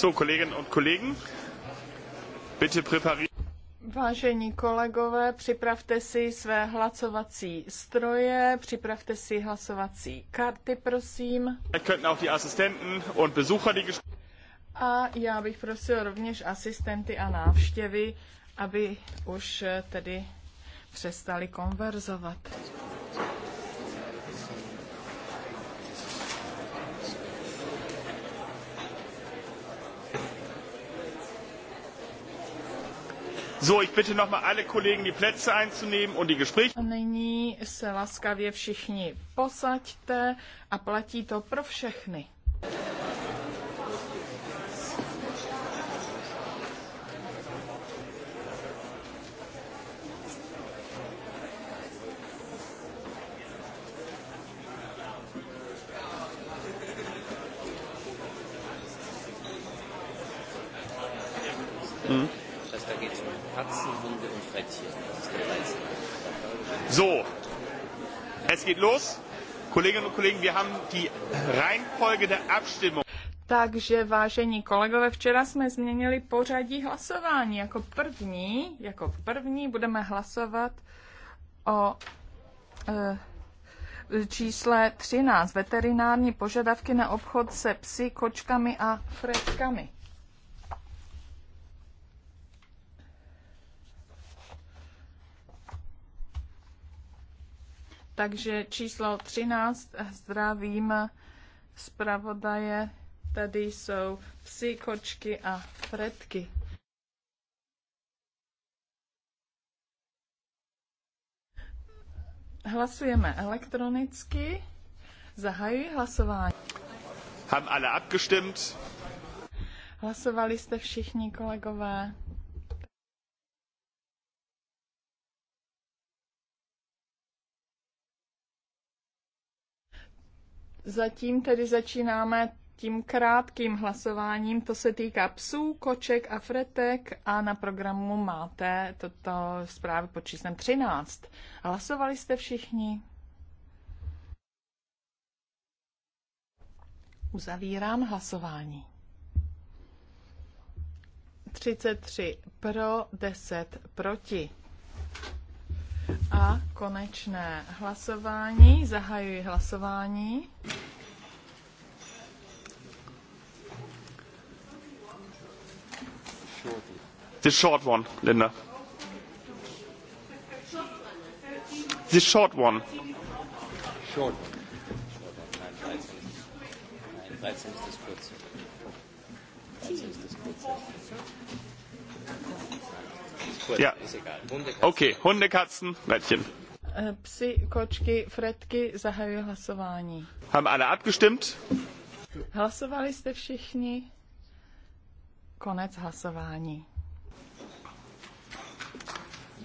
So, Kolleginnen und Kollegen, bitte Vážení kolegové, připravte si své hlasovací stroje, připravte si hlasovací karty, prosím. A já bych prosil rovněž asistenty a návštěvy, aby už eh, tedy přestali konverzovat. ich bitte nochmal alle Kollegen, die Plätze einzunehmen und die Gespräche. Nyní se laskavě všichni posaďte a platí to pro všechny. wir haben die Reihenfolge der Abstimmung. Takže vážení kolegové, včera jsme změnili pořadí hlasování. Jako první, jako první budeme hlasovat o e, čísle 13, veterinární požadavky na obchod se psy, kočkami a fretkami. Takže číslo 13, zdravím zpravodaje, tady jsou psy, kočky a fretky. Hlasujeme elektronicky. Zahajuji hlasování. Haben alle abgestimmt? Hlasovali jste všichni kolegové. Zatím tedy začínáme tím krátkým hlasováním. To se týká psů, koček a fretek a na programu máte toto zprávy pod číslem 13. Hlasovali jste všichni? Uzavírám hlasování. 33 pro, 10 proti. A konečné hlasování. Zahajuji hlasování. The short one, Linda. The short one. Short. Nein, Ja. OK, Hunde, Katzen, Mädchen. Eh, Psy, kočky, fretky, zahajuji hlasování. Haben alle abgestimmt? Hlasovali jste všichni? Konec hlasování.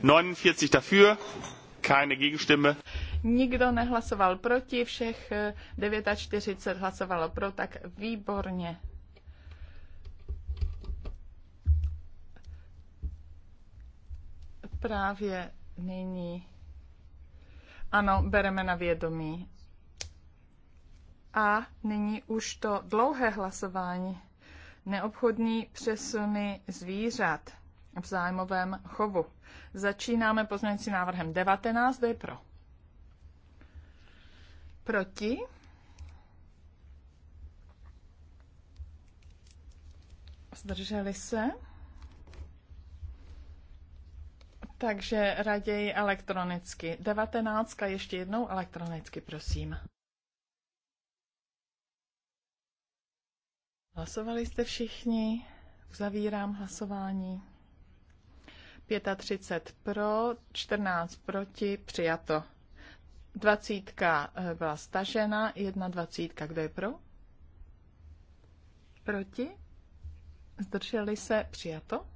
49 dafür, keine Gegenstimme. Nikdo nehlasoval proti, všech 49 eh, hlasovalo pro, tak výborně. právě nyní. Ano, bereme na vědomí. A nyní už to dlouhé hlasování. Neobchodní přesuny zvířat v zájmovém chovu. Začínáme pozměňujícím návrhem 19, kde je pro. Proti. Zdrželi se. Takže raději elektronicky. Devatenáctka ještě jednou elektronicky, prosím. Hlasovali jste všichni? Uzavírám hlasování. 35 pro, 14 proti, přijato. 20 eh, byla stažena, 21 kdo je pro? Proti? Zdrželi se, přijato.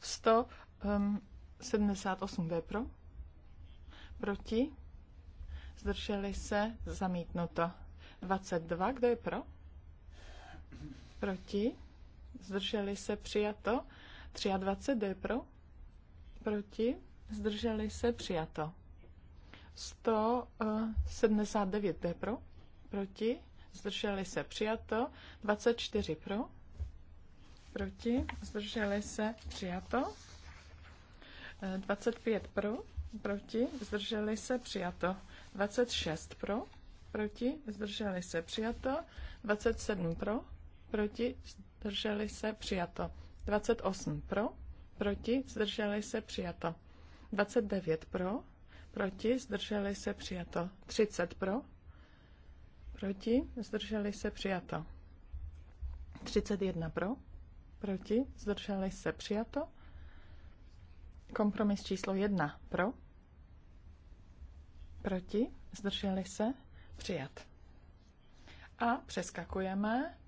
100 Um, 78 V pro. Proti. Zdrželi se. Zamítnuto. 22. Kdo je pro? Proti. Zdrželi se. Přijato. 23. D pro. Proti. Zdrželi se. Přijato. 179 eh, D pro. Proti. Zdrželi se. Přijato. 24 pro. Proti. Zdrželi se. Přijato. 25 pro, proti, zdrželi se, přijato. 26 pro, proti, zdrželi se, přijato. 27 pro, proti, zdrželi se, přijato. 28 pro, proti, zdrželi se, přijato. 29 pro, proti, zdrželi se, přijato. 30 pro, proti, zdrželi se, přijato. 31 pro, proti, zdrželi se, přijato. Kompromis číslo jedna pro. Proti. Zdrželi se. Přijat. A přeskakujeme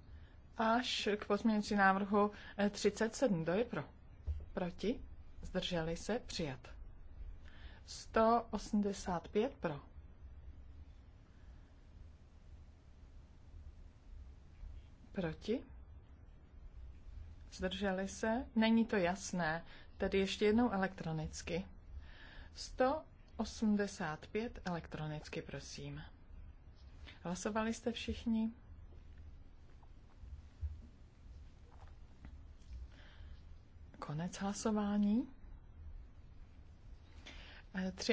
až k pozměňující návrhu 37. Eh, Kdo je pro? Proti? Zdrželi se? Přijat. 185 pro. Proti? Zdrželi se? Není to jasné. Tedy ještě jednou elektronicky. 185 elektronicky, prosím. Hlasovali jste všichni? Konec hlasování.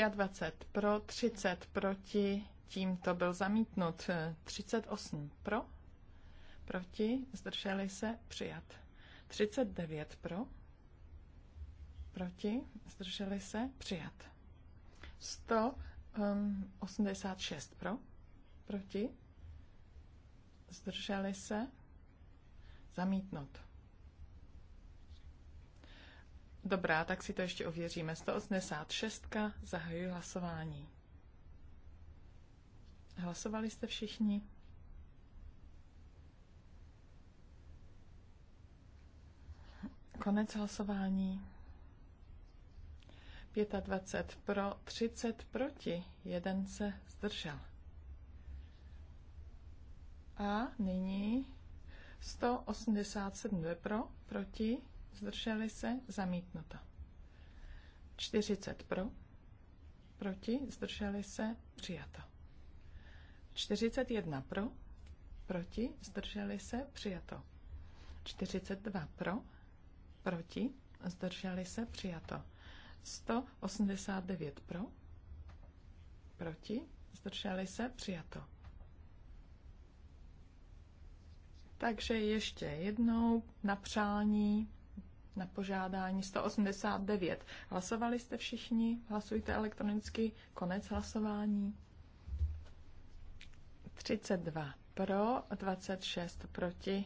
23 pro, 30 proti, tímto byl zamítnut. 38 pro, proti, zdrželi se, přijat. 39 pro, proti, zdrželi se, přijat. 186 um, pro, proti, zdrželi se, zamítnout. Dobrá, tak si to ještě ověříme. 186. Zahajuji hlasování. Hlasovali jste všichni? Konec hlasování. 25 pro, 30 proti, jeden se zdržel. A nyní 187 pro, proti, zdrželi se, zamítnuto. 40 pro, proti, zdrželi se, přijato. 41 pro, proti, zdrželi se, přijato. 42 pro, proti, zdrželi se, přijato. 189 pro, proti, zdrželi se, přijato. Takže ještě jednou na přání, na požádání 189. Hlasovali jste všichni? Hlasujte elektronicky. Konec hlasování. 32 pro, 26 proti,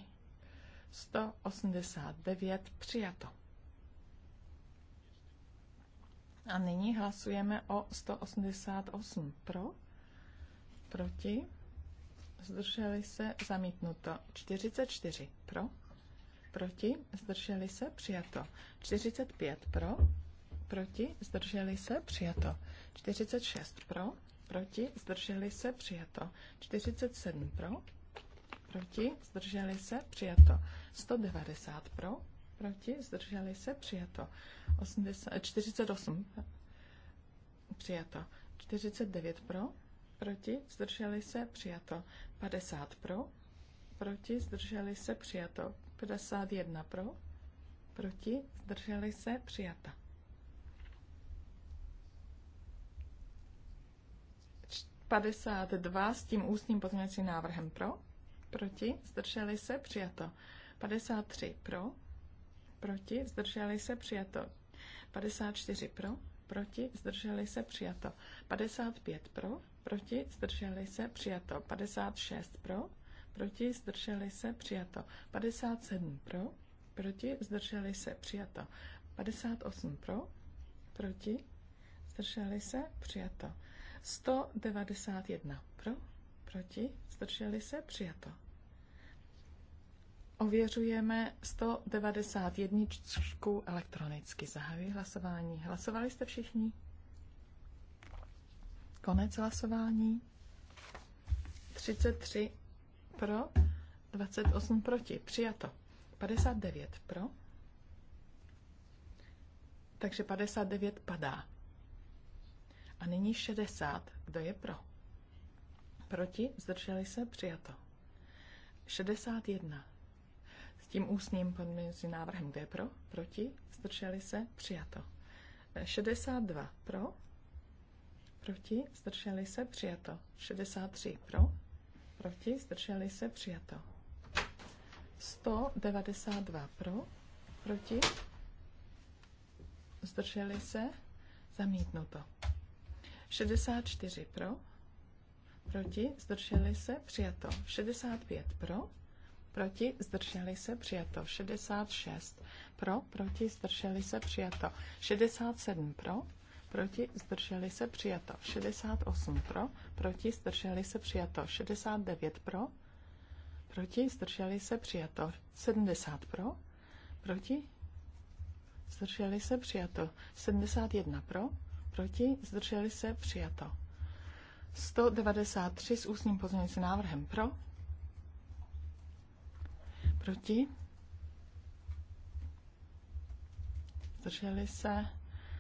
189 přijato. A nyní hlasujeme o 188 pro, proti, zdrželi se, zamítnuto. 44 pro, proti, zdrželi se, přijato. 45 pro, proti, zdrželi se, přijato. 46 pro, proti, zdrželi se, přijato. 47 pro, proti, zdrželi se, přijato. 190 pro, proti, zdrželi se, přijato. 80, 48, přijato. 49 pro, proti, zdrželi se, přijato. 50 pro, proti, zdrželi se, přijato. 51 pro, proti, zdrželi se, přijata. 52 s tím ústním pozměňovacím návrhem pro, proti, zdrželi se, přijato. 53 pro, proti, zdrželi se, přijato. 54 pro, proti, zdrželi se, přijato. 55 pro, proti, zdrželi se, přijato. 56 pro, proti, zdrželi se, přijato. 57 pro, proti, zdrželi se, přijato. 58 pro, proti, zdrželi se, přijato. 191 pro, proti, zdrželi se, přijato. Ověřujeme 191 elektronicky. Zahajuji hlasování. Hlasovali jste všichni? Konec hlasování. 33 pro, 28 proti. Přijato. 59 pro. Takže 59 padá. A nyní 60. Kdo je pro? Proti? Zdrželi se? Přijato. 61. S tím ústním podmíněným návrhem, kde je pro, proti, zdrželi se, přijato. 62 e, pro, proti, zdrželi se, přijato. 63 pro, proti, zdrželi se, přijato. 192 pro, proti, zdrželi se, zamítnuto. 64 pro, proti, zdrželi se, přijato. 65 pro, proti, zdrželi se, přijato. 66 pro, proti, zdrželi se, přijato. 67 pro, proti, zdrželi se, přijato. 68 pro, proti, zdrželi se, přijato. 69 pro, proti, zdrželi se, přijato. 70 pro, proti, zdrželi se, přijato. 71 pro, proti, zdrželi se, přijato. 193 s ústním pozměňujícím návrhem pro, Proti? Zdrželi se.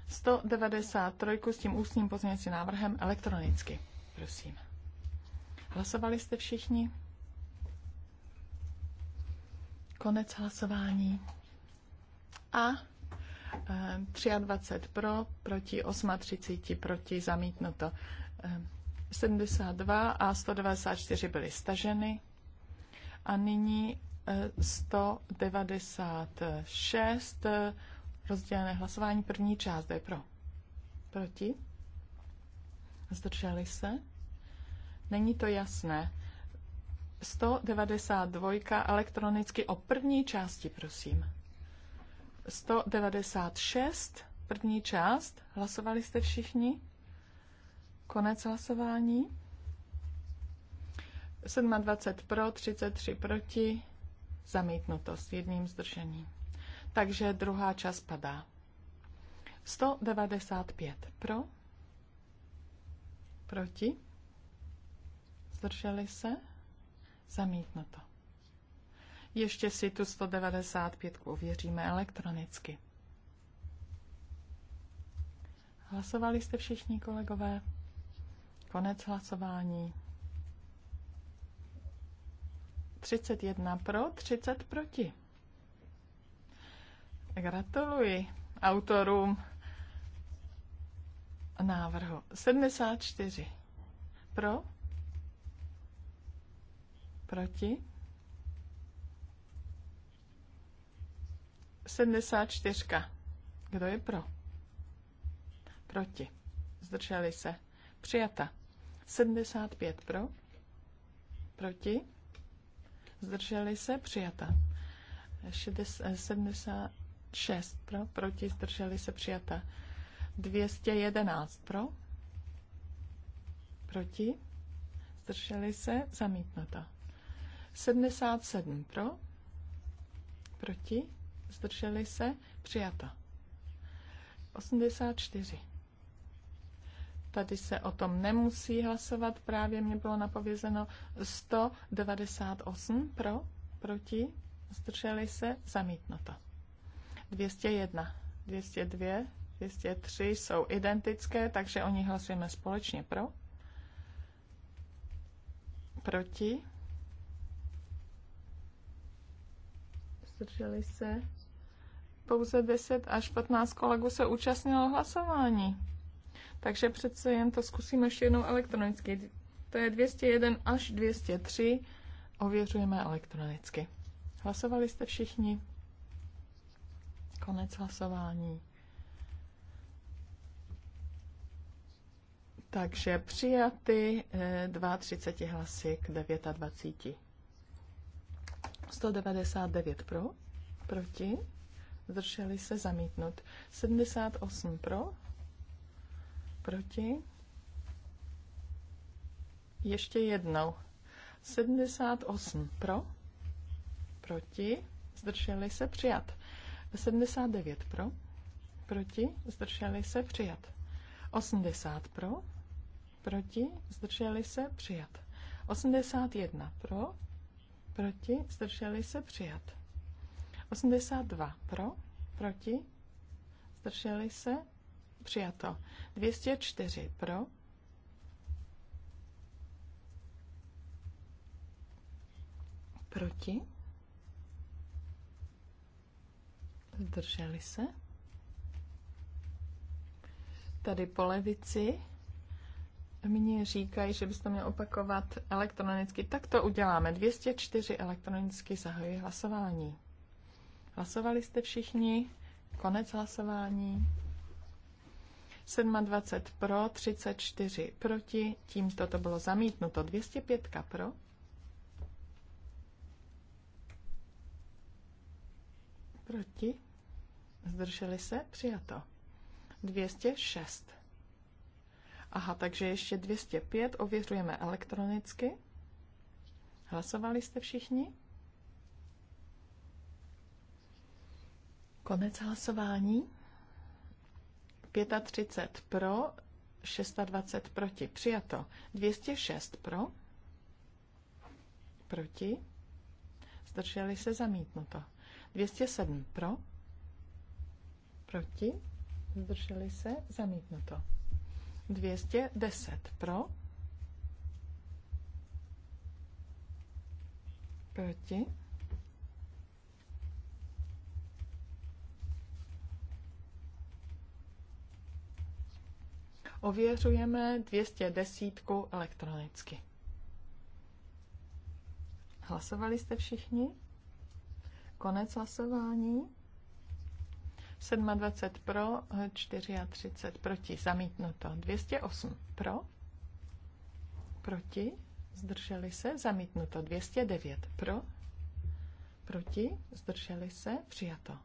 193 s tím ústním pozměňovacím návrhem elektronicky. Prosím. Hlasovali jste všichni? Konec hlasování. A 23 eh, pro, proti 38, proti zamítnuto. 72 eh, a 194 byly staženy. A nyní 196, eh, rozdělené hlasování, první část, je pro. Proti? Zdrželi se? Není to jasné. 192 elektronicky o první části, prosím. 196, první část. Hlasovali jste všichni? Konec hlasování. 27 pro, 33 proti. Zamítnuto s jedním zdržením. Takže druhá část padá. 195 pro, proti, zdrželi se, zamítnuto. Ještě si tu 195 ověříme elektronicky. Hlasovali jste všichni kolegové? Konec hlasování. 31 pro, 30 proti. Gratuluji autorům návrhu. 74 pro, proti. 74. Kdo je pro? Proti. Zdrželi se. Přijata. 75 pro. Proti zdrželi se, přijata. 76 eh, pro, proti, zdrželi se, přijata. 211 pro, proti, zdrželi se, zamítnuto. 77 pro, proti, zdrželi se, přijata. 84 tady se o tom nemusí hlasovat, právě mě bylo napovězeno 198 pro, proti, zdrželi se, zamítnuto. 201, 202, 203 jsou identické, takže o nich hlasujeme společně pro, proti, zdrželi se, pouze 10 až 15 kolegů se účastnilo hlasování. Takže přece jen to zkusíme ještě jednou elektronicky. To je 201 až 203. Ověřujeme elektronicky. Hlasovali jste všichni? Konec hlasování. Takže přijaty 32 eh, hlasy k 29. 199 pro, proti, zdrželi se zamítnut. 78 pro, Proti? Ještě jednou. 78 pro. Proti? Zdrželi se přijat. 79 pro. Proti? Zdrželi se přijat. 80 pro. Proti? Zdrželi se přijat. 81 pro. Proti? Zdrželi se přijat. 82 pro. Proti? Zdrželi se Přijato. 204 pro. Proti. Zdrželi se. Tady po levici mě říkají, že byste měl opakovat elektronicky. Tak to uděláme. 204 elektronicky zahajuji hlasování. Hlasovali jste všichni? Konec hlasování. 27 pro, 34 proti, tímto to bylo zamítnuto. 205 pro. Proti. Zdrželi se? Přijato. 206. Aha, takže ještě 205 ověřujeme elektronicky. Hlasovali jste všichni? Konec hlasování. 35 pro, 26 proti. Přijato. 206 pro, proti. Zdrželi se zamítnuto. 207 pro, proti. Zdrželi se zamítnuto. 210 pro, proti. Ověřujeme 210 elektronicky. Hlasovali jste všichni? Konec hlasování. 27 pro, 34 proti, zamítnuto. 208 pro, proti, zdrželi se, zamítnuto. 209 pro, proti, zdrželi se, přijato.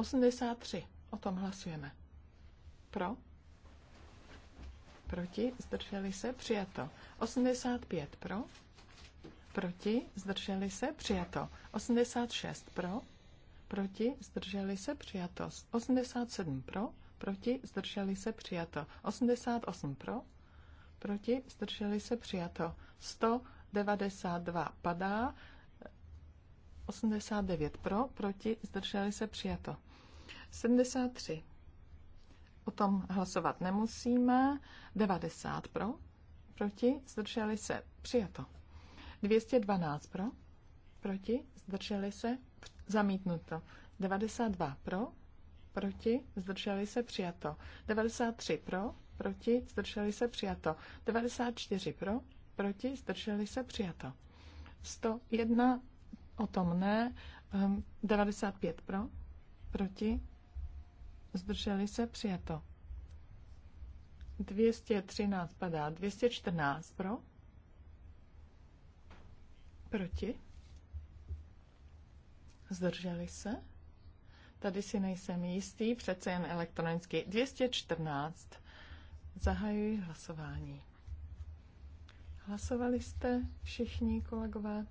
83. O tom hlasujeme. Pro? Proti? Zdrželi se? Přijato. 85 pro? Proti? Zdrželi se? Přijato. 86 pro? Proti? Zdrželi se? Přijato. 87 pro? Proti? Zdrželi se? Přijato. 88 pro? Proti? Zdrželi se? Přijato. 192 padá. 89 pro, proti, zdrželi se přijato. 73. O tom hlasovat nemusíme. 90 pro, proti, zdrželi se, přijato. 212 pro, proti, zdrželi se, zamítnuto. 92 pro, proti, zdrželi se, přijato. 93 pro, proti, zdrželi se, přijato. 94 pro, proti, zdrželi se, přijato. 101 o tom ne, 95 ehm, pro, proti, zdrželi se, přijato. 213 padá, 214 pro, proti, zdrželi se, tady si nejsem jistý, přece jen elektronicky, 214, zahajuji hlasování. Hlasovali jste všichni kolegové?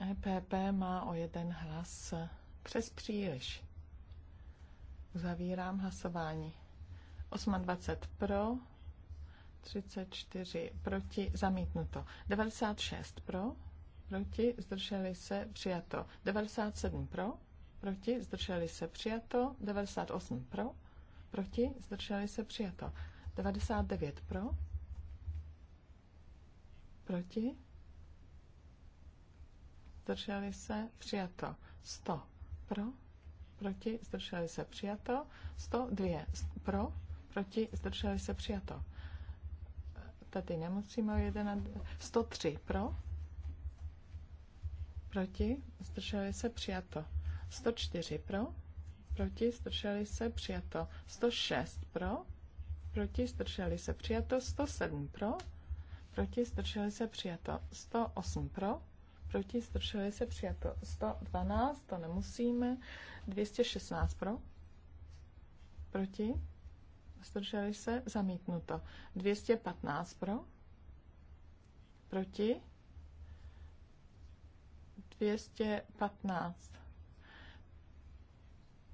EPP má o jeden hlas přes příliš. Zavírám hlasování. 28 pro, 34 proti, zamítnuto. 96 pro, proti, zdrželi se, přijato. 97 pro, proti, zdrželi se, přijato. 98 pro, proti, zdrželi se, přijato. 99 pro, proti, zdrželi se, přijato 100 pro, proti, zdrželi se, přijato 102 pro, proti, zdrželi se, přijato. Tady nemusíme o 1 103 pro, proti, zdrželi se, přijato 104 pro, proti, zdrželi se, přijato 106 pro, proti, zdrželi se, přijato 107 pro, proti, zdrželi se, přijato 108 pro, proti, zdrželi se, přijato 112, to nemusíme, 216 pro, proti, zdrželi se, zamítnuto, 215 pro, proti, 215.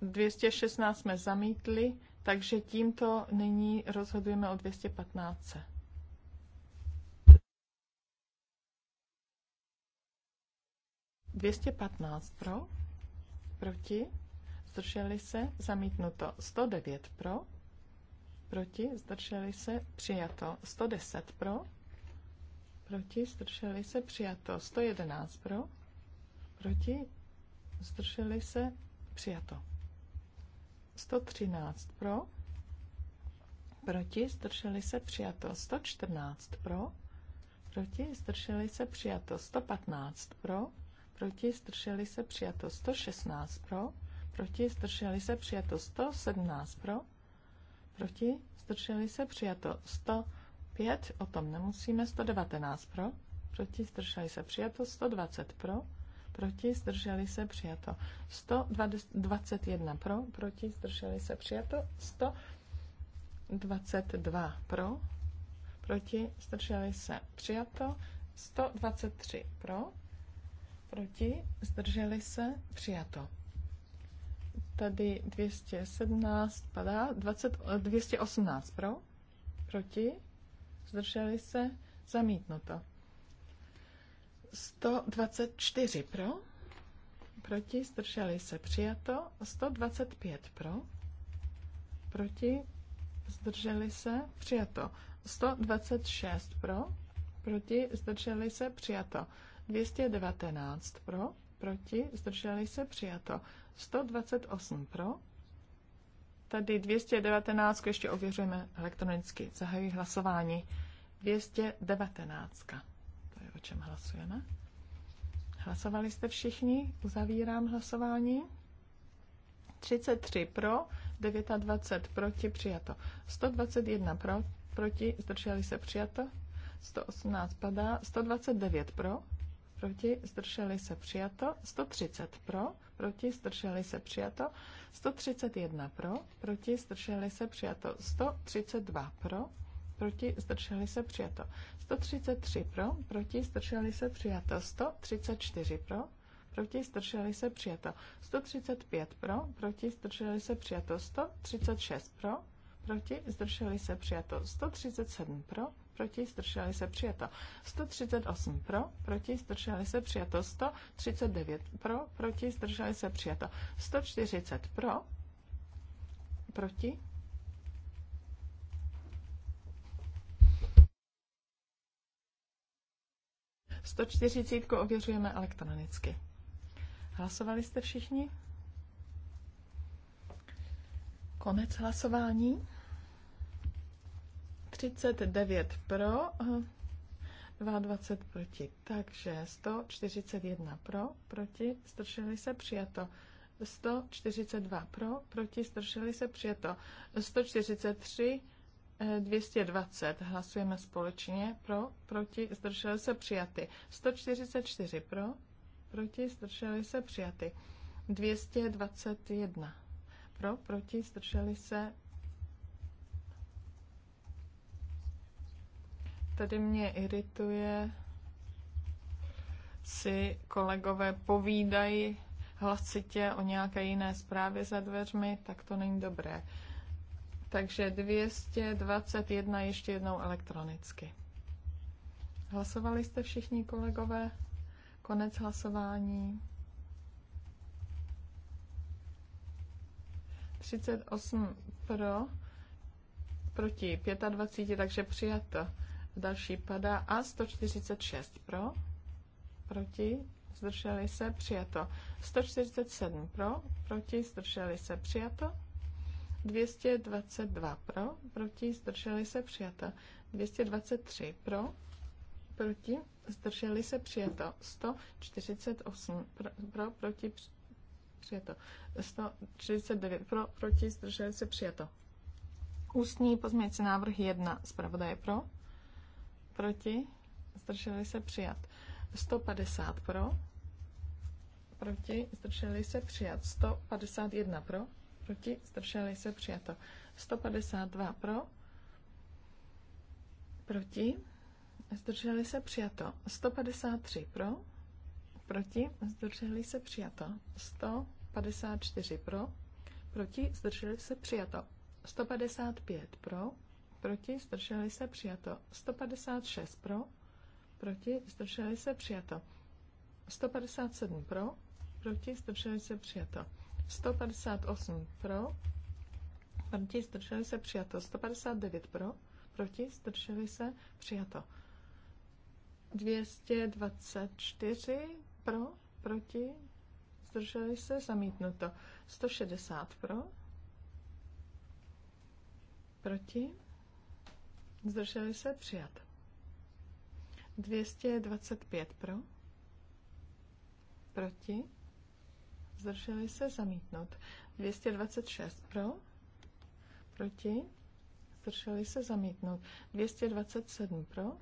216 jsme zamítli, takže tímto nyní rozhodujeme o 215. 215 pro, proti, zdrželi se, zamítnuto 109 pro, proti, zdrželi se, přijato 110 pro, proti, zdrželi se, přijato 111 pro, proti, zdrželi se, přijato 113 pro, proti, zdrželi se, přijato 114 pro, proti, zdrželi se, přijato 115 pro, proti, zdrželi se, přijato 116 pro, proti, zdrželi se, přijato 117 pro, proti, zdrželi se, přijato 105, o tom nemusíme, 119 pro, proti, zdrželi se, přijato 120 pro, proti, zdrželi se, přijato 121 pro, proti, zdrželi se, přijato 122 pro, proti, zdrželi se, přijato 123 pro, Proti? Zdrželi se? Přijato. Tady 217 padá. 20, 218 eh, pro? Proti? Zdrželi se? Zamítnuto. 124 pro? Proti? Zdrželi se? Přijato. 125 pro? Proti? Zdrželi se? Přijato. 126 pro? Proti? Zdrželi se? Přijato. 219 pro, proti, zdrželi se, přijato. 128 pro, tady 219 ještě ověřujeme elektronicky. Zahajuji hlasování. 219. To je o čem hlasujeme. Hlasovali jste všichni? Uzavírám hlasování. 33 pro, 29 proti, přijato. 121 pro, proti, zdrželi se, přijato. 118 padá, 129 pro, proti, zdrželi se přijato, 130 pro, proti, zdrželi se přijato, 131 pro, proti, zdrželi se přijato, 132 pro, proti, zdrželi se přijato, 133 pro, proti, zdrželi se přijato, 134 pro, proti, zdrželi se přijato, 135 pro, proti, zdrželi se přijato, 136 pro, proti, zdrželi se přijato, 137 pro, proti, zdrželi se přijato. 138 pro, proti, zdrželi se přijato. 139 pro, proti, zdrželi se přijato. 140 pro, proti. Sto čtyřicítku ověřujeme elektronicky. Hlasovali jste všichni? Konec hlasování. 39 pro, 22 eh, proti. Takže 141 pro, proti, zdrželi se, přijato. 142 pro, proti, zdrželi se, přijato. 143 220 eh, hlasujeme společně pro, proti, zdrželi se přijaty. 144 pro, proti, zdrželi se přijaty. 221 pro, proti, zdrželi se Tady mě irituje si kolegové povídají hlasitě o nějaké jiné zprávě za dveřmi, tak to není dobré. Takže 221 ještě jednou elektronicky. Hlasovali jste všichni kolegové? Konec hlasování. 38 pro, proti 25, takže přijato další padá a 146 pro, proti, zdrželi se, přijato. 147 pro, proti, zdrželi se, přijato. 222 pro, proti, zdrželi se, přijato. 223 pro, proti, zdrželi se, přijato. 148 pro, pro proti, přijato. 139 pro, proti, zdrželi se, přijato. Ústní pozměňující návrh 1, zpravodaj pro, proti, zdrželi se přijat. 150 pro, proti, zdrželi se přijat. 151 pro, proti, zdrželi se přijato. 152 pro, proti, zdrželi se přijato. 153 pro, proti, zdrželi se přijato. 154 pro, proti, zdrželi se přijato. 155 pro, proti, zdrželi se, přijato. 156 pro, proti, zdrželi se, přijato. 157 pro, proti, zdrželi se, přijato. 158 pro, proti, zdrželi se, přijato. 159 pro, proti, zdrželi se, přijato. 224 pro, proti, zdrželi se, zamítnuto. 160 pro, proti, Zdrželi se? Přijat. 225 pro. Proti. Zdrželi se? Zamítnout. 226 pro. Proti. Zdrželi se? Zamítnout. 227 pro.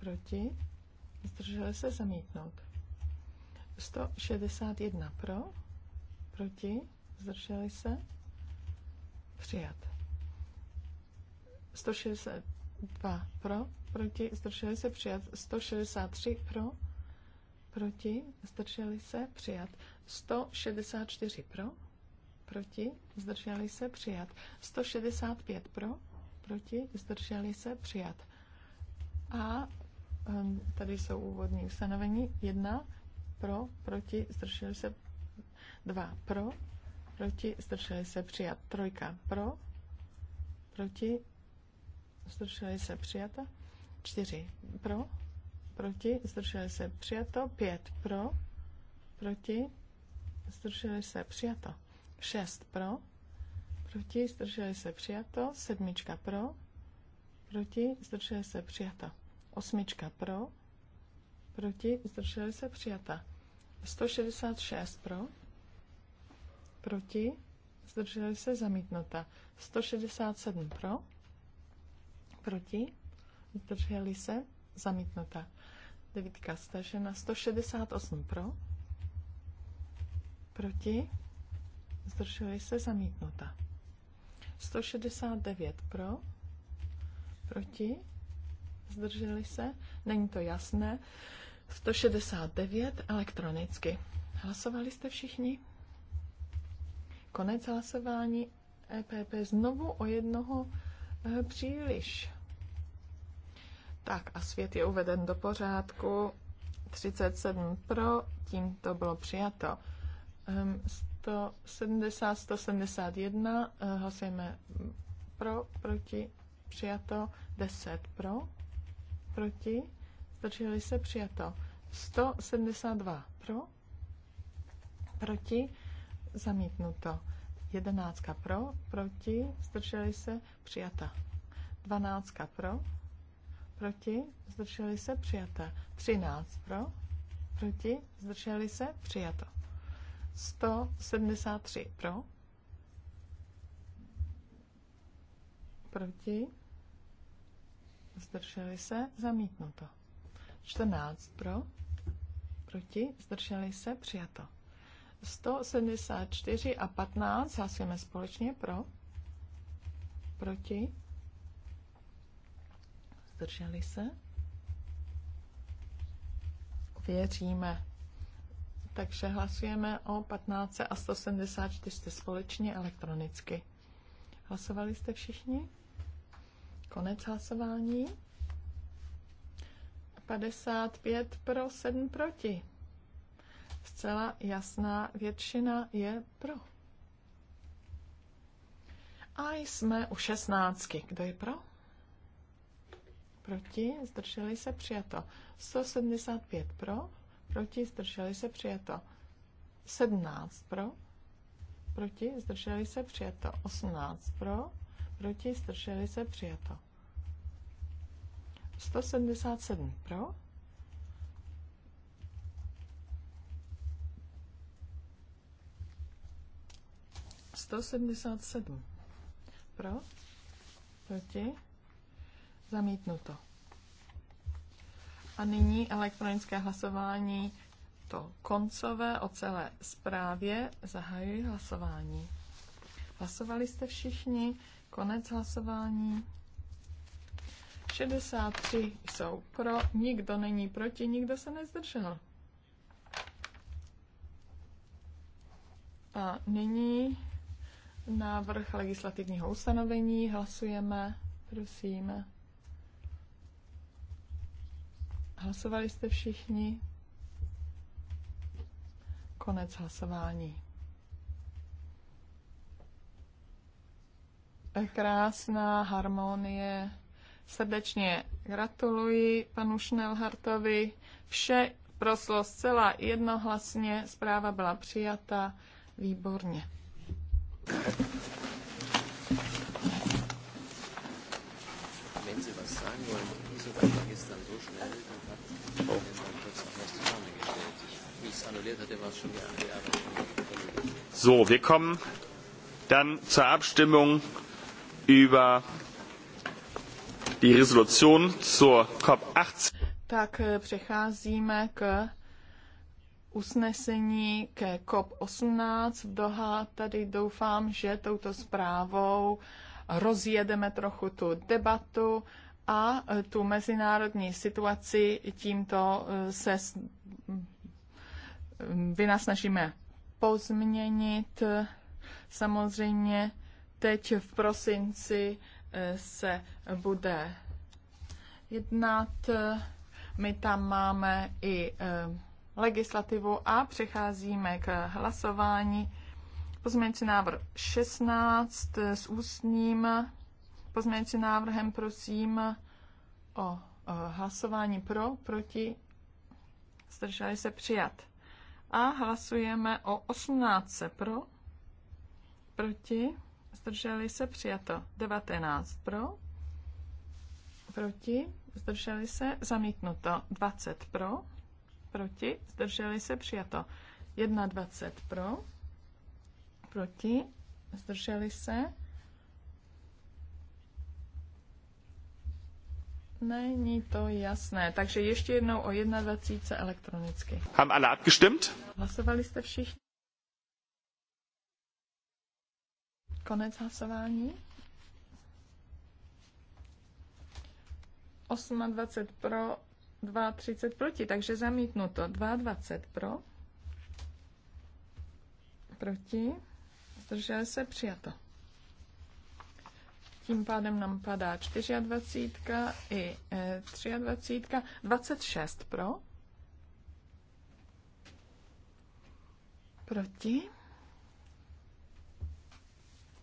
Proti. Zdrželi se? Zamítnout. 161 pro. Proti. Zdrželi se? Přijat. 162 pro, proti, zdrželi se přijat. 163 pro, proti, zdrželi se přijat. 164 pro, proti, zdrželi se přijat. 165 pro, proti, zdrželi se přijat. A tady jsou úvodní ustanovení. 1 pro, proti, zdrželi se 2 pro, proti, zdrželi se přijat. 3 pro, proti, zdrželi se přijato. 4 pro, proti, zdrželi se přijato. 5 pro, proti, zdrželi se přijato. 6 pro, proti, zdrželi se přijato. 7 pro, proti, zdrželi se přijato. 8 pro, proti, zdrželi se přijata. 166 pro, proti, zdrželi se zamítnuta. 167 pro, Proti? Zdrželi se? Zamítnuta. Devítka stažena. 168 pro. Proti? Zdrželi se? Zamítnuta. 169 pro. Proti? Zdrželi se? Není to jasné. 169 elektronicky. Hlasovali jste všichni? Konec hlasování EPP znovu o jednoho Eh, příliš. Tak a svět je uveden do pořádku. 37 pro, tím to bylo přijato. 170, ehm, 171, eh, hlasujeme pro, proti, přijato, 10 pro, proti, zdrželi se, přijato, 172 pro, proti, zamítnuto. 11 pro, proti, zdrželi se, přijata. Dvanáctka pro, proti, zdrželi se, přijata. 13 pro, proti, zdrželi se, přijato. 173 pro, proti, zdrželi se, zamítnuto. 14 pro, proti, zdrželi se, přijato. 174 a 15 hlasujeme společně pro, proti, zdrželi se. Věříme. Takže hlasujeme o 15 a 174 společně elektronicky. Hlasovali jste všichni? Konec hlasování. 55 pro, 7 proti zcela jasná, většina je pro. A jsme u šestnáctky. Kdo je pro? Proti, zdrželi se, přijato. 175 pro, proti, zdrželi se, přijato. 17 pro, proti, zdrželi se, přijato. 18 pro, proti, zdrželi se, přijato. 177 pro, 177. Pro? Proti? Zamítnuto. A nyní elektronické hlasování to koncové o celé zprávě. Zahajuji hlasování. Hlasovali jste všichni? Konec hlasování. 63 jsou pro, nikdo není proti, nikdo se nezdržel. A nyní Návrh legislativního ustanovení. Hlasujeme. Prosím. Hlasovali jste všichni? Konec hlasování. Krásná harmonie. Srdečně gratuluji panu Schnellhartovi. Vše proslo zcela jednohlasně, zpráva byla přijata výborně. So, wir kommen dann zur Abstimmung über die Resolution zur COP18. Tak eh, přecházíme k usnesení ke COP18 v Doha. Tady doufám, že touto zprávou rozjedeme trochu tu debatu a tu mezinárodní situaci tímto eh, se mm, vynasnažíme pozměnit. Samozřejmě teď v prosinci eh, se bude jednat. My tam máme i eh, legislativu a přecházíme k hlasování. Pozměňující návrh 16 s ústním pozměňující návrhem, prosím o, hlasování pro, proti, zdrželi se přijat. A hlasujeme o 18 pro, proti, zdrželi se přijato. 19 pro, proti, zdrželi se zamítnuto. 20 pro, proti, zdrželi se, přijato. 21 pro, proti, zdrželi se. Není to jasné. Takže ještě jednou o 21 elektronicky. Haben alle abgestimmt? Hlasovali jste všichni? Konec hlasování. 28 pro, 2,30 proti, takže zamítnuto. 2,20 pro, proti, zdržel se, přijato. Tím pádem nám padá 24 i 23, e, 26 pro, proti,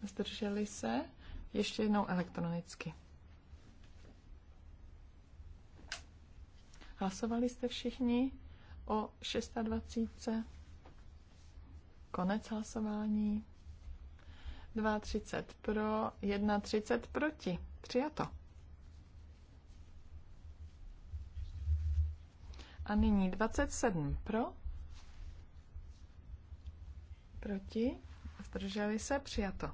zdrželi se, ještě jednou elektronicky. Hlasovali jste všichni o 26. Konec hlasování. 2,30 pro, 1,30 proti. Přijato. A nyní 27 pro, proti, zdrželi se, přijato.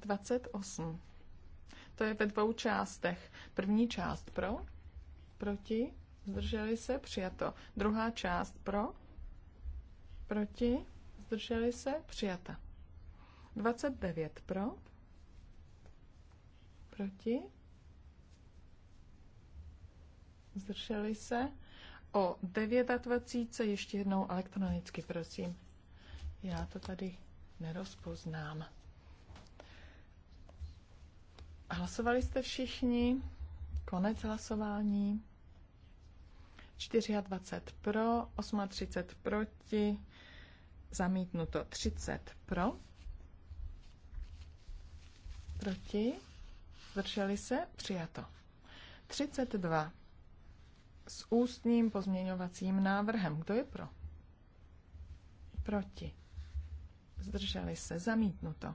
28. To je ve dvou částech. První část pro, Proti? Zdrželi se? Přijato. Druhá část pro? Proti? Zdrželi se? Přijata. 29 pro? Proti? Zdrželi se? O 29 ještě jednou elektronicky, prosím. Já to tady nerozpoznám. Hlasovali jste všichni? Konec hlasování. 24 pro, 38 proti, zamítnuto 30 pro, proti, zdrželi se, přijato. 32 s ústním pozměňovacím návrhem. Kdo je pro? Proti. Zdrželi se, zamítnuto.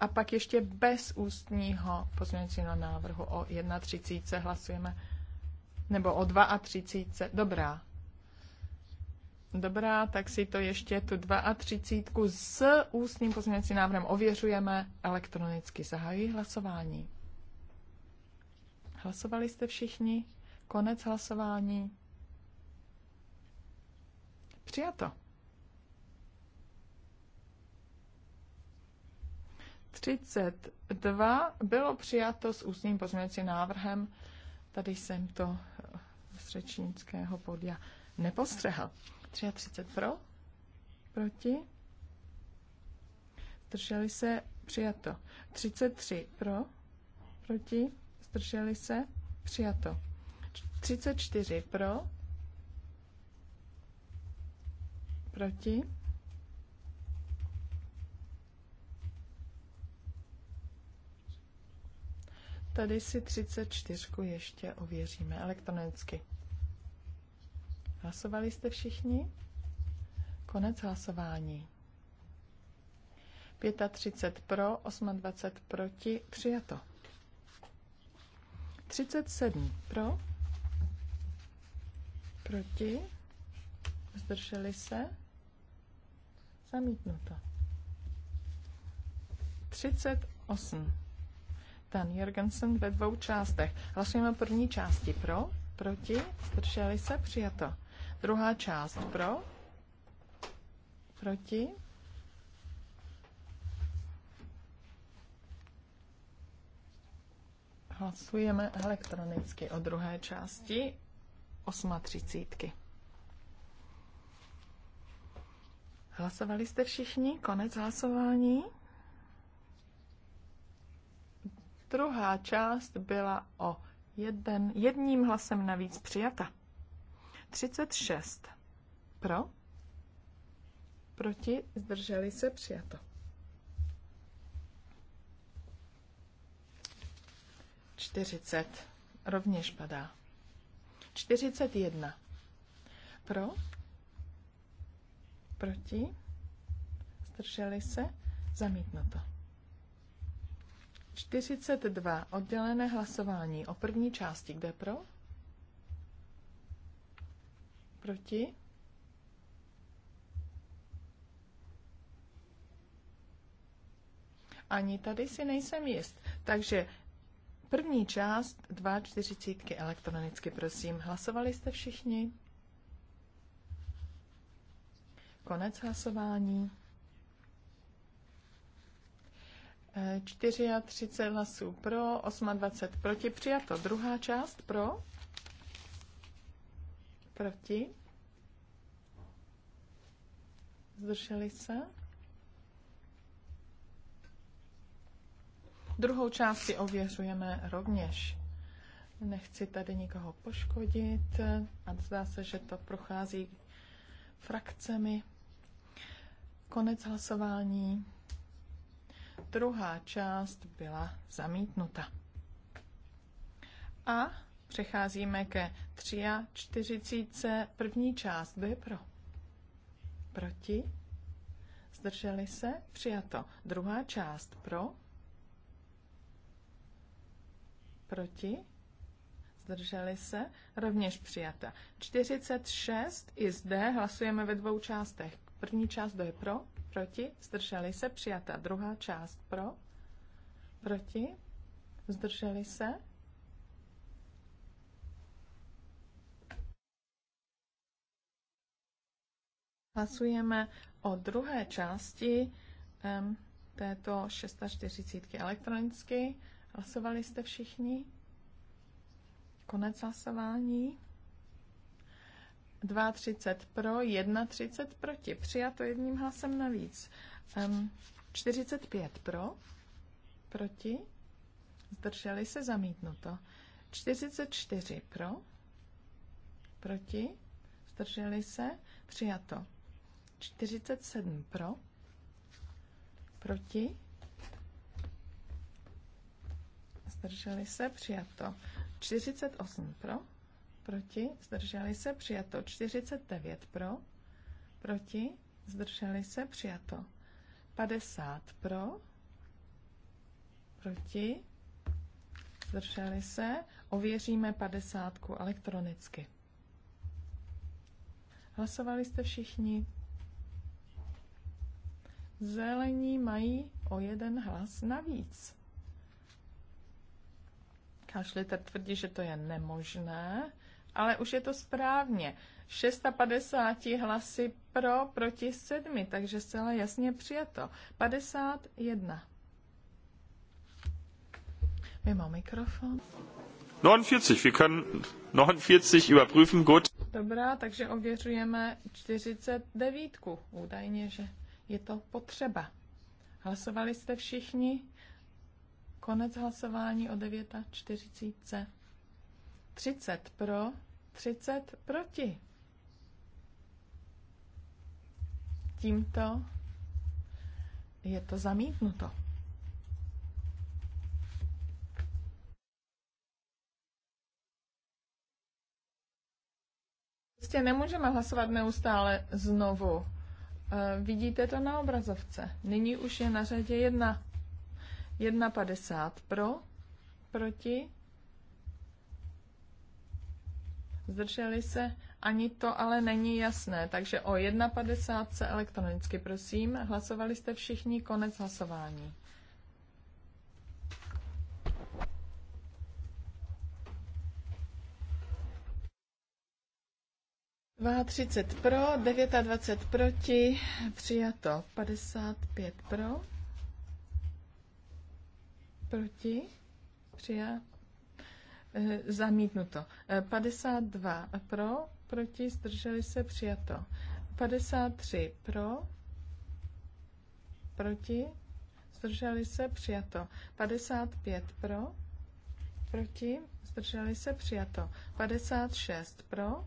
A pak ještě bez ústního pozměňovacího návrhu o 31 hlasujeme. Nebo o 32. Dobrá. Dobrá, tak si to ještě tu 32 s ústním pozměňovacím návrhem ověřujeme. Elektronicky zahajují hlasování. Hlasovali jste všichni? Konec hlasování. Přijato. 32 bylo přijato s ústním pozměňovacím návrhem. Tady jsem to eh, z řečnického podia nepostřehal. 33 pro, proti, zdrželi se, přijato. 33 pro, proti, zdrželi se, přijato. 34 pro, proti, tady si 34 ještě ověříme elektronicky. Hlasovali jste všichni? Konec hlasování. 35 pro, 28 proti, přijato. 37 pro, proti, zdrželi se, zamítnuto. 38 Dan Jorgensen ve dvou částech. Hlasujeme první části pro, proti, zdrželi se, přijato. Druhá část pro, proti, hlasujeme elektronicky o druhé části 38. Hlasovali jste všichni? Konec hlasování? Druhá část byla o jeden, jedním hlasem navíc přijata. 36. Pro? Proti? Zdrželi se? Přijato. Čtyřicet. Rovněž padá. Čtyřicet jedna. Pro? Proti? Zdrželi se? Zamítnuto. 42. Oddělené hlasování o první části. Kde pro? Proti? Ani tady si nejsem jist. Takže první část dva čtyřicítky elektronicky, prosím. Hlasovali jste všichni? Konec hlasování. 34 hlasů pro, 28 proti, přijato. Druhá část pro, proti, zdrželi se. Druhou část si ověřujeme rovněž. Nechci tady nikoho poškodit a zdá se, že to prochází frakcemi. Konec hlasování druhá část byla zamítnuta. A přecházíme ke 43. První část. Kdo je pro? Proti? Zdrželi se? Přijato. Druhá část. Pro? Proti? Zdrželi se? Rovněž přijata. 46. I zde hlasujeme ve dvou částech. První část. Kdo je pro? Proti? Zdrželi se? Přijata. Druhá část pro? Proti? Zdrželi se? Hlasujeme o druhé části um, této 640 elektronicky. Hlasovali jste všichni? Konec hlasování. 32 pro, 31 proti. Přijato jedním hlasem navíc. Um, 45 pro, proti. Zdrželi se zamítnuto. 44 pro, proti. Zdrželi se přijato. 47 pro, proti. Zdrželi se přijato. 48 pro proti, zdrželi se, přijato. 49 pro, proti, zdrželi se, přijato. 50 pro, proti, zdrželi se, ověříme 50 elektronicky. Hlasovali jste všichni? Zelení mají o jeden hlas navíc. Kašliter tvrdí, že to je nemožné ale už je to správně. 650 hlasy pro, proti sedmi, takže zcela jasně přijeto. 51. Mimo mikrofon. 49, wir können 49 überprüfen, gut. Dobrá, takže ověřujeme 49, údajně, že je to potřeba. Hlasovali jste všichni? Konec hlasování o 9.40. 30 pro, 30 proti. Tímto je to zamítnuto. Prostě nemůžeme hlasovat neustále znovu. E, vidíte to na obrazovce. Nyní už je na řadě 1. 1,50 pro, proti, zdrželi se, ani to ale není jasné. Takže o 1.50 elektronicky, prosím. Hlasovali jste všichni, konec hlasování. Dva 30 pro, 29 proti, přijato 55 pro, proti, přijat, Eh, zamítnuto. 52 eh, pro, proti, zdrželi se, přijato. 53 pro, proti, zdrželi se, přijato. 55 pro, proti, zdrželi se, přijato. 56 pro,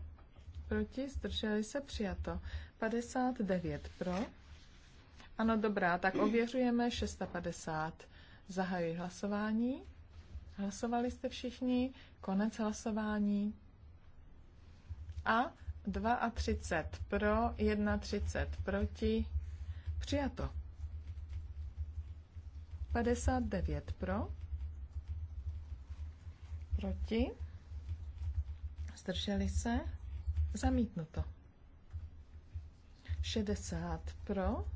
proti, zdrželi se, přijato. 59 pro. Ano, dobrá, tak ověřujeme 650. Zahajuji hlasování. Hlasovali jste všichni, konec hlasování. A 32 pro, 31 proti, přijato. 59 pro, proti, zdrželi se, zamítnuto. 60 pro,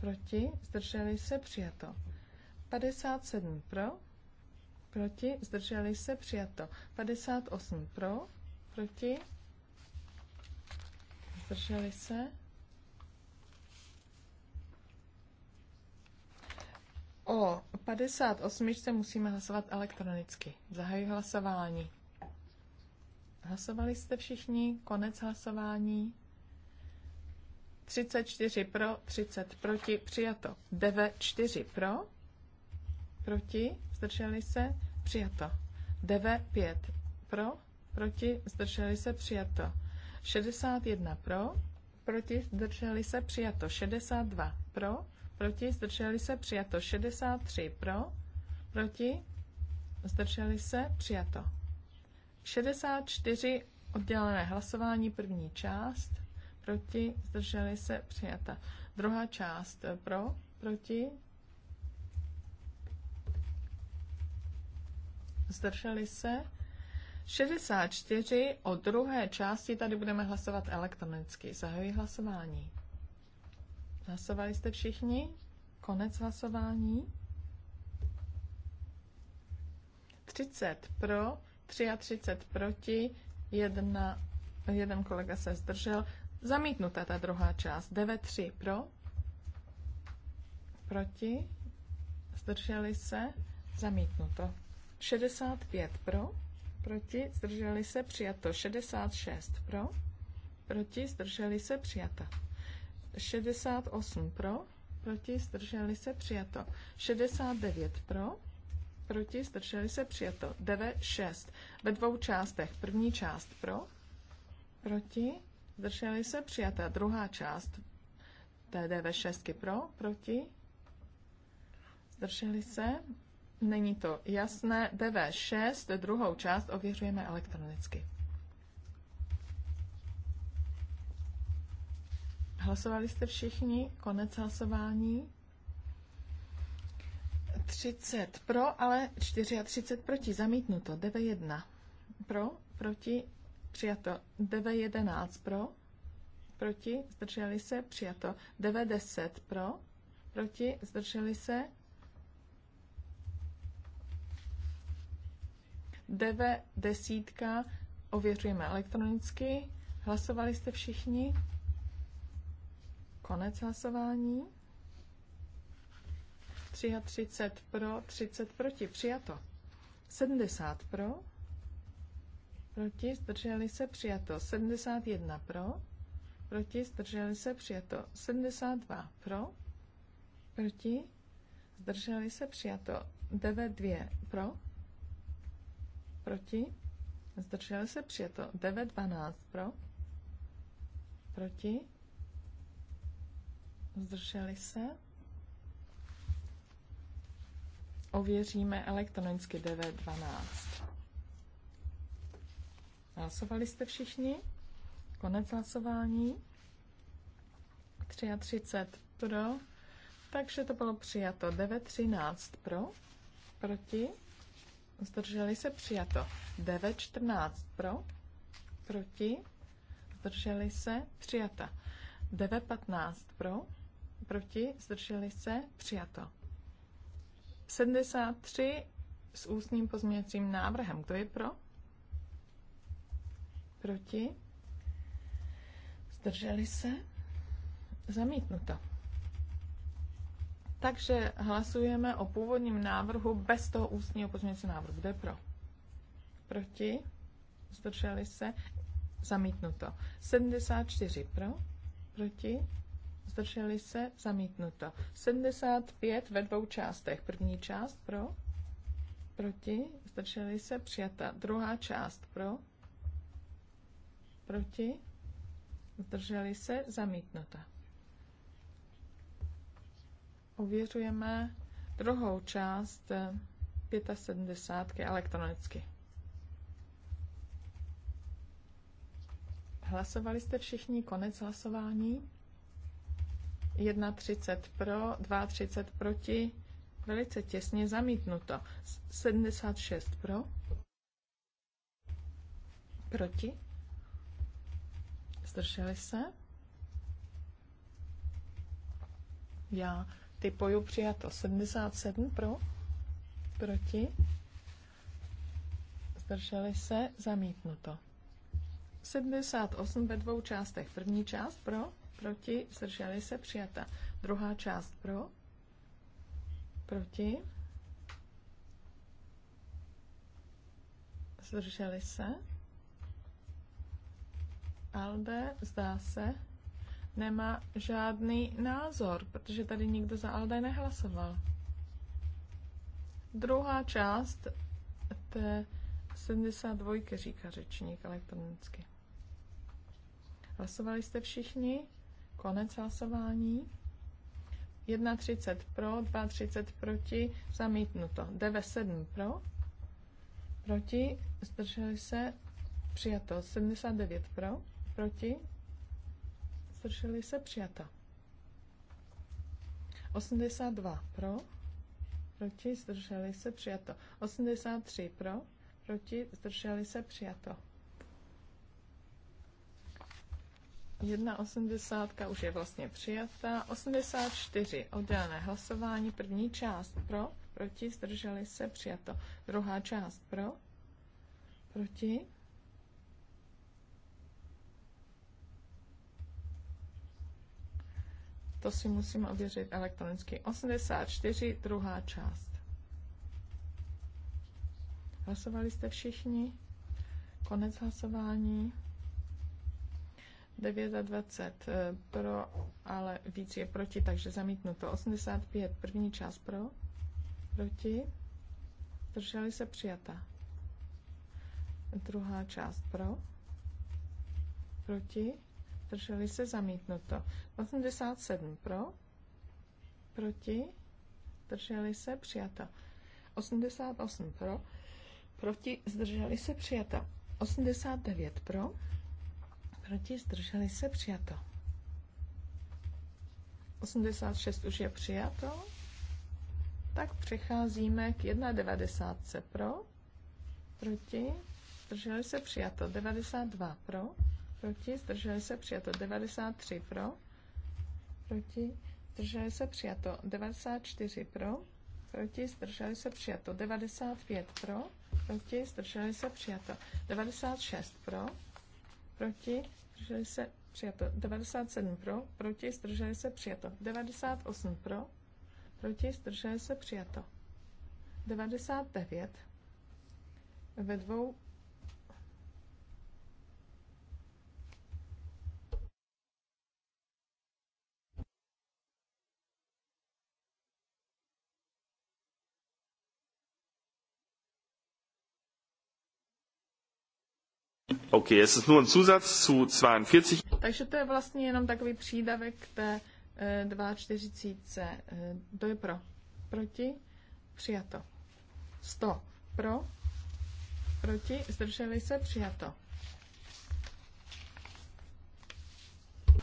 proti, zdrželi se, přijato. 57 pro, proti, zdrželi se, přijato. 58 pro, proti, zdrželi se. O 58 musíme hlasovat elektronicky. Zahajuji hlasování. Hlasovali jste všichni, konec hlasování. 34 pro, 30 proti, přijato. 9, 4 pro, proti, zdrželi se, přijato. 9, 5 pro, proti, zdrželi se, přijato. 61 pro, proti, zdrželi se, přijato. 62 pro, proti, zdrželi se, přijato. 63 pro, proti, zdrželi se, přijato. 64 oddělené hlasování, první část, proti, zdrželi se, přijata. Druhá část pro, proti, zdrželi se. 64 o druhé části tady budeme hlasovat elektronicky. Zahajuji hlasování. Hlasovali jste všichni? Konec hlasování. 30 pro, 33 proti, jedna, jeden kolega se zdržel. Zamítnuta ta druhá část. 9-3 pro, proti, zdrželi se, zamítnuto. 65 pro, proti, zdrželi se, přijato. 66 pro, proti, zdrželi se, přijato. 68 pro, proti, zdrželi se, přijato. 69 pro, proti, zdrželi se, přijato. 9, 6 ve dvou částech. První část pro, proti, zdrželi se, přijata. Druhá část TDV 6 pro, proti, zdrželi se, Není to jasné. DV6, druhou část, ověřujeme elektronicky. Hlasovali jste všichni? Konec hlasování. 30 pro, ale 34 proti. Zamítnuto. dv 1 pro, proti, přijato. dv 11 pro, proti, zdrželi se, přijato. dv 10 pro, proti, zdrželi se, DV 10 ověřujeme elektronicky. Hlasovali jste všichni? Konec hlasování. 33 pro, 30 proti. Přijato. 70 pro, proti, zdrželi se, přijato. 71 pro, proti, zdrželi se, přijato. 72 pro, proti, zdrželi se, přijato. 9 2 pro, Proti? Zdrželi se při to. 9, 12 pro. Proti? Zdrželi se. Ověříme elektronicky 9, 12. Hlasovali jste všichni? Konec hlasování. 33 pro. Takže to bylo přijato 9, 13 pro. Proti? zdrželi se přijato. 9, 14 pro, proti, zdrželi se přijata. 15 pro, proti, zdrželi se přijato. 73 s ústním pozměňovacím návrhem. Kdo je pro? Proti? Zdrželi se? Zamítnuto. Takže hlasujeme o původním návrhu bez toho ústního pozměňovacího návrhu. Kde pro? Proti? Zdrželi se? Zamítnuto. 74 pro? Proti? Zdrželi se? Zamítnuto. 75 ve dvou částech. První část pro? Proti? Zdrželi se? Přijata. Druhá část pro? Proti? Zdrželi se? zamítnuto ověřujeme druhou část 75 eh, elektronicky. Hlasovali jste všichni, konec hlasování. 1,30 pro, 2,30 proti, velice těsně zamítnuto. 76 pro, proti, zdrželi se. Já typuju přijato 77 pro, proti, zdrželi se, zamítnuto. 78 ve dvou částech. První část pro, proti, zdrželi se, přijata. Druhá část pro, proti, zdrželi se. Albe, zdá se, nemá žádný názor, protože tady nikdo za Alde nehlasoval. Druhá část té 72 říká řečník elektronicky. Hlasovali jste všichni? Konec hlasování. 1,30 pro, 2,30 proti, zamítnuto. 9,7 pro, proti, zdrželi se, přijato. 79 pro, proti, zdrželi se přijata. 82 pro, proti, zdrželi se přijato. 83 pro, proti, zdrželi se přijato. 1,80 už je vlastně přijata. 84 oddělené hlasování, první část pro, proti, zdrželi se přijato. Druhá část pro, proti, To si musím ověřit elektronicky. 84, druhá část. Hlasovali jste všichni? Konec hlasování. 20 eh, pro, ale víc je proti, takže zamítnuto. 85, první část pro, proti. Drželi se přijata. Druhá část pro, proti zdrželi se zamítnuto. 87 pro, proti, zdrželi se přijato. 88 pro, proti, zdrželi se přijato. 89 pro, proti, zdrželi se přijato. 86 už je přijato, tak přecházíme k 1,90 pro, proti, zdrželi se přijato, 92 pro, proti, zdrželi se přijato 93 pro, proti, zdrželi se přijato 94 pro, proti, zdrželi se přijato 95 pro, proti, zdrželi se přijato 96 pro, proti, zdrželi se přijato 97 pro, proti, zdrželi se přijato 98 pro, proti, zdrželi se přijato 99 ve dvou es ist nur ein Zusatz zu 42. Takže to je vlastně jenom takový přídavek k té e, 240. to je pro. Proti? Přijato. 100. Pro? Proti? Zdrželi se? Přijato.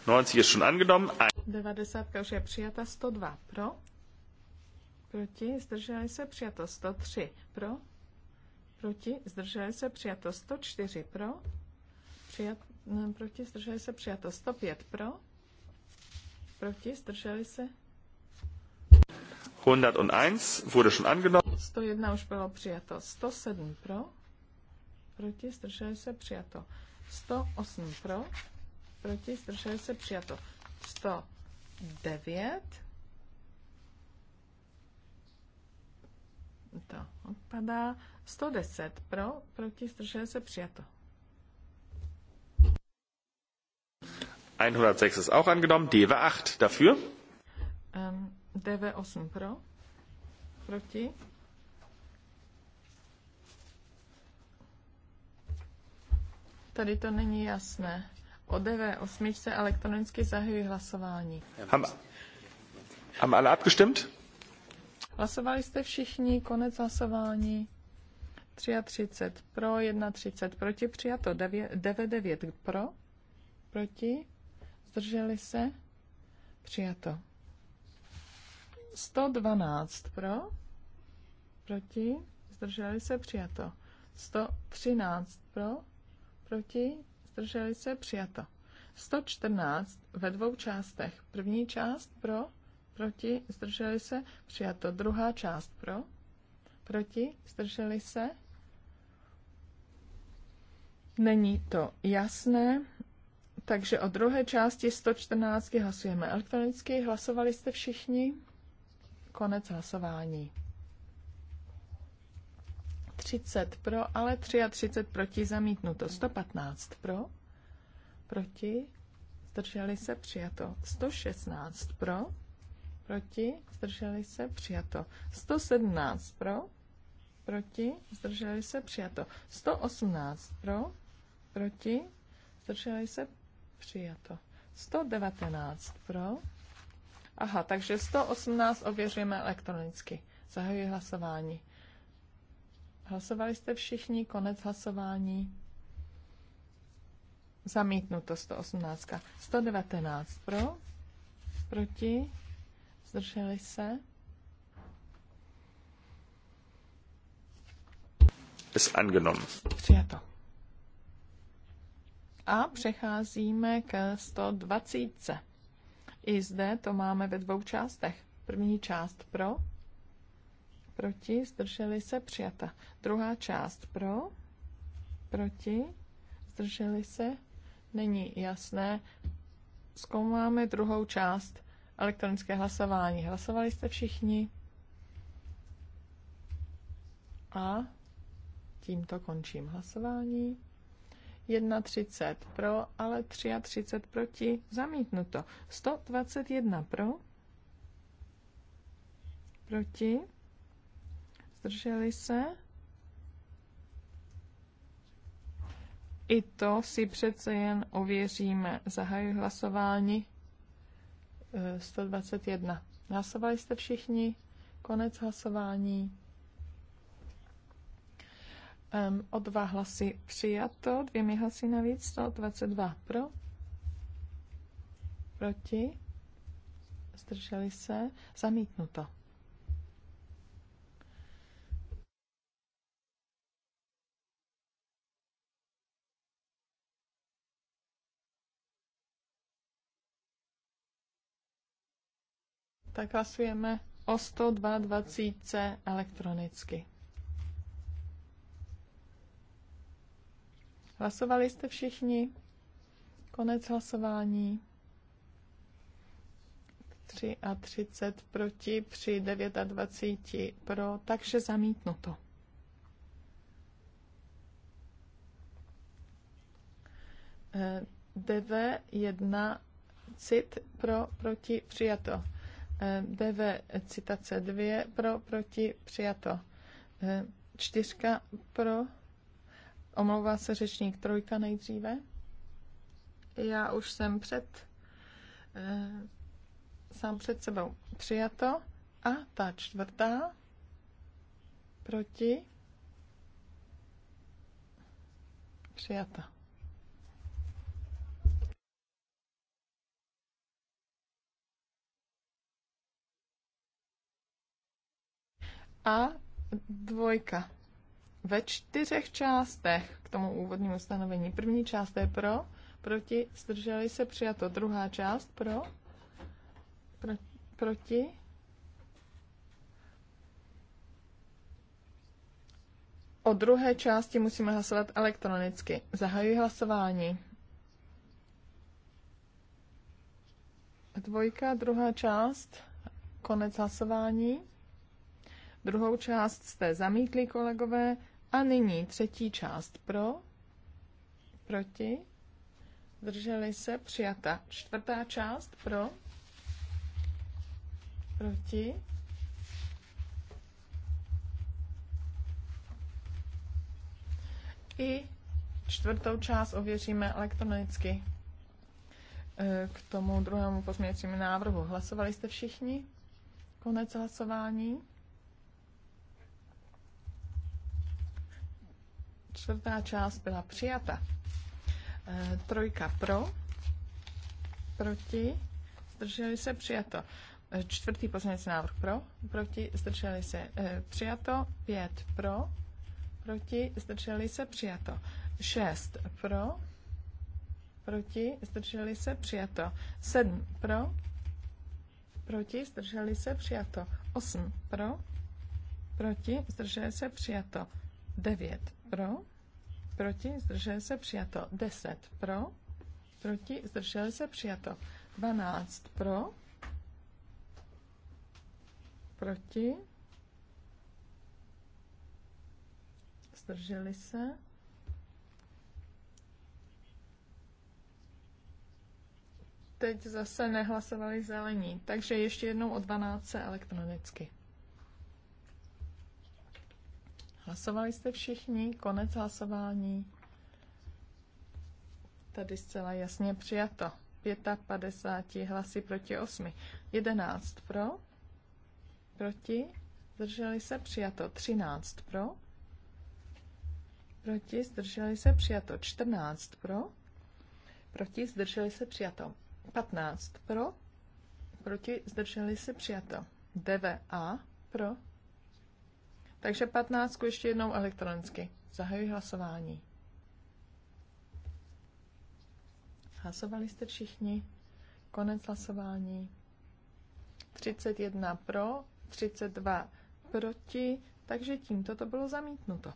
90 je schon angenommen. 90 už je přijata. 102. Pro? Proti? Zdrželi se? Přijato. 103. Pro? proti, zdrželi se, přijato 104 pro, přijat, ne, proti, zdrželi se, přijato 105 pro, proti, zdrželi se. 101 wurde schon angenommen. 101 už bylo přijato, 107 pro, proti, zdrželi se, přijato 108 pro, proti, zdrželi se, přijato 109 to odpadá. 110 pro, proti, zdržel se, přijato. 106 ist auch angenommen, DW 8 dafür. Um, DW 8 pro, proti. Tady to není jasné. O DW 8 se elektronicky zahajuji hlasování. Haben, haben alle abgestimmt? Hlasovali jste všichni, konec hlasování. 33 pro, 31 proti, přijato 9, 99 pro, proti, zdrželi se, přijato. 112 pro, proti, zdrželi se, přijato. 113 pro, proti, zdrželi se, přijato. 114 ve dvou částech. První část pro, proti, zdrželi se, přijato. Druhá část pro, proti, zdrželi se. Není to jasné, takže o druhé části 114 hlasujeme elektronicky. Hlasovali jste všichni? Konec hlasování. 30 pro, ale 33 proti zamítnuto. 115 pro, proti, zdrželi se přijato. 116 pro, proti, zdrželi se, přijato. 117 pro, proti, zdrželi se, přijato. 118 pro, proti, zdrželi se, přijato. 119 pro. Aha, takže 118 ověříme elektronicky. Zahajuji hlasování. Hlasovali jste všichni, konec hlasování. Zamítnuto 118. 119 pro, proti, zdrželi se. angenommen. Přijato. A přecházíme k 120. I zde to máme ve dvou částech. První část pro, proti, zdrželi se, přijata. Druhá část pro, proti, zdrželi se, není jasné. Zkoumáme druhou část. Elektronické hlasování. Hlasovali jste všichni? A tímto končím hlasování. 31 pro, ale 33 proti. Zamítnuto. 121 pro. Proti. Zdrželi se. I to si přece jen ověříme. Zahajuji hlasování. 121. Hlasovali jste všichni? Konec hlasování. Um, o dva hlasy přijato, dvěmi hlasy navíc, 122 pro, proti, zdrželi se, zamítnuto. tak hlasujeme o 122 c elektronicky. Hlasovali jste všichni? Konec hlasování. 3 a 30 proti při 29 pro, takže zamítnuto. Eh, DV 1 cit pro proti přijato. Eh, DV citace 2 pro, proti, přijato. Eh, čtyřka pro, omlouvá se řečník trojka nejdříve. Já už jsem před, eh, sám před sebou přijato. A ta čtvrtá proti, přijata. a dvojka ve čtyřech částech k tomu úvodnímu stanovení. První část je pro, proti, zdrželi se, přijato. Druhá část pro, pro proti. O druhé části musíme hlasovat elektronicky. Zahajuji hlasování. Dvojka, druhá část, konec hlasování. Druhou část jste zamítli, kolegové. A nyní třetí část pro, proti, zdrželi se, přijata. Čtvrtá část pro, proti, i čtvrtou část ověříme elektronicky e, k tomu druhému pozměňovacímu návrhu. Hlasovali jste všichni? Konec hlasování. Čtvrtá část byla přijata. E, trojka pro, proti, zdrželi se, přijato. E, čtvrtý poslanec návrh pro, proti, zdrželi se, e, přijato. Pět pro, proti, zdrželi se, přijato. Šest pro, proti, zdrželi se, přijato. Sedm pro, proti, zdrželi se, přijato. Osm pro, proti, zdrželi se, přijato. Devět pro? Proti? Zdržel se? Přijato. 10. Pro? Proti? Zdržel se? Přijato. 12. Pro? Proti? Zdrželi se? Teď zase nehlasovali zelení, takže ještě jednou o 12 elektronicky. Hlasovali jste všichni, konec hlasování. Tady zcela jasně přijato. 55 hlasy proti 8. 11 pro, proti, zdrželi se přijato. 13 pro, proti, zdrželi se přijato. 14 pro, proti, zdrželi se přijato. 15 pro, proti, zdrželi se přijato. 9a pro, takže 15 ještě jednou elektronicky. Zahajuji hlasování. Hlasovali jste všichni? Konec hlasování. 31 pro, 32 proti, takže tímto to bylo zamítnuto.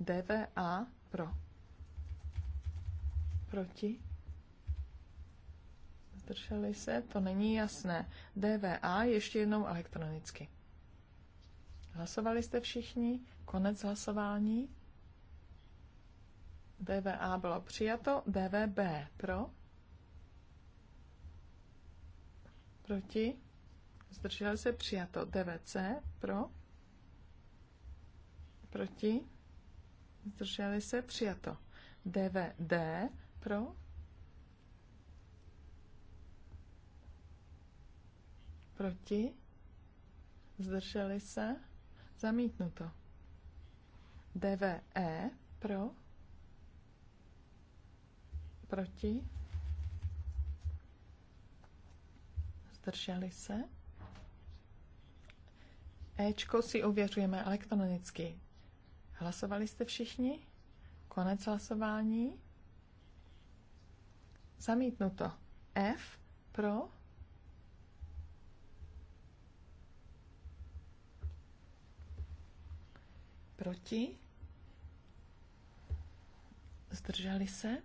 DVA pro. Proti. Zdrželi se, to není jasné. DVA ještě jednou elektronicky. Hlasovali jste všichni? Konec hlasování. DVA bylo přijato, DVB pro. Proti. Zdrželi se přijato DVC pro. Proti. Zdrželi se přijato DVD pro. Proti. Zdrželi se. Zamítnuto. DVE pro. Proti. Zdrželi se. Ečko si ověřujeme elektronicky. Hlasovali jste všichni? Konec hlasování. Zamítnuto. F pro. Proti? Zdrželi se?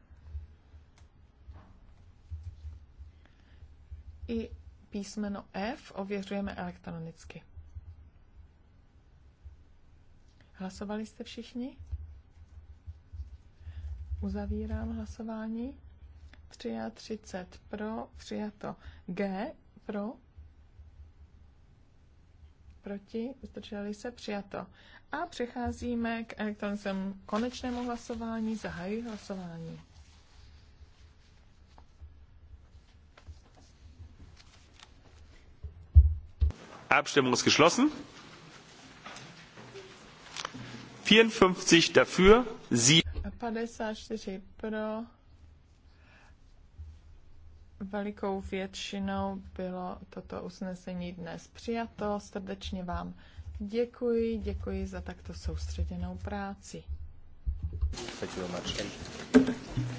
I písmeno F ověřujeme elektronicky. Hlasovali jste všichni? Uzavírám hlasování. 33 pro, přijato G pro, proti, zdrželi se, přijato. A přecházíme k elektronickému konečnému hlasování, zahajuji hlasování. Abstimmung ist geschlossen. 54 dafür, 7 54 pro, Velikou většinou bylo toto usnesení dnes přijato. Srdečně vám děkuji, děkuji za takto soustředěnou práci. Thank you very much.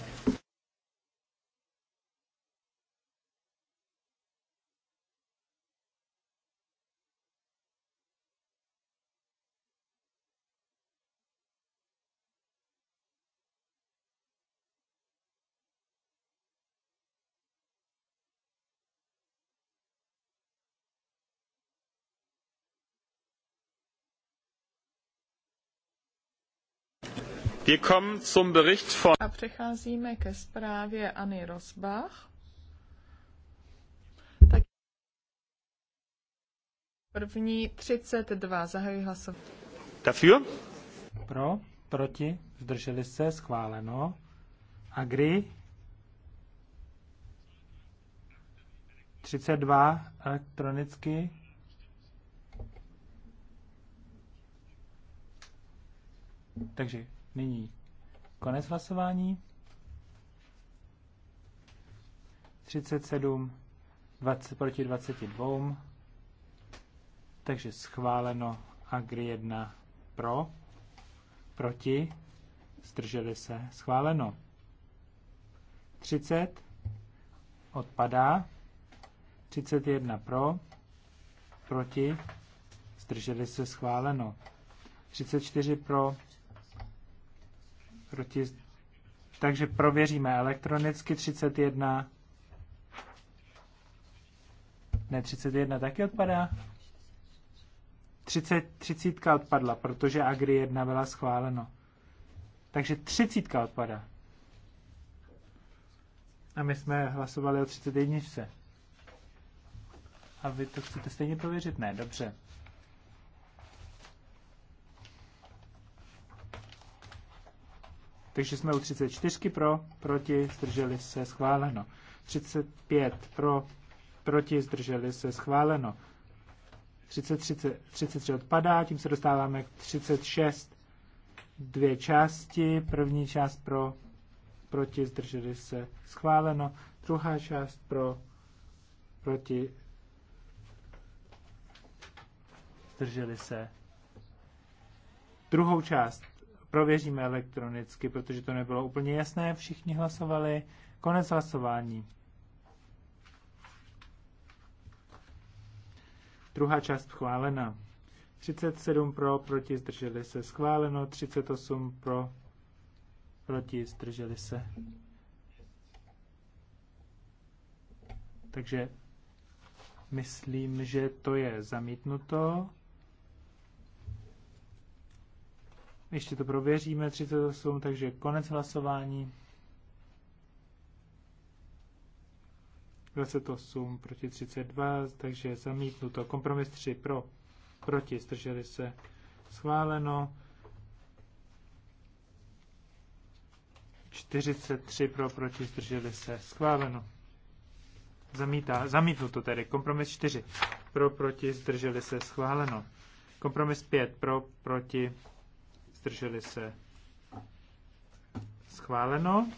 A přecházíme ke zprávě Anny Rosbach. Tak první 32. Zahajuji hlasování. Dafür? Pro, proti, zdrželi se, schváleno. Agri 32 elektronicky. Takže Nyní konec hlasování. 37 20, proti 22. Takže schváleno Agri 1 pro, proti, zdrželi se, schváleno. 30 odpadá, 31 pro, proti, zdrželi se, schváleno. 34 pro, proti, takže prověříme elektronicky 31, ne 31 taky odpadá, 30, 30 odpadla, protože Agri 1 byla schváleno. Takže 30 odpadá. A my jsme hlasovali o 31. A vy to chcete stejně prověřit? Ne, dobře. Takže jsme u 34 pro, proti, zdrželi se, schváleno. 35 pro, proti, zdrželi se, schváleno. 30, 30, 33 odpadá, tím se dostáváme k 36. Dvě části, první část pro, proti, zdrželi se, schváleno. Druhá část pro, proti, zdrželi se. Druhou část Prověříme elektronicky, protože to nebylo úplně jasné. Všichni hlasovali. Konec hlasování. Druhá část schválena. 37 pro, proti, zdrželi se. Schváleno. 38 pro, proti, zdrželi se. Takže myslím, že to je zamítnuto. Ještě to prověříme, 38, takže konec hlasování. 28 proti 32, takže zamítnuto. Kompromis 3 pro, proti, zdrželi se. Schváleno. 43 pro, proti, zdrželi se. Schváleno. Zamítá, zamítnuto tedy. Kompromis 4 pro, proti, zdrželi se. Schváleno. Kompromis 5 pro, proti, zdrželi se schváleno.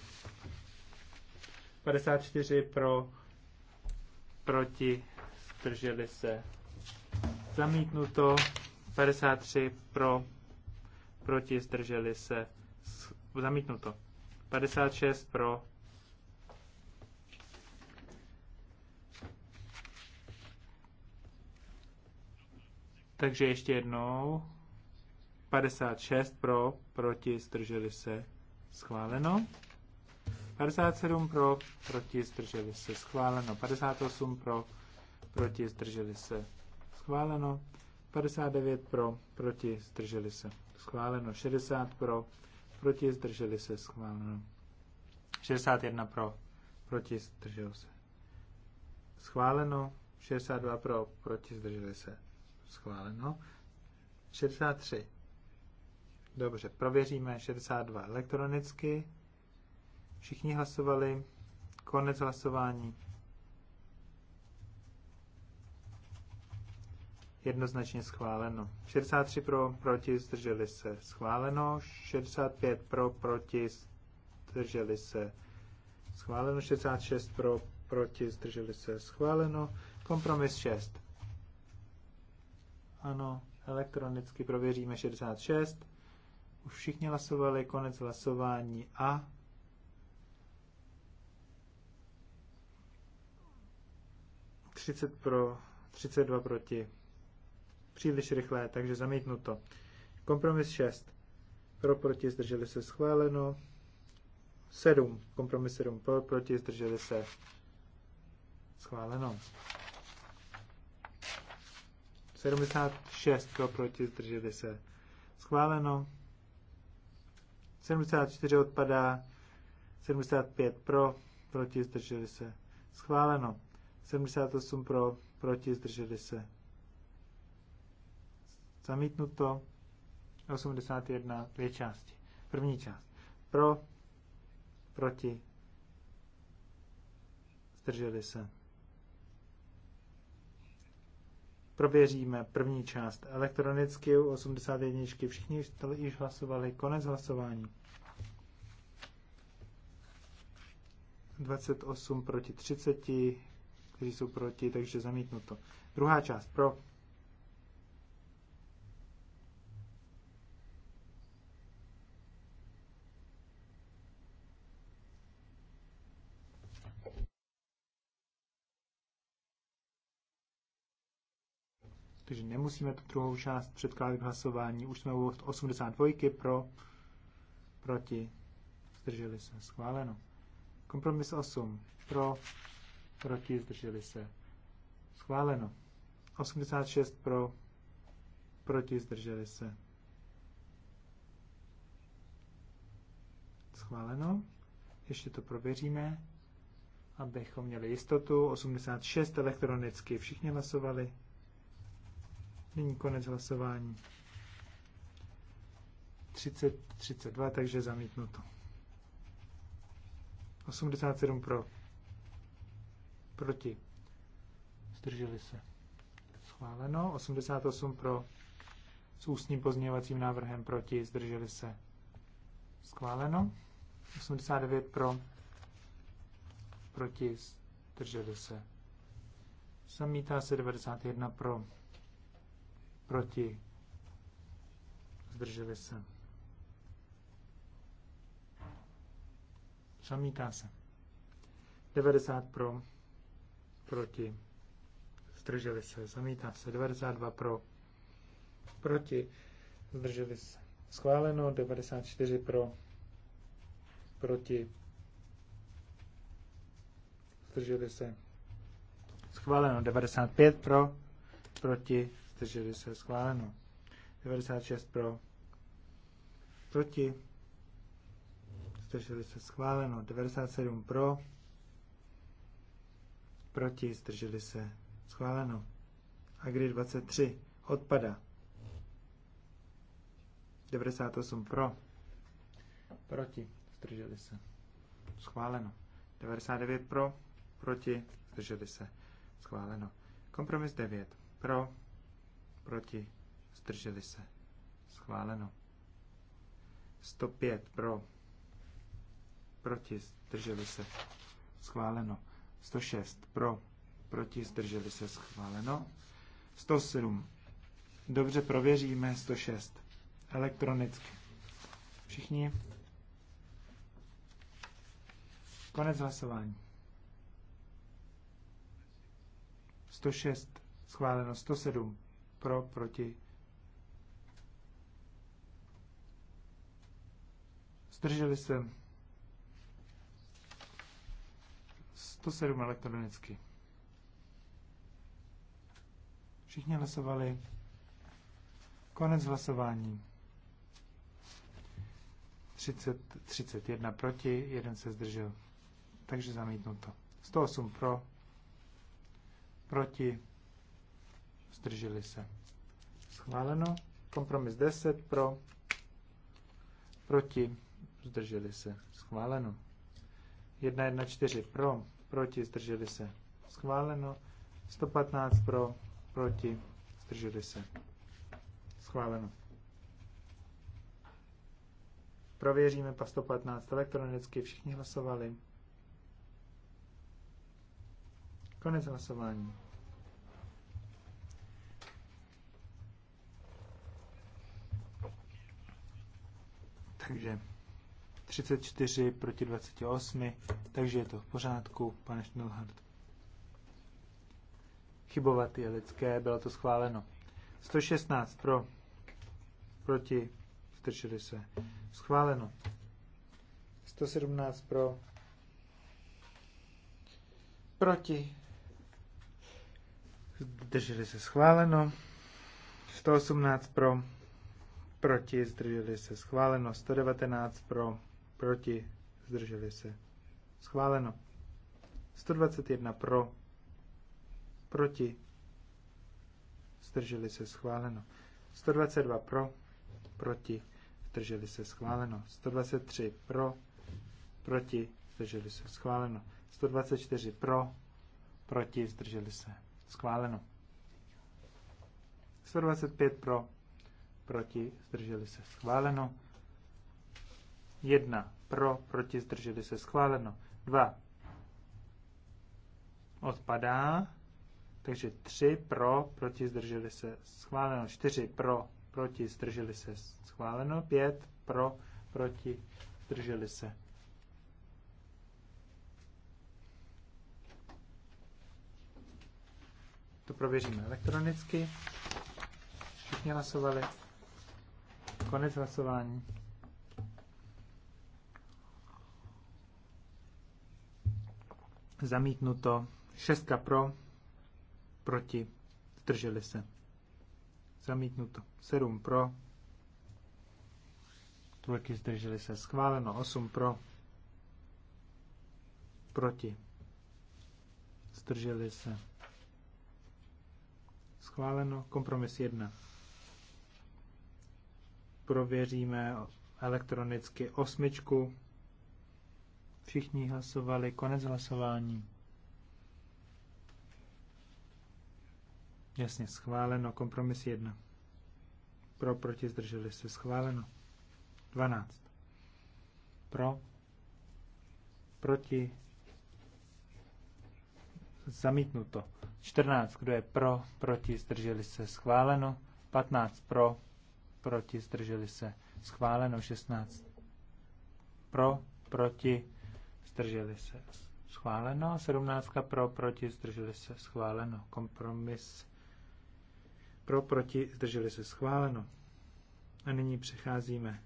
54 pro, proti, zdrželi se zamítnuto. 53 pro, proti, zdrželi se zamítnuto. 56 pro, Takže ještě jednou. 56 pro, proti, zdrželi se, schváleno. 57 pro, proti, zdrželi se, schváleno. 58 pro, proti, zdrželi se, schváleno. 59 pro, proti, zdrželi se, schváleno. 60 pro, proti, zdrželi se, schváleno. 61 pro, proti, zdrželi se, schváleno. 62 pro, proti, zdrželi se, schváleno. 63 Dobře, prověříme 62 elektronicky. Všichni hlasovali. Konec hlasování. Jednoznačně schváleno. 63 pro, proti, zdrželi se. Schváleno. 65 pro, proti, zdrželi se. Schváleno. 66 pro, proti, zdrželi se. Schváleno. Kompromis 6. Ano, elektronicky prověříme 66. Už všichni hlasovali, konec hlasování a Třicet pro, 32 proti. Příliš rychlé, takže zamítnuto. Kompromis 6. Pro, proti, zdrželi se schváleno. 7. Kompromis 7. Pro, proti, zdrželi se schváleno. 76 pro proti, zdrželi se. Schváleno. 74 odpadá, 75 pro, proti zdrželi se. Schváleno. 78 pro, proti zdrželi se. Zamítnuto. 81, dvě části. První část. Pro, proti, zdrželi se. Prověříme první část elektronicky u 81. Všichni již hlasovali. Konec hlasování. 28 proti 30, kteří jsou proti, takže zamítnuto. Druhá část pro. Takže nemusíme tu druhou část předkládat k hlasování. Už jsme u 82 pro, proti, zdrželi se, schváleno. Kompromis 8. Pro, proti, zdrželi se. Schváleno. 86 pro, proti, zdrželi se. Schváleno. Ještě to prověříme, abychom měli jistotu. 86 elektronicky. Všichni hlasovali. Nyní konec hlasování. 30, 32, takže zamítnuto. 87 pro. Proti. Zdrželi se. Schváleno. 88 pro. S ústním pozměňovacím návrhem proti. Zdrželi se. Schváleno. 89 pro. Proti. Zdrželi se. Samítá se 91 pro. Proti. Zdrželi se Zamítá se. 90 pro, proti, zdrželi se. Zamítá se. 92 pro, proti, zdrželi se. Schváleno 94 pro, proti, zdrželi se. Schváleno 95 pro, proti, zdrželi se. Schváleno 96 pro, proti, zdrželi se schváleno. 97 pro, proti, zdrželi se schváleno. Agri 23 odpada. 98 pro, proti, zdrželi se schváleno. 99 pro, proti, zdrželi se schváleno. Kompromis 9 pro, proti, zdrželi se schváleno. 105 pro, proti, zdrželi se, schváleno. 106 pro, proti, zdrželi se, schváleno. 107. Dobře, prověříme 106. Elektronicky. Všichni. Konec hlasování. 106, schváleno 107, pro, proti. Zdrželi se. 107 elektronicky. Všichni hlasovali. Konec hlasování. 30, 31 proti, jeden se zdržel. Takže zamítnuto. 108 pro, proti, zdrželi se. Schváleno. Kompromis 10 pro, proti, zdrželi se. Schváleno. 114 pro, proti, zdrželi se. Schváleno. 115 pro, proti, zdrželi se. Schváleno. Prověříme pa 115 elektronicky, všichni hlasovali. Konec hlasování. Takže 34 proti 28, takže je to v pořádku, pane Schnellhardt. Chybovat je lidské, bylo to schváleno. 116 pro, proti, zdržili se. Schváleno. 117 pro, proti, zdrželi se. Schváleno. 118 pro, proti, zdrželi se. Schváleno. 119 pro, proti, zdrželi se. Schváleno. 121 pro, proti, zdrželi se. Schváleno. 122 pro, proti, zdrželi se. Schváleno. 123 pro, proti, zdrželi se. Schváleno. 124 pro, proti, zdrželi se. Schváleno. 125 pro, proti, zdrželi se. Schváleno. 1 pro, proti, zdrželi se, schváleno. 2 odpadá, takže 3 pro, proti, zdrželi se, schváleno. 4 pro, proti, zdrželi se, schváleno. 5 pro, proti, zdrželi se. To prověříme elektronicky. Všichni hlasovali. Konec hlasování. Zamítnuto. Šestka pro. Proti. Zdrželi se. Zamítnuto. Sedm pro. Trojky zdrželi se. Schváleno. Osm pro. Proti. Zdrželi se. Schváleno. Kompromis jedna. Prověříme elektronicky osmičku. Všichni hlasovali. Konec hlasování. Jasně, schváleno. Kompromis 1. Pro, proti, zdrželi se. Schváleno. 12. Pro, proti, zamítnuto. 14. Kdo je pro, proti, zdrželi se. Schváleno. 15. Pro, proti, zdrželi se. Schváleno. 16. Pro, proti, zdrželi se schváleno, 17 pro, proti, zdrželi se schváleno, kompromis pro, proti, zdrželi se schváleno. A nyní přecházíme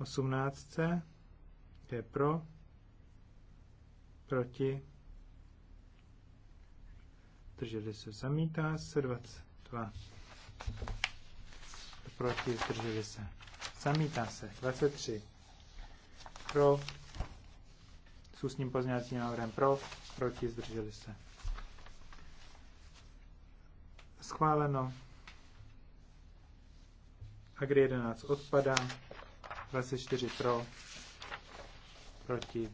18, kde je pro, proti, zdrželi se zamítá se 22 proti, zdrželi se zamítá se 23 pro, s ústním pozměňovacím návrhem pro, proti, zdrželi se. Schváleno. Agri 11 odpadá, 24 pro, proti,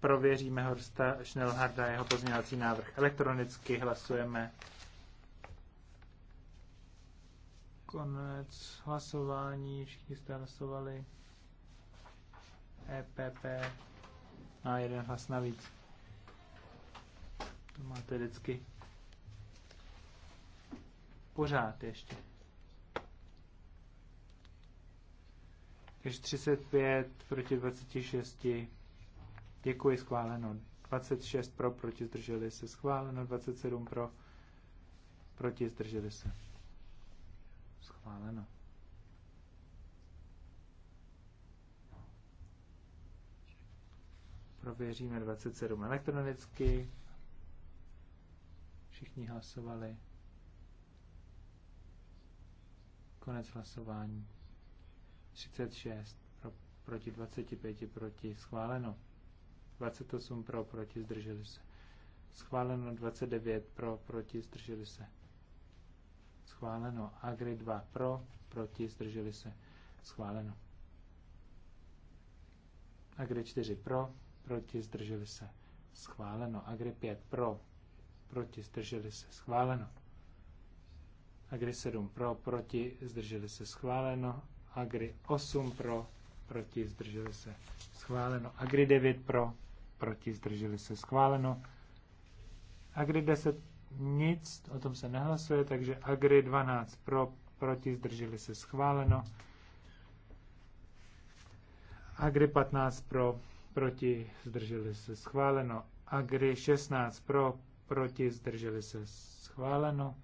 prověříme Horsta Schnellharda jeho pozměňovací návrh. Elektronicky hlasujeme Konec hlasování, všichni jste hlasovali. EPP a jeden hlas navíc. To máte vždycky. Pořád ještě. Takže 35 proti 26. Děkuji, schváleno. 26 pro, proti zdrželi se. Schváleno 27 pro, proti zdrželi se. Schváleno. Prověříme 27 elektronicky. Všichni hlasovali. Konec hlasování. 36 pro, proti 25 proti schváleno. 28 pro proti zdrželi se. Schváleno 29 pro proti zdrželi se schváleno. Agri 2 pro, proti, zdrželi se, schváleno. Agri 4 pro, proti, zdrželi se, schváleno. Agri 5 pro, proti, zdrželi se, schváleno. Agri 7 pro, proti, zdrželi se, schváleno. Agri 8 pro, proti, zdrželi se, schváleno. Agri 9 pro, proti, zdrželi se, schváleno. Agri 10 nic, o tom se nehlasuje, takže Agri 12 pro, proti, zdrželi se schváleno. Agri 15 pro, proti, zdrželi se schváleno. Agri 16 pro, proti, zdrželi se schváleno.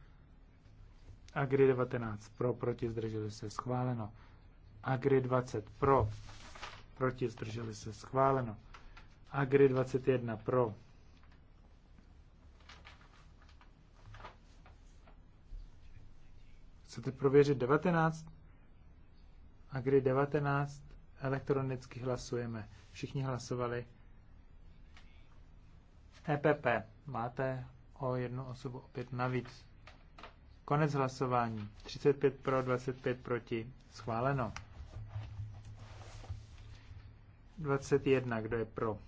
Agri 19 pro, proti, zdrželi se schváleno. Agri 20 pro, proti, zdrželi se schváleno. Agri 21 pro, Chcete prověřit 19? A kdy 19 elektronicky hlasujeme. Všichni hlasovali. EPP. Máte o jednu osobu opět navíc. Konec hlasování. 35 pro, 25 proti. Schváleno. 21. Kdo je pro?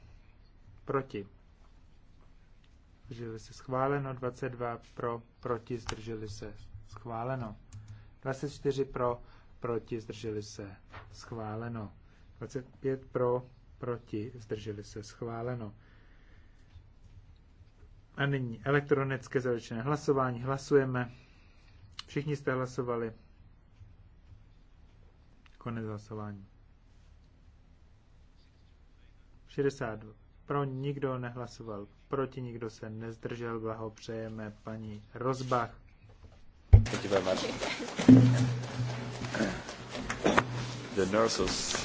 Proti. Zdrželi se schváleno. 22 pro, proti. Zdrželi se schváleno. 24 pro, proti, zdrželi se, schváleno. 25 pro, proti, zdrželi se, schváleno. A nyní elektronické závěrečné hlasování. Hlasujeme. Všichni jste hlasovali. Konec hlasování. 62. Pro nikdo nehlasoval, proti nikdo se nezdržel, blahopřejeme paní Rozbach. Thank you very much. The nurses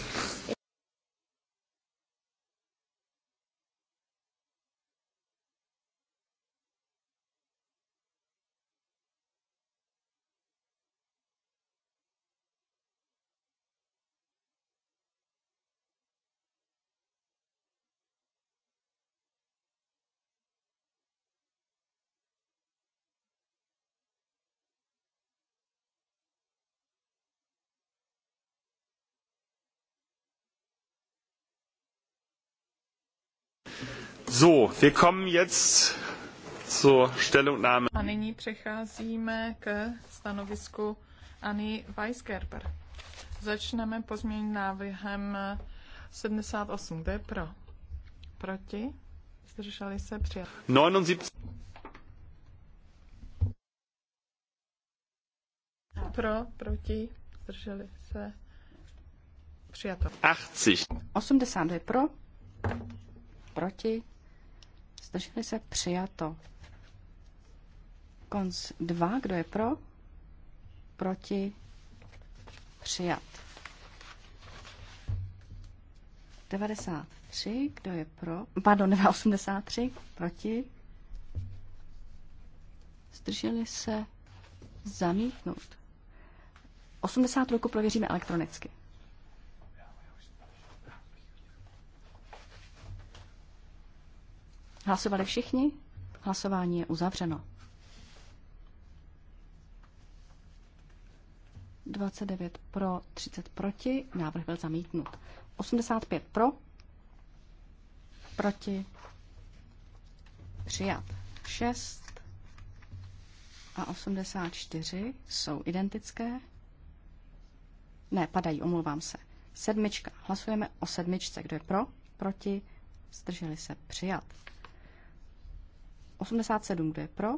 So, wir kommen jetzt zur Stellungnahme. A nyní přecházíme k stanovisku Ani Weisgerber. Začneme pozměněným návrhem 78. Kdo je pro? Proti? Zdrželi se přijat. 79. Pro, proti, zdrželi se přijato. 80. 82 pro, proti, Zdrželi se přijato. Konc 2, kdo je pro? Proti? Přijat. 93, kdo je pro? Pardon, 83, proti? Zdrželi se zamítnout. 80 roku prověříme elektronicky. Hlasovali všichni? Hlasování je uzavřeno. 29 pro, 30 proti. Návrh byl zamítnut. 85 pro, proti, přijat. 6 a 84 jsou identické. Ne, padají, omlouvám se. Sedmička. Hlasujeme o sedmičce. Kdo je pro? Proti? Zdrželi se přijat. 87, kdo je pro?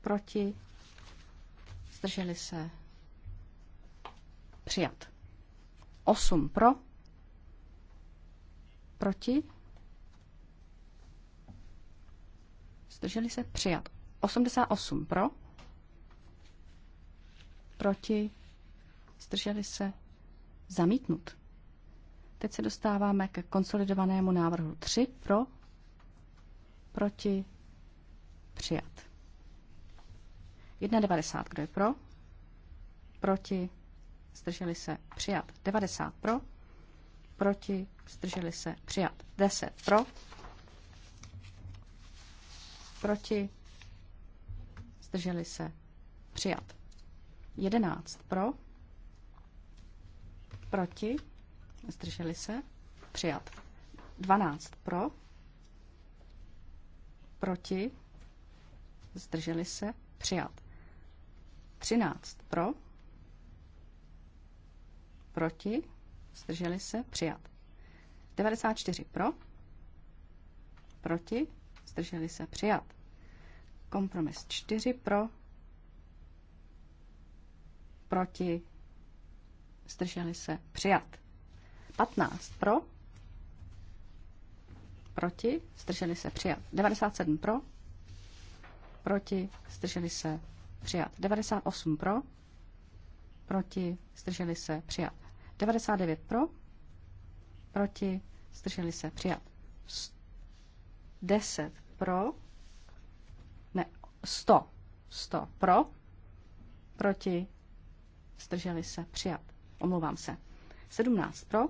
Proti? Zdrželi se? Přijat. 8 pro? Proti? Zdrželi se? Přijat. 88 pro? Proti? Zdrželi se? Zamítnut. Teď se dostáváme ke konsolidovanému návrhu 3 pro, Proti? Přijat. 91, Kdo je pro? Proti? Zdrželi se? Přijat. 90 pro? Proti? Zdrželi se? Přijat. 10 pro? Proti? Zdrželi se? Přijat. 11 pro? Proti? Zdrželi se? Přijat. 12 pro? Proti? Zdrželi se? Přijat. 13 pro? Proti? Zdrželi se? Přijat. 94 pro? Proti? Zdrželi se? Přijat. Kompromis 4 pro? Proti? Zdrželi se? Přijat. 15 pro? proti, zdrželi se přijat. 97 pro, proti, zdrželi se přijat. 98 pro, proti, zdrželi se přijat. 99 pro, proti, zdrželi se přijat. 10 pro, ne, 100, 100 pro, proti, zdrželi se přijat. Omlouvám se. 17 pro,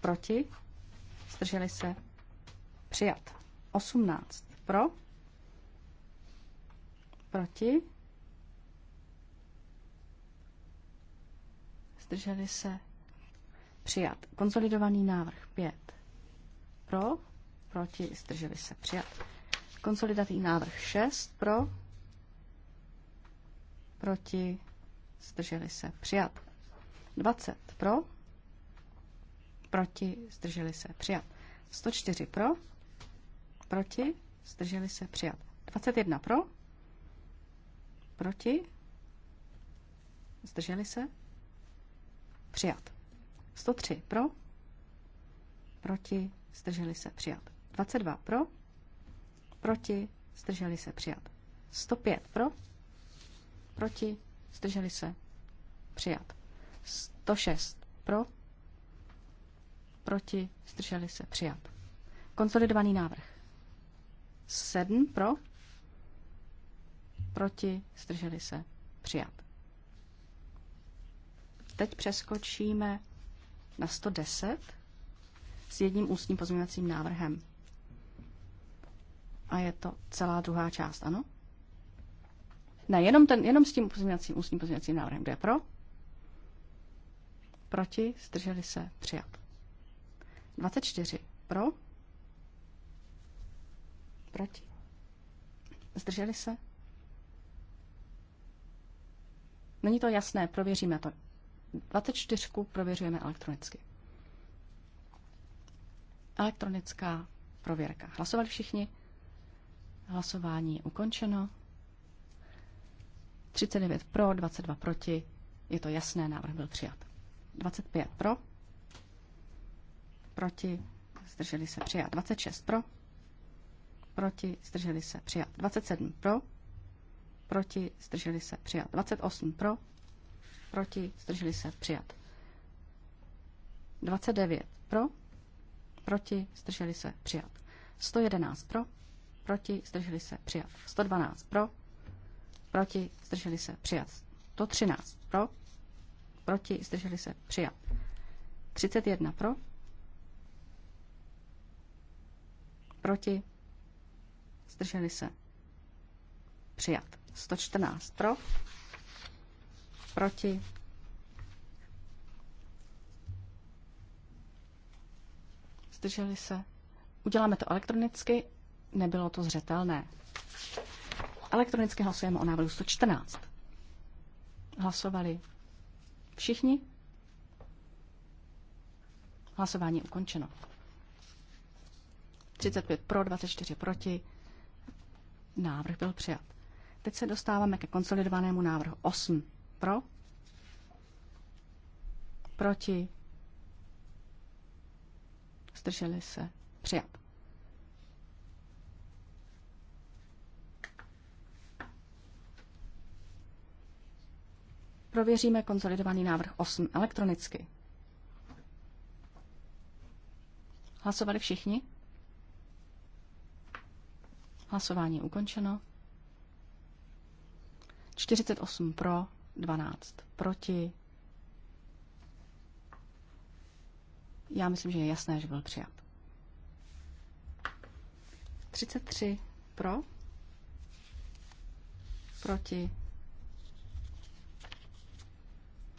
Proti? Zdrželi se? Přijat. 18. Pro? Proti? Zdrželi se? Přijat. Konsolidovaný návrh 5. Pro? Proti? Zdrželi se? Přijat. konsolidovaný návrh 6. Pro? Proti? Zdrželi se? Přijat. 20. Pro? proti, zdrželi se, přijat. 104 pro, proti, zdrželi se, přijat. 21 pro, proti, zdrželi se, přijat. 103 pro, proti, zdrželi se, přijat. 22 pro, proti, zdrželi se, přijat. 105 pro, proti, zdrželi se, přijat. 106 pro, proti, zdrželi se, přijat. Konsolidovaný návrh. 7 pro, proti, zdrželi se, přijat. Teď přeskočíme na 110 s jedním ústním pozměňovacím návrhem. A je to celá druhá část, ano? Ne, jenom, ten, jenom s tím pozměňovacím, ústním pozměňovacím návrhem. Kdo je pro? Proti, zdrželi se, přijat. 24 pro, proti, zdrželi se. Není to jasné, prověříme to. 24 prověřujeme elektronicky. Elektronická prověrka. Hlasovali všichni? Hlasování je ukončeno. 39 pro, 22 proti. Je to jasné, návrh byl přijat. 25 pro, proti, zdrželi se přijat 26 pro, proti, zdrželi se přijat 27 pro, proti, zdrželi se přijat 28 pro, proti, zdrželi se přijat 29 pro, proti, zdrželi se přijat 111 pro, proti, zdrželi se přijat 112 pro, proti, zdrželi se přijat 113 pro, proti, zdrželi se přijat 31 pro, Proti? Zdrželi se. Přijat. 114 pro. Proti? Zdrželi se. Uděláme to elektronicky. Nebylo to zřetelné. Elektronicky hlasujeme o návrhu 114. Hlasovali všichni. Hlasování ukončeno. 35 pro, 24 proti. Návrh byl přijat. Teď se dostáváme ke konsolidovanému návrhu 8 pro, proti, zdrželi se, přijat. Prověříme konsolidovaný návrh 8 elektronicky. Hlasovali všichni? Hlasování ukončeno. 48 pro, 12 proti. Já myslím, že je jasné, že byl přijat. 33 pro, proti,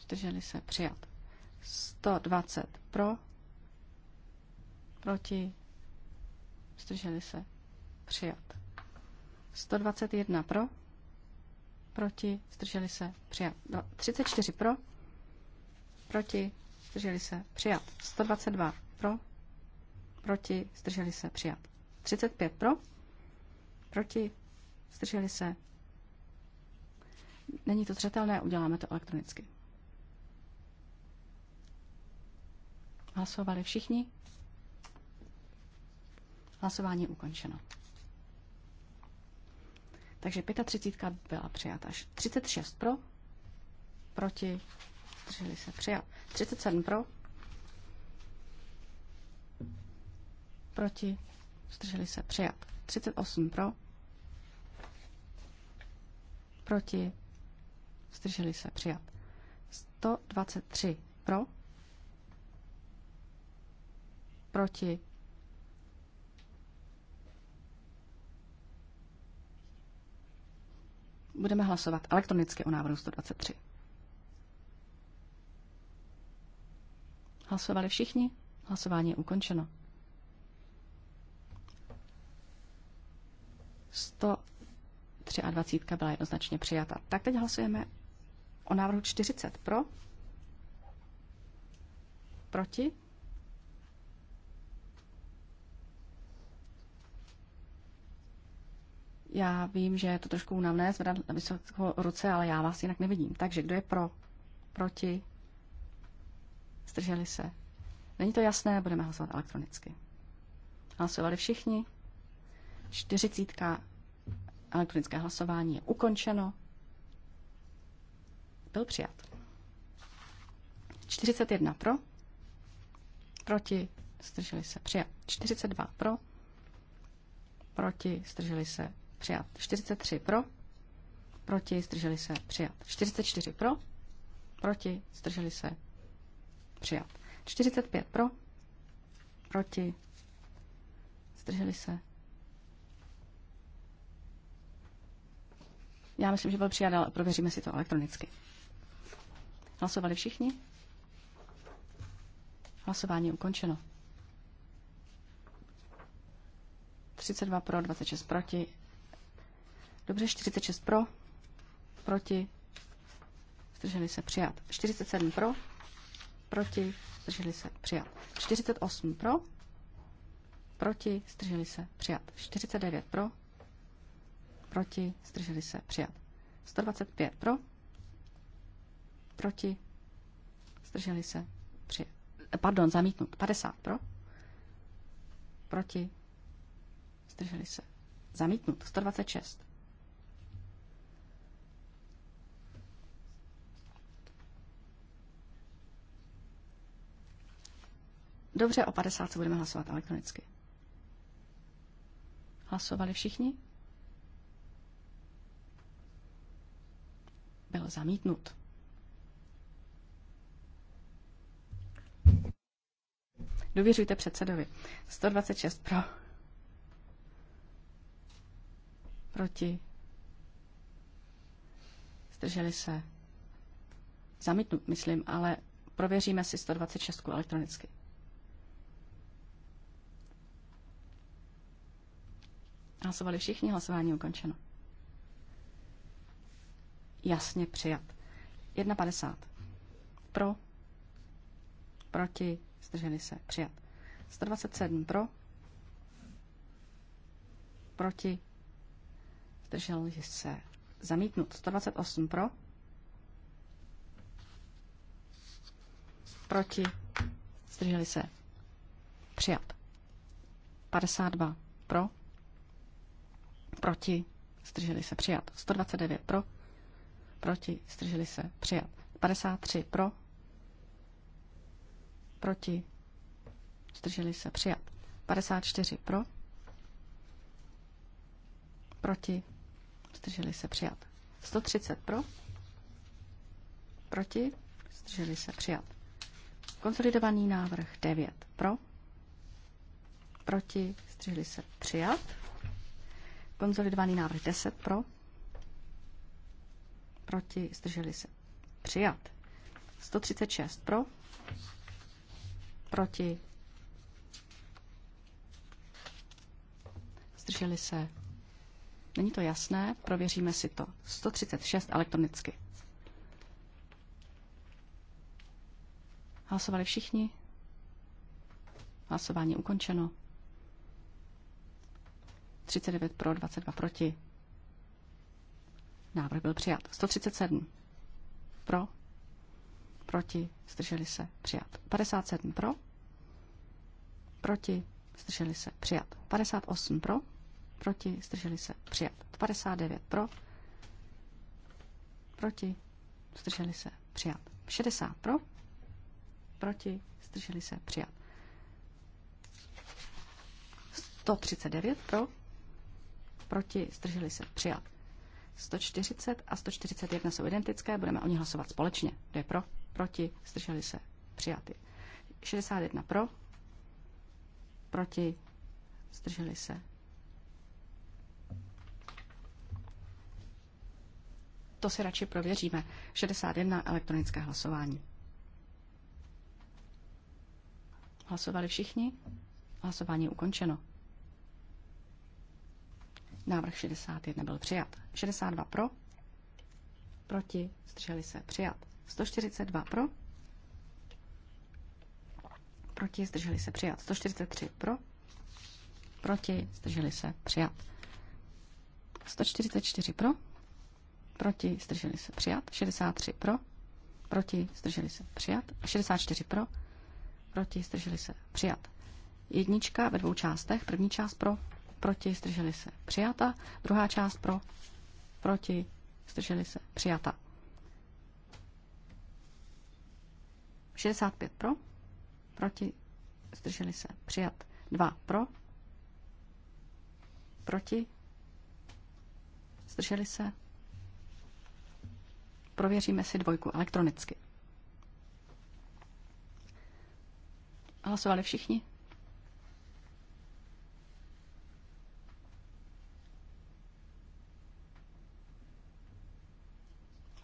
zdrželi se, přijat. 120 pro, proti, zdrželi se, přijat. 121 pro, proti, zdrželi se, přijat. 34 no, pro, proti, zdrželi se, přijat. 122 pro, proti, zdrželi se, přijat. 35 pro, proti, zdrželi se. Není to zřetelné, uděláme to elektronicky. Hlasovali všichni? Hlasování ukončeno. Takže 35 byla přijata. 36 pro, proti, drželi se přijat. 37 pro, proti, zdrželi se přijat. 38 pro, proti, zdrželi se přijat. 123 pro, proti, Budeme hlasovat elektronicky o návrhu 123. Hlasovali všichni? Hlasování je ukončeno. 123 byla jednoznačně přijata. Tak teď hlasujeme o návrhu 40 pro, proti, Já vím, že je to trošku únavné zvedat na vysokou ruce, ale já vás jinak nevidím. Takže kdo je pro? Proti? Zdrželi se? Není to jasné, budeme hlasovat elektronicky. Hlasovali všichni. Čtyřicítka elektronické hlasování je ukončeno. Byl přijat. 41 pro, proti, zdrželi se, přijat. 42 pro, proti, zdrželi se, přijat. 43 pro, proti, zdrželi se, přijat. 44 pro, proti, zdrželi se, přijat. 45 pro, proti, zdrželi se. Já myslím, že byl přijat, ale prověříme si to elektronicky. Hlasovali všichni? Hlasování je ukončeno. 32 pro, 26 proti, Dobře, 46 pro, proti, zdrželi se přijat. 47 pro, proti, zdrželi se přijat. 48 pro, proti, zdrželi se přijat. 49 pro, proti, zdrželi se přijat. 125 pro, proti, zdrželi se přijat. Eh, pardon, zamítnut. 50 pro, proti, zdrželi se. Zamítnut. 126 Dobře, o 50 budeme hlasovat elektronicky. Hlasovali všichni? Byl zamítnut. Dověřujte předsedovi. 126 pro. Proti. Zdrželi se. Zamítnut, myslím, ale prověříme si 126 elektronicky. Hlasovali všichni, hlasování ukončeno. Jasně přijat. 1,50. Pro. Proti. Zdrželi se. Přijat. 127 pro. Proti. Zdrželi se. Zamítnut. 128 pro. Proti. Zdrželi se. Přijat. 52 pro proti, zdrželi se přijat. 129 pro, proti, zdrželi se přijat. 53 pro, proti, zdrželi se přijat. 54 pro, proti, zdrželi se přijat. 130 pro, proti, zdrželi se přijat. Konsolidovaný návrh 9 pro, proti, zdrželi se přijat. Konzolidovaný návrh 10 pro. Proti zdrželi se. Přijat. 136 pro. Proti. Zdrželi se. Není to jasné, prověříme si to. 136 elektronicky. Hlasovali všichni? Hlasování ukončeno. 39 pro, 22 proti. Návrh byl přijat. 137 pro, proti, zdrželi se, přijat. 57 pro, proti, zdrželi se, přijat. 58 pro, proti, zdrželi se, přijat. 59 pro, proti, zdrželi se, přijat. 60 pro, proti, zdrželi se, přijat. 139 pro, proti, zdrželi se, přijat. 140 a 141 jsou identické, budeme o ní hlasovat společně. Kdo je pro, proti, zdrželi se, přijaty. 61 pro, proti, zdrželi se. To si radši prověříme. 61 elektronické hlasování. Hlasovali všichni? Hlasování je ukončeno. Návrh 61 byl přijat. 62 pro, proti, zdrželi se, přijat. 142 pro, proti, zdrželi se, přijat. 143 pro, proti, zdrželi se, přijat. 144 pro, proti, zdrželi se, přijat. 63 pro, proti, zdrželi se, přijat. 64 pro, proti, zdrželi se, přijat. Jednička ve dvou částech, první část pro, proti, zdrželi se, přijata. Druhá část pro, proti, zdrželi se, přijata. 65 pro, proti, zdrželi se, přijat. 2 pro, proti, zdrželi se. Prověříme si dvojku elektronicky. Hlasovali všichni?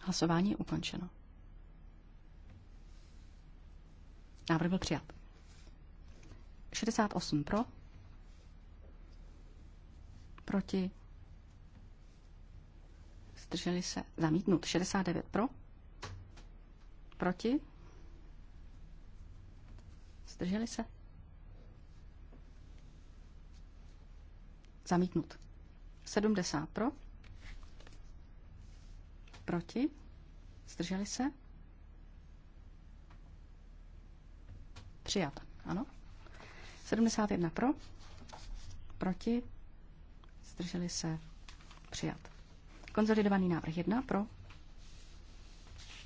Hlasování je ukončeno. Návrh byl přijat. 68 pro, proti, zdrželi se, zamítnut, 69 pro, proti, zdrželi se, zamítnut, 70 pro, Proti? Zdrželi se? Přijat, ano. 71 pro? Proti? Zdrželi se? Přijat. Konzolidovaný návrh 1 pro?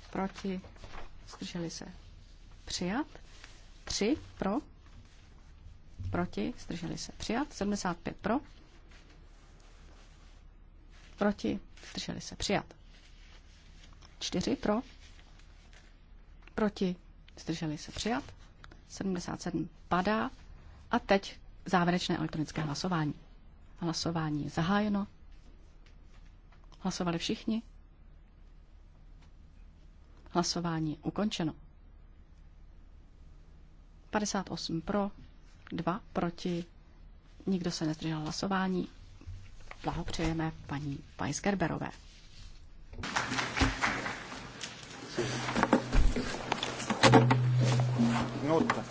Proti? Zdrželi se? Přijat. 3 pro? Proti? Zdrželi se? Přijat. 75 pro? Proti? Zdrželi se? Přijat. 4 pro, proti, zdrželi se přijat, 77 padá a teď závěrečné elektronické hlasování. Hlasování je zahájeno. Hlasovali všichni. Hlasování je ukončeno. 58 pro, 2 proti, nikdo se nezdržel hlasování. Blahopřejeme paní Weisgerberové. Thank you. Nota.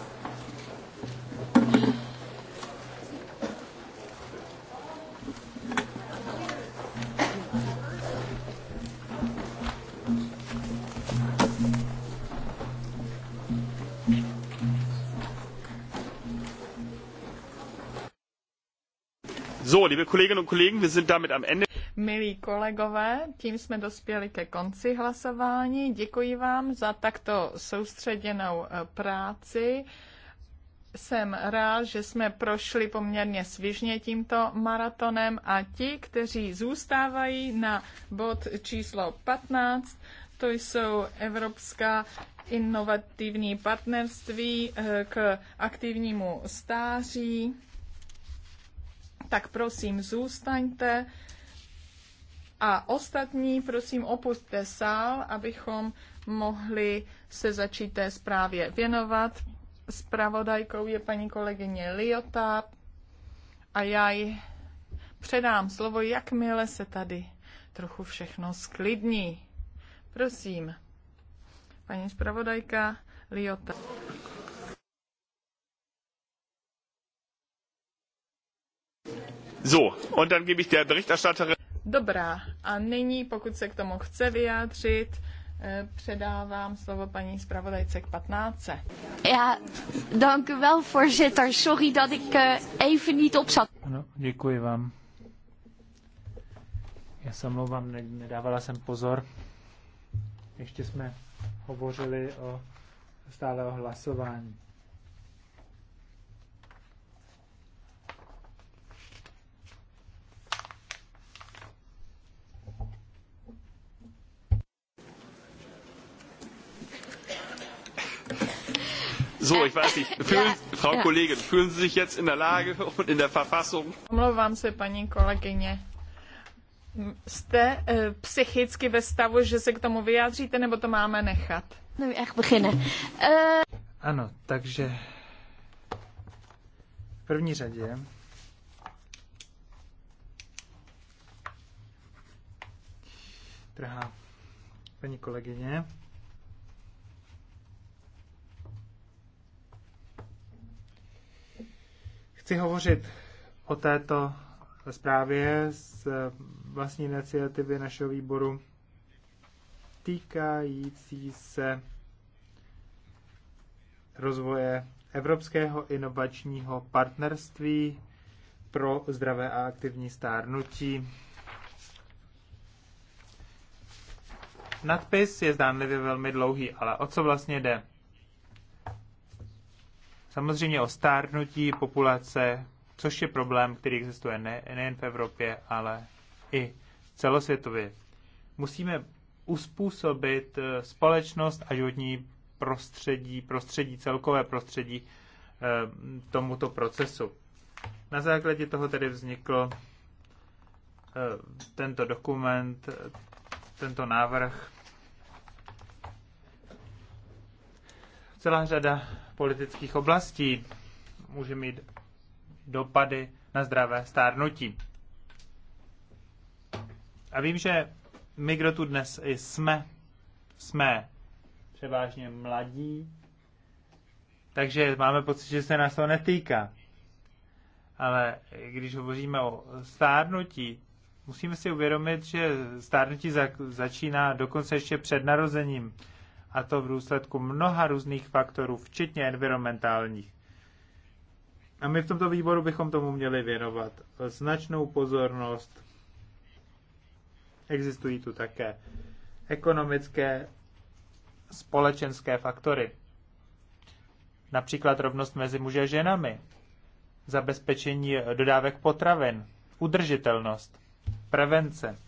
So, liebe Kolleginnen und Kollegen, wir sind damit am Ende. Milí kolegové, tím jsme dospěli ke konci hlasování. Děkuji vám za takto soustředěnou eh, práci. Jsem rád, že jsme prošli poměrně svižně tímto maratonem a ti, kteří zůstávají na bod číslo 15, to jsou Evropská inovativní partnerství eh, k aktivnímu stáří tak prosím zůstaňte a ostatní, prosím, opustte sál, abychom mohli se začít té zprávě věnovat. Spravodajkou je paní kolegyně Liota a já ji předám slovo, jakmile se tady trochu všechno sklidní. Prosím, paní spravodajka Liota. So, und dann gebe ich der Berichterstatterin. Dobrá, a nyní, pokud se k tomu chce vyjádřit, eh, předávám slovo paní zpravodajce k 15. Já, dank u wel, voorzitter. Sorry dat ik eh, even niet op zat. Ano, děkuji vám. Já se omlouvám, nedávala jsem pozor. Ještě jsme hovořili o stále o hlasování. So, ich weiß nicht. Fühlen, ja, Frau ja. Kollegin, fühlen Sie sich jetzt in der Lage und in der Verfassung? Omlouvám se, paní kolegyně. Jste e, psychicky ve stavu, že se k tomu vyjádříte, nebo to máme nechat? Nevím, no, jak beginnen. E... Eh, ano, takže v první řadě drahá paní kolegyně, Chci hovořit o této zprávě z eh, vlastní iniciativy našeho výboru týkající se rozvoje Evropského inovačního partnerství pro zdravé a aktivní stárnutí. Nadpis je zdánlivě velmi dlouhý, ale o co vlastně jde? samozřejmě o stárnutí populace, což je problém, který existuje ne, nejen v Evropě, ale i celosvětově. Musíme uspůsobit eh, společnost a životní prostředí, prostředí, celkové prostředí eh, tomuto procesu. Na základě toho tedy vznikl eh, tento dokument, tento návrh. Celá řada politických oblastí může mít dopady na zdravé stárnutí. A vím, že my, kdo tu dnes jsme, jsme převážně mladí, takže máme pocit, že se nás to netýká. Ale když hovoříme o stárnutí, musíme si uvědomit, že stárnutí začíná dokonce ještě před narozením a to v důsledku mnoha různých faktorů, včetně environmentálních. A my v tomto výboru bychom tomu měli věnovat značnou pozornost. Existují tu také ekonomické, společenské faktory. Například rovnost mezi muži a ženami, zabezpečení dodávek potravin, udržitelnost, prevence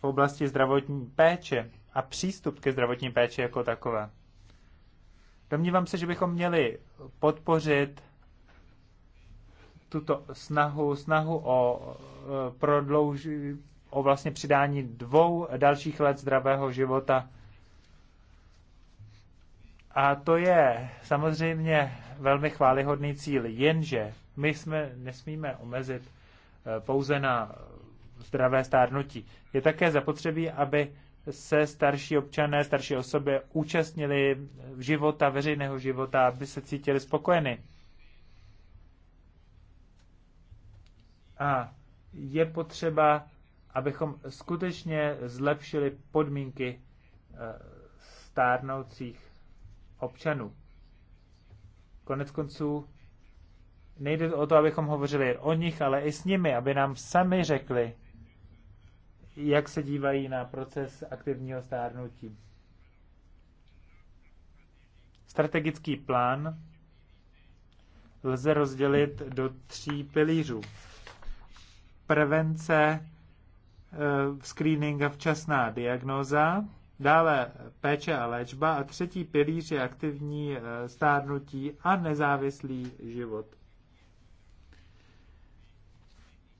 v oblasti zdravotní péče, a přístup ke zdravotní péči jako takové. Domnívám se, že bychom měli podpořit tuto snahu, snahu o e, prodlouž, o vlastně přidání dvou dalších let zdravého života. A to je samozřejmě velmi chválihodný cíl, jenže my jsme nesmíme omezit e, pouze na zdravé stárnutí. Je také zapotřebí, aby se starší občané, starší osoby účastnili života, veřejného života, aby se cítili spokojeny. A je potřeba, abychom skutečně zlepšili podmínky eh, stárnoucích občanů. Konec konců nejde o to, abychom hovořili o nich, ale i s nimi, aby nám sami řekli, jak se dívají na proces aktivního stárnutí. Strategický plán lze rozdělit do tří pilířů. Prevence, eh, screening a včasná diagnóza, dále péče a léčba a třetí pilíř je aktivní eh, stárnutí a nezávislý život.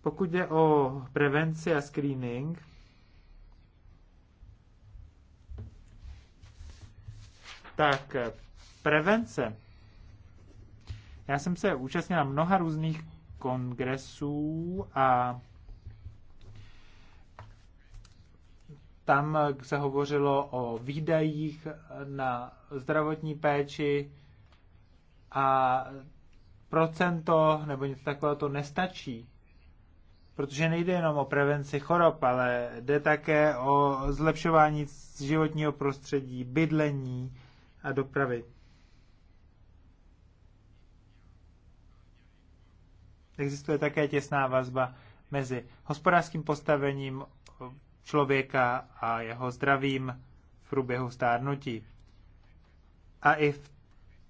Pokud jde o prevenci a screening, tak prevence. Já jsem se účastnila mnoha různých kongresů a tam se hovořilo o výdajích na zdravotní péči a procento nebo něco takového to nestačí protože nejde jenom o prevenci chorob, ale jde také o zlepšování životního prostředí, bydlení a dopravy. Existuje také těsná vazba mezi hospodářským postavením člověka a jeho zdravím v průběhu stárnutí. A i v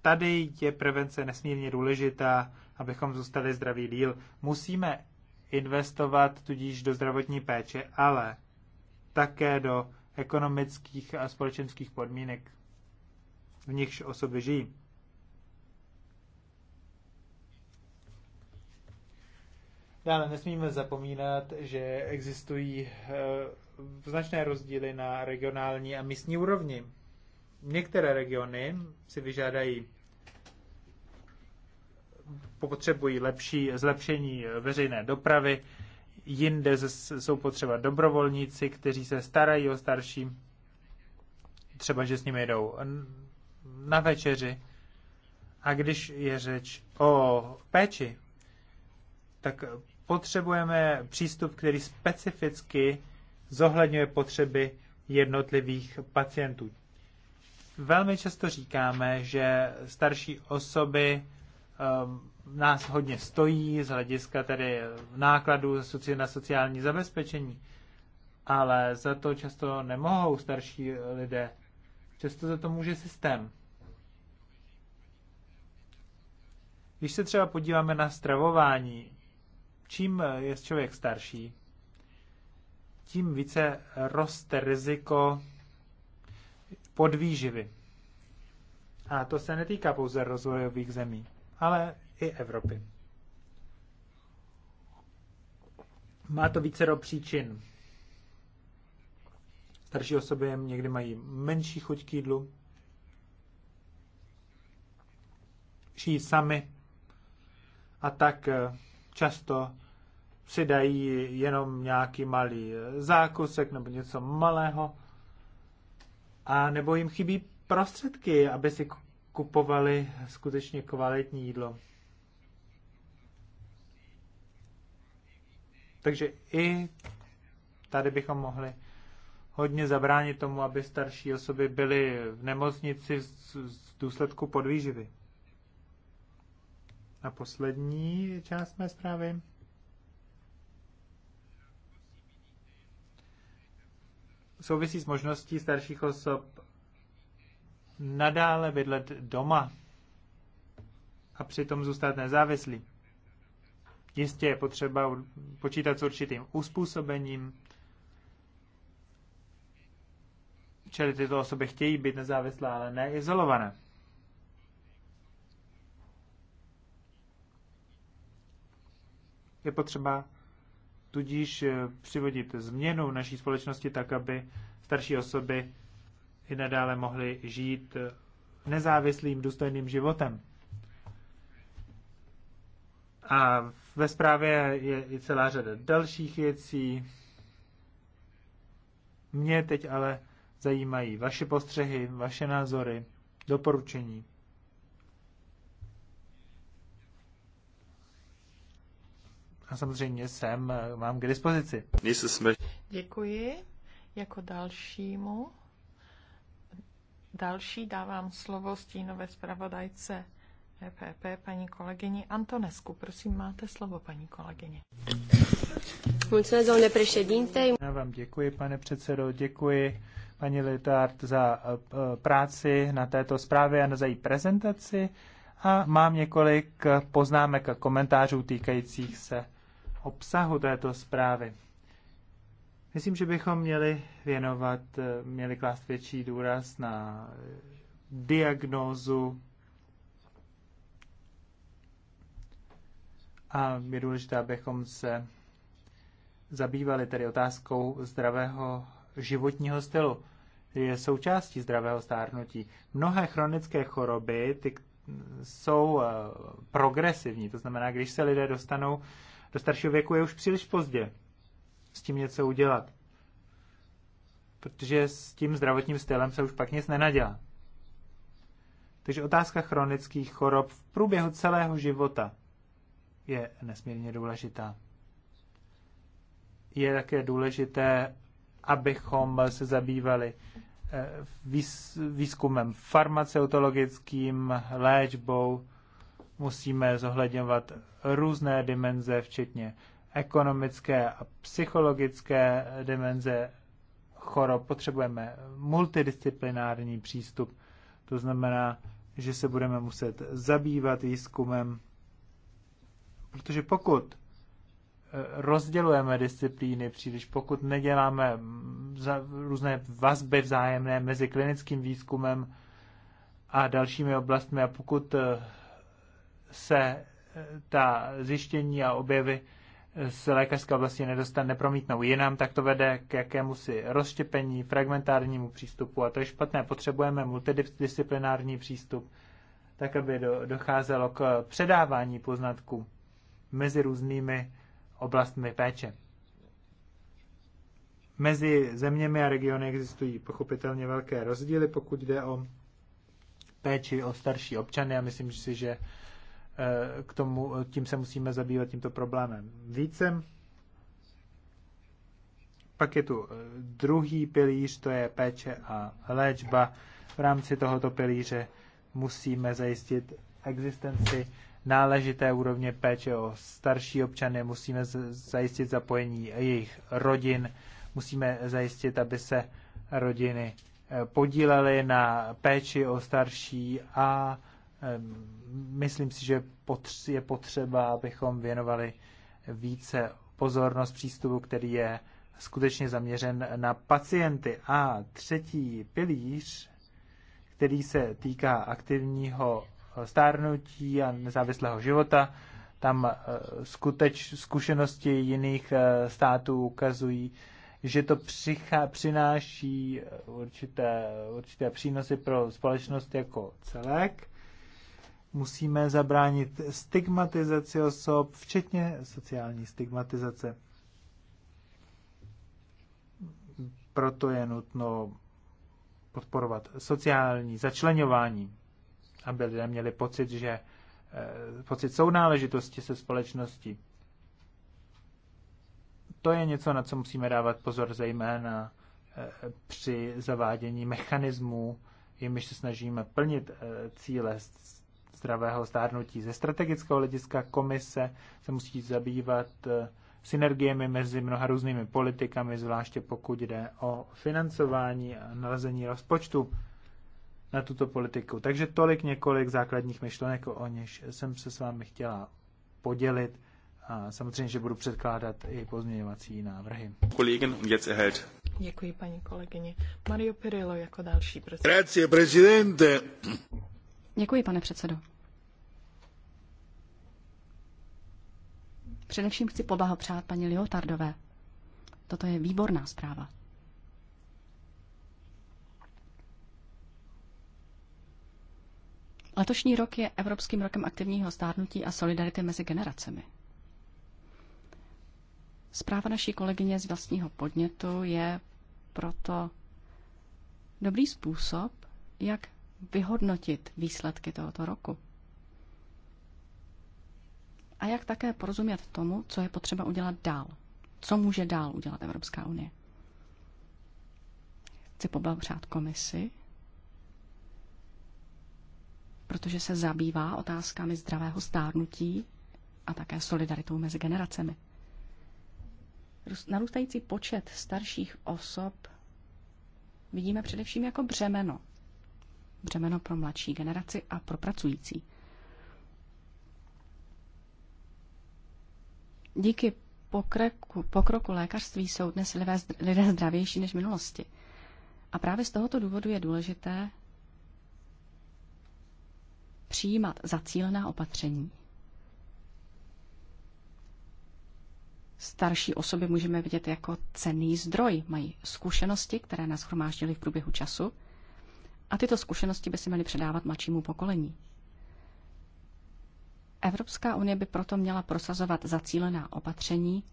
tady je prevence nesmírně důležitá, abychom zůstali zdraví díl. Musíme investovat tudíž do zdravotní péče, ale také do ekonomických a společenských podmínek, v nichž osoby žijí. Dále nesmíme zapomínat, že existují eh, značné rozdíly na regionální a místní úrovni. Některé regiony si vyžádají potřebují lepší zlepšení veřejné dopravy, jinde jsou potřeba dobrovolníci, kteří se starají o starší, třeba že s nimi jedou na večeři. A když je řeč o péči, tak potřebujeme přístup, který specificky zohledňuje potřeby jednotlivých pacientů. Velmi často říkáme, že starší osoby um, nás hodně stojí z hlediska tedy nákladů na sociální zabezpečení, ale za to často nemohou starší lidé. Často za to může systém. Když se třeba podíváme na stravování, čím je člověk starší, tím více roste riziko podvýživy. A to se netýká pouze rozvojových zemí, ale i Evropy. Má to více do příčin. Starší osoby někdy mají menší chuť k jídlu, žijí sami a tak eh, často si dají jenom nějaký malý eh, zákusek nebo něco malého a nebo jim chybí prostředky, aby si kupovali skutečně kvalitní jídlo. Takže i tady bychom mohli hodně zabránit tomu, aby starší osoby byly v nemocnici z důsledku podvýživy. A poslední část mé zprávy. Souvisí s možností starších osob nadále bydlet doma a přitom zůstat nezávislý. Jistě je potřeba počítat s určitým uspůsobením, čili tyto osoby chtějí být nezávislé, ale neizolované. Je potřeba tudíž eh, přivodit změnu naší společnosti tak, aby starší osoby i nadále mohly žít eh, nezávislým, důstojným životem. A ve zprávě je i celá řada dalších věcí. Mě teď ale zajímají vaše postřehy, vaše názory, doporučení. A samozřejmě jsem eh, mám k dispozici. Děkuji. Jako dalšímu. Další dávám slovo stínové zpravodajce PPP paní kolegyni Antonesku. Prosím, máte slovo, paní kolegyně. Já vám děkuji, pane předsedo, děkuji paní Litard za eh, práci na této zprávě a na za její prezentaci a mám několik poznámek a komentářů týkajících se obsahu této zprávy. Myslím, že bychom měli věnovat, eh, měli klást větší důraz na diagnózu A je důležité, abychom se zabývali tedy otázkou zdravého životního stylu. Je součástí zdravého stárnutí. Mnohé chronické choroby ty jsou eh, progresivní, to znamená, když se lidé dostanou do staršího věku, je už příliš pozdě s tím něco udělat. Protože s tím zdravotním stylem se už pak nic nenadělá. Takže otázka chronických chorob v průběhu celého života – je nesmírně důležitá. Je také důležité, abychom se zabývali eh, výzkumem farmaceutologickým, léčbou. Musíme zohledňovat různé dimenze, včetně ekonomické a psychologické dimenze chorob. Potřebujeme multidisciplinární přístup. To znamená, že se budeme muset zabývat výzkumem Protože pokud eh, rozdělujeme disciplíny příliš, pokud neděláme různé vazby vzájemné mezi klinickým výzkumem a dalšími oblastmi a pokud eh, se eh, ta zjištění a objevy z lékařské oblasti nedostane, nepromítnou jinam, tak to vede k jakémusi rozštěpení, fragmentárnímu přístupu a to je špatné. Potřebujeme multidisciplinární přístup, tak aby do, docházelo k předávání poznatků mezi různými oblastmi péče. Mezi zeměmi a regiony existují pochopitelně velké rozdíly, pokud jde o péči o starší občany a myslím si, že eh, k tomu, tím se musíme zabývat tímto problémem více. Pak je tu eh, druhý pilíř, to je péče a léčba. V rámci tohoto pilíře musíme zajistit existenci náležité úrovně péče o starší občany, musíme zajistit zapojení jejich rodin, musíme zajistit, aby se rodiny eh, podílely na péči o starší a myslím si, že je potřeba, abychom věnovali více pozornost přístupu, který je skutečně zaměřen na pacienty. A třetí pilíř, který se týká aktivního stárnutí a nezávislého života. Tam eh, skuteč, zkušenosti jiných eh, států ukazují, že to přichá, přináší eh, určité, určité přínosy pro společnost jako celek. Musíme zabránit stigmatizaci osob, včetně sociální stigmatizace. Proto je nutno podporovat sociální začlenování aby lidé měli pocit, že eh, pocit sounáležitosti se společností. To je něco, na co musíme dávat pozor, zejména eh, při zavádění mechanismů, jimiž se snažíme plnit eh, cíle zdravého stárnutí. Ze strategického hlediska komise se musí zabývat synergiemi mezi mnoha různými politikami, zvláště pokud jde o financování a nalezení rozpočtu na tuto politiku. Takže tolik několik základních myšlenek, o něž jsem se s vámi chtěla podělit. A samozřejmě, že budu předkládat i pozměňovací návrhy. Děkuji, paní kolegyně. Mario Pirillo jako další, prosím. Děkuji, pane předsedo. Především chci poblahopřát paní Liotardové. Toto je výborná zpráva. Letošní rok je Evropským rokem aktivního stárnutí a solidarity mezi generacemi. Zpráva naší kolegyně z vlastního podnětu je proto dobrý způsob, jak vyhodnotit výsledky tohoto roku. A jak také porozumět tomu, co je potřeba udělat dál. Co může dál udělat Evropská unie. Chci poblahopřát komisi protože se zabývá otázkami zdravého stárnutí a také solidaritou mezi generacemi. Narůstající počet starších osob vidíme především jako břemeno. Břemeno pro mladší generaci a pro pracující. Díky pokroku, pokroku lékařství jsou dnes lidé zdravější než v minulosti. A právě z tohoto důvodu je důležité, přijímat zacílená opatření. Starší osoby můžeme vidět jako cený zdroj. Mají zkušenosti, které nás chromáždily v průběhu času a tyto zkušenosti by si měly předávat mladšímu pokolení. Evropská unie by proto měla prosazovat zacílená opatření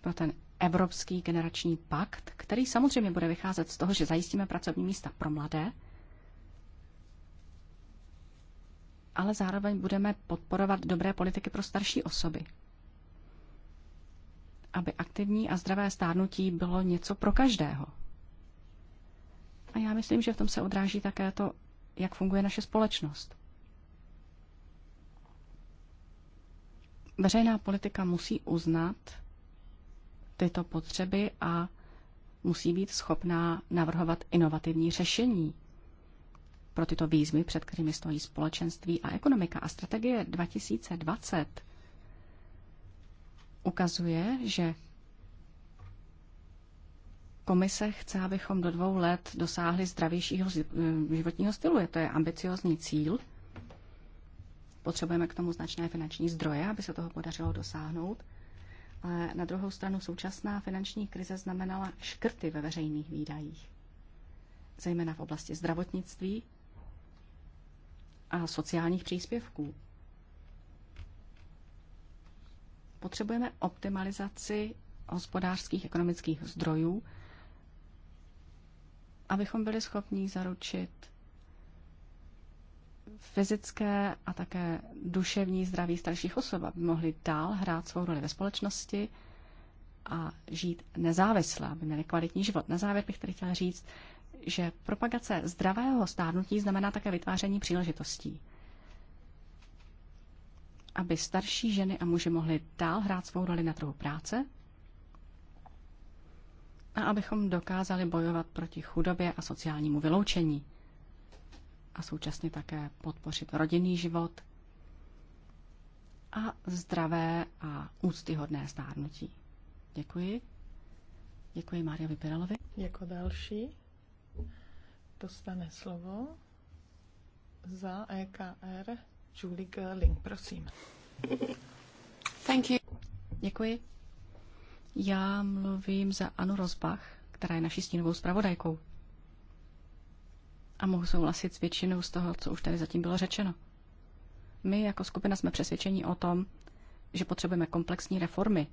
pro ten Evropský generační pakt, který samozřejmě bude vycházet z toho, že zajistíme pracovní místa pro mladé, ale zároveň budeme podporovat dobré politiky pro starší osoby. Aby aktivní a zdravé stárnutí bylo něco pro každého. A já myslím, že v tom se odráží také to, jak funguje naše společnost. Veřejná politika musí uznat tyto potřeby a musí být schopná navrhovat inovativní řešení pro tyto výzvy, před kterými stojí společenství a ekonomika. A strategie 2020 ukazuje, že komise chce, abychom do dvou let dosáhli zdravějšího eh, životního stylu. Je to je ambiciozní cíl. Potřebujeme k tomu značné finanční zdroje, aby se toho podařilo dosáhnout. Ale na druhou stranu současná finanční krize znamenala škrty ve veřejných výdajích, zejména v oblasti zdravotnictví a sociálních příspěvků. Potřebujeme optimalizaci hospodářských ekonomických zdrojů, abychom byli schopni zaručit fyzické a také duševní zdraví starších osob, aby mohli dál hrát svou roli ve společnosti a žít nezávisle, aby měli kvalitní život. Na závěr bych tedy chtěla říct, že propagace zdravého stárnutí znamená také vytváření příležitostí. Aby starší ženy a muži mohli dál hrát svou roli na trhu práce a abychom dokázali bojovat proti chudobě a sociálnímu vyloučení a současně také podpořit rodinný život a zdravé a úctyhodné stárnutí. Děkuji. Děkuji Mária Piralovi. Jako další dostane slovo za EKR Julie Gerling. Prosím. Thank you. Děkuji. Já mluvím za Anu Rozbach, která je naší stínovou zpravodajkou. A mohu souhlasit s většinou z toho, co už tady zatím bylo řečeno. My jako skupina jsme přesvědčeni o tom, že potřebujeme komplexní reformy,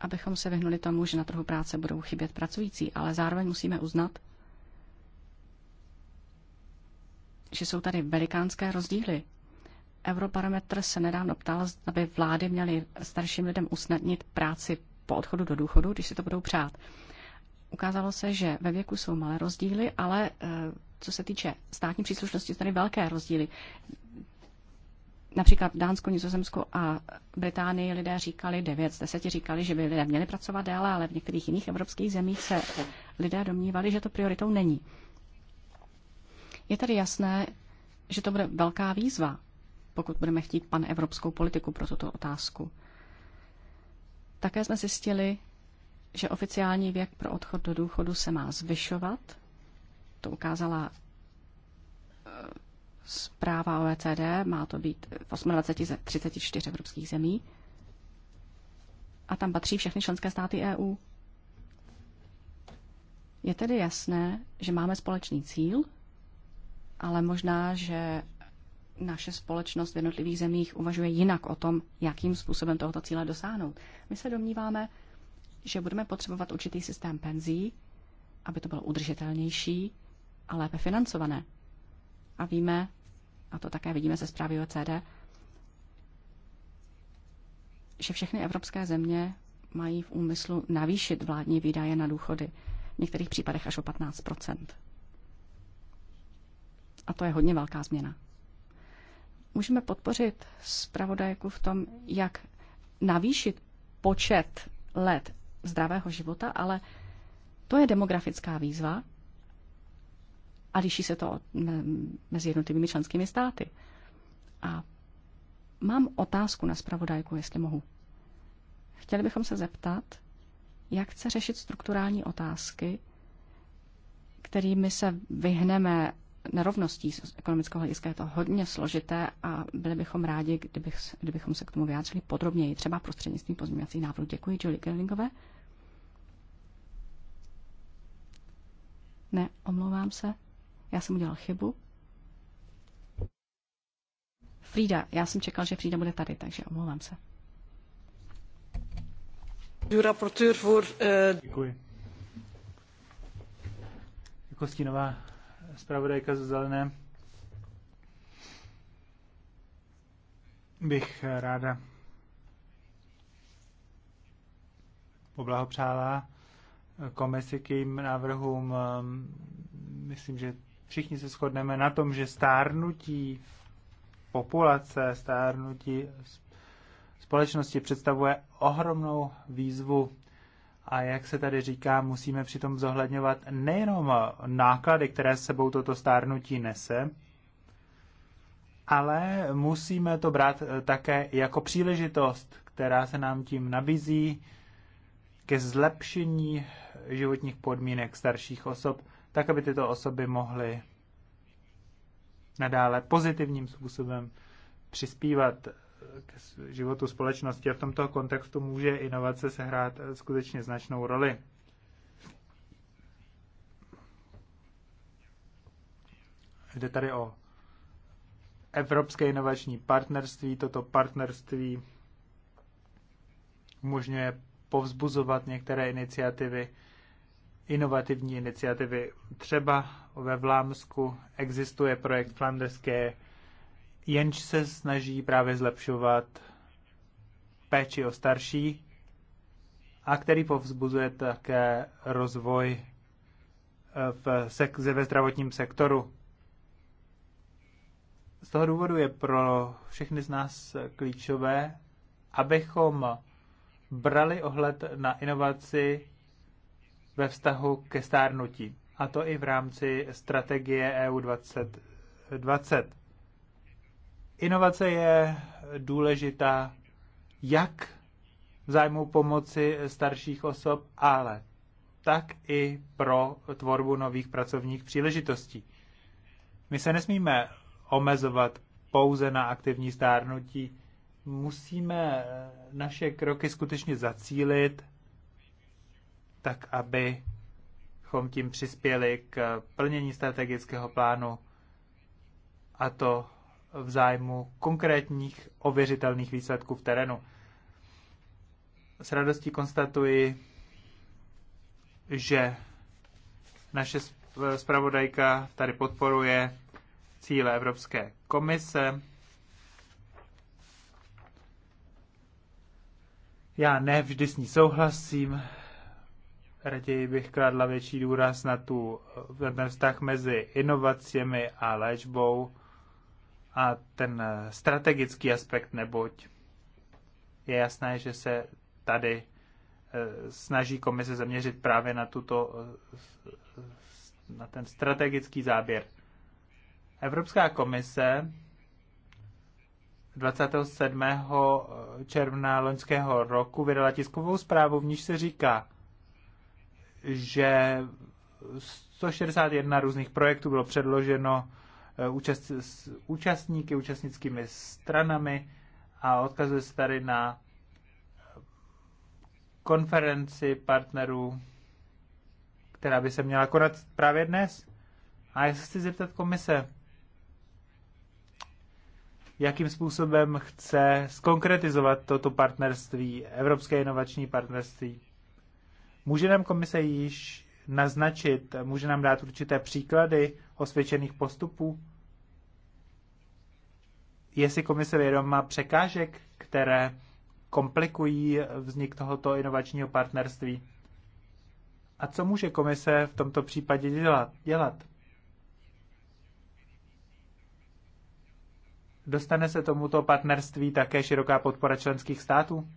abychom se vyhnuli tomu, že na trhu práce budou chybět pracující, ale zároveň musíme uznat, že jsou tady velikánské rozdíly. Eurobarometr se nedávno ptal, aby vlády měly starším lidem usnadnit práci po odchodu do důchodu, když si to budou přát. Ukázalo se, že ve věku jsou malé rozdíly, ale eh, co se týče státní příslušnosti, jsou tady velké rozdíly. Například v Dánsku, Nizozemsku a Británii lidé říkali, 9 z 10 říkali, že by lidé měli pracovat déle, ale v některých jiných evropských zemích se lidé domnívali, že to prioritou není. Je tedy jasné, že to bude velká výzva, pokud budeme chtít Evropskou politiku pro tuto otázku. Také jsme zjistili, že oficiální věk pro odchod do důchodu se má zvyšovat. To ukázala eh, zpráva OECD, má to být eh, v 28 ze 34 evropských zemí. A tam patří všechny členské státy EU. Je tedy jasné, že máme společný cíl, ale možná, že naše společnost v jednotlivých zemích uvažuje jinak o tom, jakým způsobem tohoto cíle dosáhnout. My se domníváme, že budeme potřebovat určitý systém penzí, aby to bylo udržitelnější a lépe financované. A víme, a to také vidíme ze zprávy OECD, že všechny evropské země mají v úmyslu navýšit vládní výdaje na důchody, v některých případech až o 15 a to je hodně velká změna. Můžeme podpořit zpravodajku v tom, jak navýšit počet let zdravého života, ale to je demografická výzva a liší se to mezi jednotlivými členskými státy. A mám otázku na zpravodajku, jestli mohu. Chtěli bychom se zeptat, jak chce řešit strukturální otázky, kterými se vyhneme nerovností z ekonomického hlediska je to hodně složité a byli bychom rádi, kdybych, kdybychom se k tomu vyjádřili podrobněji, třeba prostřednictvím pozměňovacích návrhů. Děkuji Julie Gerlingové. Ne, omlouvám se. Já jsem udělal chybu. Frida, já jsem čekal, že Frida bude tady, takže omlouvám se. Eh, Děkuji. Jako stínová zpravodajka ze Zelené, bych ráda poblahopřála komisi k jejím návrhům. Myslím, že všichni se shodneme na tom, že stárnutí populace, stárnutí společnosti představuje ohromnou výzvu a jak se tady říká, musíme přitom zohledňovat nejenom náklady, které s sebou toto stárnutí nese, ale musíme to brát eh, také jako příležitost, která se nám tím nabízí ke zlepšení životních podmínek starších osob, tak aby tyto osoby mohly nadále pozitivním způsobem přispívat k životu společnosti. A v tomto kontextu může inovace sehrát skutečně značnou roli. Jde tady o Evropské inovační partnerství. Toto partnerství umožňuje povzbuzovat některé iniciativy, inovativní iniciativy. Třeba ve Vlámsku existuje projekt Flanderské jenž se snaží právě zlepšovat péči o starší a který povzbuzuje také rozvoj eh, v sek- ve zdravotním sektoru. Z toho důvodu je pro všechny z nás klíčové, abychom brali ohled na inovaci ve vztahu ke stárnutí, a to i v rámci strategie EU 2020. Inovace je důležitá jak v zájmu pomoci starších osob, ale tak i pro tvorbu nových pracovních příležitostí. My se nesmíme omezovat pouze na aktivní stárnutí. Musíme naše kroky skutečně zacílit, tak abychom tím přispěli k plnění strategického plánu a to v zájmu konkrétních ověřitelných výsledků v terénu. S radostí konstatuji, že naše zpravodajka tady podporuje cíle Evropské komise. Já ne vždy s ní souhlasím. Raději bych kladla větší důraz na, tu, na ten vztah mezi inovacemi a léčbou a ten eh, strategický aspekt, neboť je jasné, že se tady eh, snaží komise zaměřit právě na tuto, eh, na ten strategický záběr. Evropská komise 27. června loňského roku vydala tiskovou zprávu, v níž se říká, že 161 různých projektů bylo předloženo Eh, účast, s účastníky, účastnickými stranami a odkazuje se tady na konferenci partnerů, která by se měla konat právě dnes. A já se chci zeptat komise, jakým způsobem chce skonkretizovat toto partnerství, Evropské inovační partnerství. Může nám komise již naznačit, může nám dát určité příklady osvědčených postupů? je si komise vědoma překážek, které komplikují vznik tohoto inovačního partnerství? A co může komise v tomto případě dělat? dělat? Dostane se tomuto partnerství také široká podpora členských států?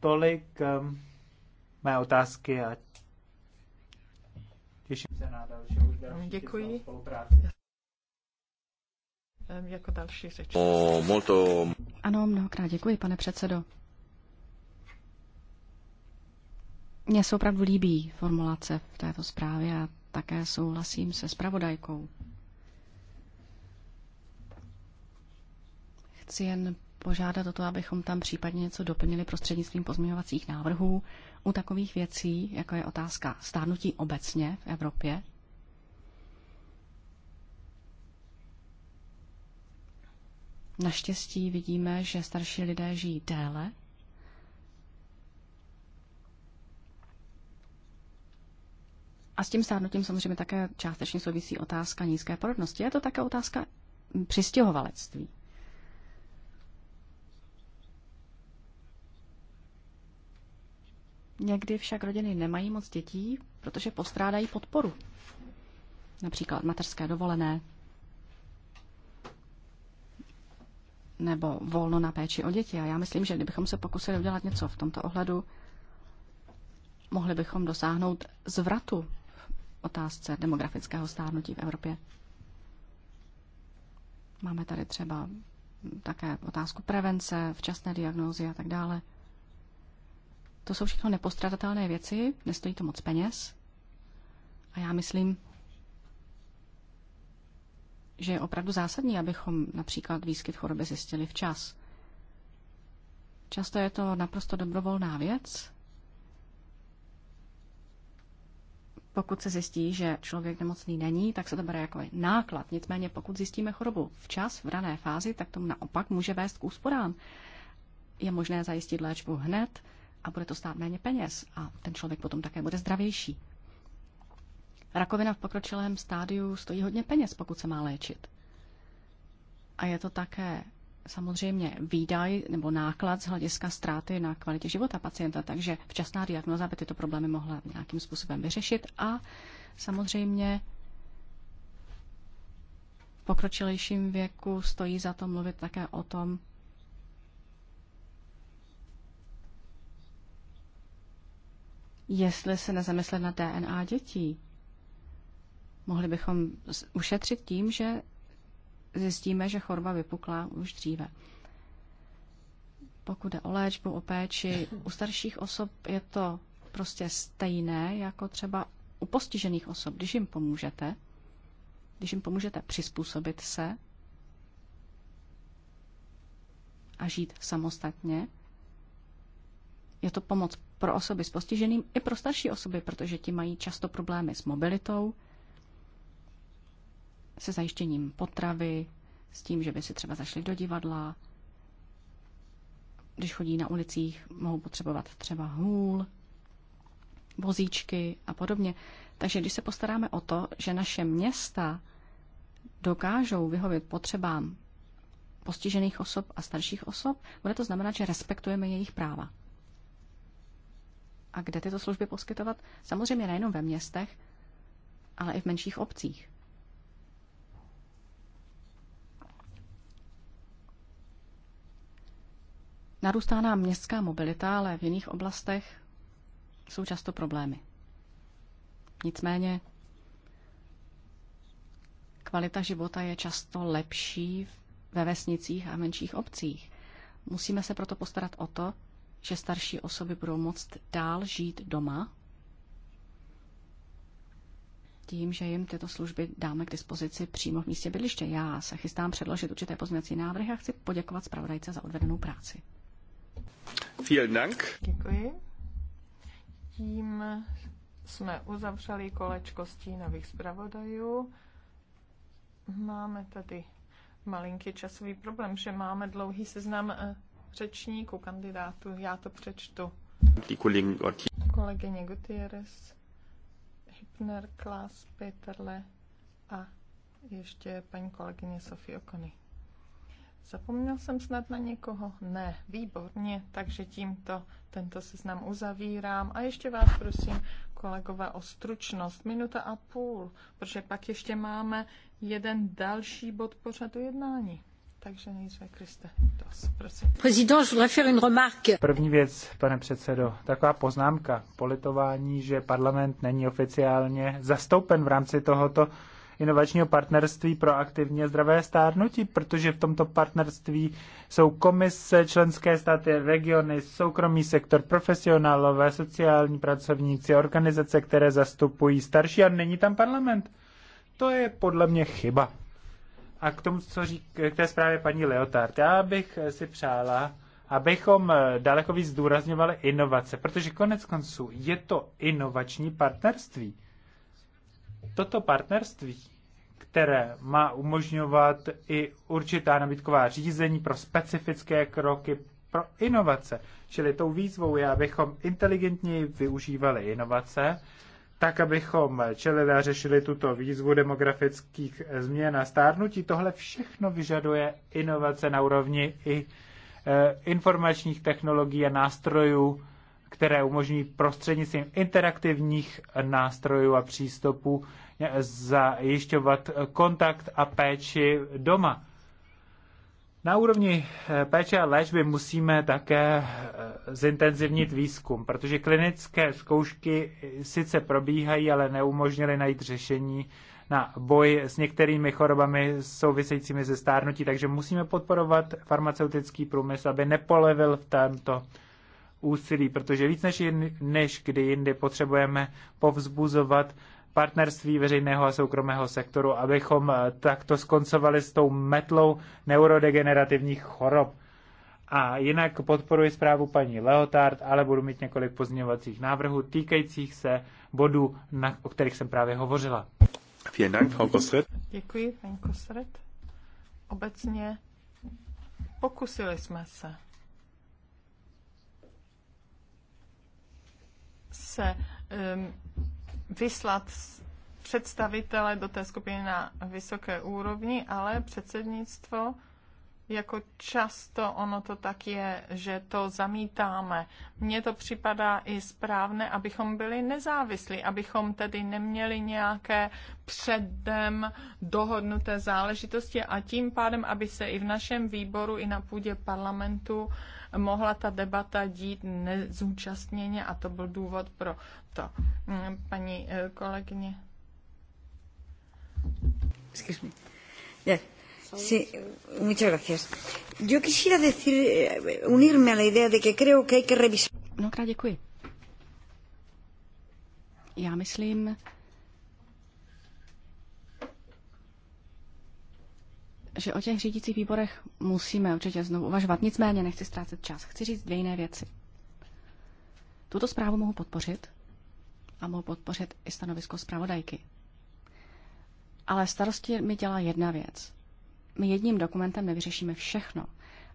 Tolik um, mé otázky a těším se na další, další Děkuji. spolupráci jako další řeč. Molto... Ano, mnohokrát děkuji, pane předsedo. Mně se opravdu líbí formulace v této zprávě a také souhlasím se spravodajkou. Chci jen požádat o to, abychom tam případně něco doplnili prostřednictvím pozměňovacích návrhů u takových věcí, jako je otázka stárnutí obecně v Evropě, Naštěstí vidíme, že starší lidé žijí déle. A s tím stárnutím samozřejmě také částečně souvisí otázka nízké porodnosti. Je to také otázka přistěhovalectví. Někdy však rodiny nemají moc dětí, protože postrádají podporu. Například materské dovolené, nebo volno na péči o děti. A já myslím, že kdybychom se pokusili udělat něco v tomto ohledu, mohli bychom dosáhnout zvratu v otázce demografického stárnutí v Evropě. Máme tady třeba také otázku prevence, včasné diagnózy a tak dále. To jsou všechno nepostradatelné věci, nestojí to moc peněz. A já myslím, že je opravdu zásadní, abychom například výskyt choroby zjistili včas. Často je to naprosto dobrovolná věc. Pokud se zjistí, že člověk nemocný není, tak se to bere jako náklad. Nicméně pokud zjistíme chorobu včas, v rané fázi, tak tomu naopak může vést k úsporám. Je možné zajistit léčbu hned a bude to stát méně peněz a ten člověk potom také bude zdravější. Rakovina v pokročilém stádiu stojí hodně peněz, pokud se má léčit. A je to také samozřejmě výdaj nebo náklad z hlediska ztráty na kvalitě života pacienta, takže včasná diagnoza by tyto problémy mohla nějakým způsobem vyřešit a samozřejmě v pokročilejším věku stojí za to mluvit také o tom, jestli se nezamyslet na DNA dětí, Mohli bychom ušetřit tím, že zjistíme, že chorba vypukla už dříve. Pokud jde o léčbu, o péči, u starších osob je to prostě stejné jako třeba u postižených osob. Když jim pomůžete, když jim pomůžete přizpůsobit se a žít samostatně, je to pomoc pro osoby s postiženým i pro starší osoby, protože ti mají často problémy s mobilitou, se zajištěním potravy, s tím, že by si třeba zašli do divadla. Když chodí na ulicích, mohou potřebovat třeba hůl, vozíčky a podobně. Takže když se postaráme o to, že naše města dokážou vyhovět potřebám postižených osob a starších osob, bude to znamenat, že respektujeme jejich práva. A kde tyto služby poskytovat? Samozřejmě nejenom ve městech, ale i v menších obcích. Narůstá nám městská mobilita, ale v jiných oblastech jsou často problémy. Nicméně kvalita života je často lepší ve vesnicích a menších obcích. Musíme se proto postarat o to, že starší osoby budou moct dál žít doma, tím, že jim tyto služby dáme k dispozici přímo v místě bydliště. Já se chystám předložit určité pozměnací návrhy a chci poděkovat zpravodajce za odvedenou práci. Děkuji. Tím jsme uzavřeli kolečko stínových zpravodajů. Máme tady malinký časový problém, že máme dlouhý seznam eh, řečníků, kandidátů. Já to přečtu. Kolegyně Gutierrez, Hipner, Klas, Peterle a ještě paní kolegyně Sofie Okony. Zapomněl jsem snad na někoho? Ne, výborně, takže tímto tento seznam uzavírám. A ještě vás prosím, kolegové, o stručnost. Minuta a půl, protože pak ještě máme jeden další bod pořadu jednání. Takže nejdříve Kriste Dos, prosím. První věc, pane předsedo, taková poznámka, politování, že parlament není oficiálně zastoupen v rámci tohoto inovačního partnerství pro aktivně zdravé stárnutí, protože v tomto partnerství jsou komise, členské státy, regiony, soukromý sektor, profesionálové, sociální pracovníci, organizace, které zastupují starší a není tam parlament. To je podle mě chyba. A k tomu, co řík, k té zprávě paní Leotard, já bych si přála, abychom daleko víc zdůrazňovali inovace, protože konec konců je to inovační partnerství. Toto partnerství, které má umožňovat i určitá nabídková řízení pro specifické kroky pro inovace, čili tou výzvou je, abychom inteligentně využívali inovace, tak, abychom čelili a řešili tuto výzvu demografických změn a stárnutí. Tohle všechno vyžaduje inovace na úrovni i eh, informačních technologií a nástrojů které umožní prostřednictvím interaktivních nástrojů a přístupů zajišťovat kontakt a péči doma. Na úrovni eh, péče a léčby musíme také eh, zintenzivnit výzkum, protože klinické zkoušky sice probíhají, ale neumožnily najít řešení na boj s některými chorobami souvisejícími se stárnutí, takže musíme podporovat farmaceutický průmysl, aby nepolevil v tomto úsilí, protože víc než, jindy, než kdy jindy potřebujeme povzbuzovat partnerství veřejného a soukromého sektoru, abychom eh, takto skoncovali s tou metlou neurodegenerativních chorob. A jinak podporuji zprávu paní Leotard, ale budu mít několik pozměňovacích návrhů týkajících se bodů, na, o kterých jsem právě hovořila. Děkuji, paní Kosret. Obecně pokusili jsme se um, vyslat představitele do té skupiny na vysoké úrovni, ale předsednictvo jako často ono to tak je, že to zamítáme. Mně to připadá i správné, abychom byli nezávislí, abychom tedy neměli nějaké předem dohodnuté záležitosti a tím pádem, aby se i v našem výboru, i na půdě parlamentu mohla ta debata dít nezúčastněně a to byl důvod pro to. Mm, paní eh, kolegyně. Excuse me. Yeah. Sí, muchas gracias. Yo quisiera decir, eh, unirme a la idea de que creo que hay que revisar. Mnohokrát děkuji. Já myslím, že o těch řídících výborech musíme určitě znovu uvažovat. Nicméně nechci ztrácet čas. Chci říct dvě jiné věci. Tuto zprávu mohu podpořit a mohu podpořit i stanovisko zpravodajky. Ale starosti mi dělá jedna věc jedním dokumentem nevyřešíme všechno.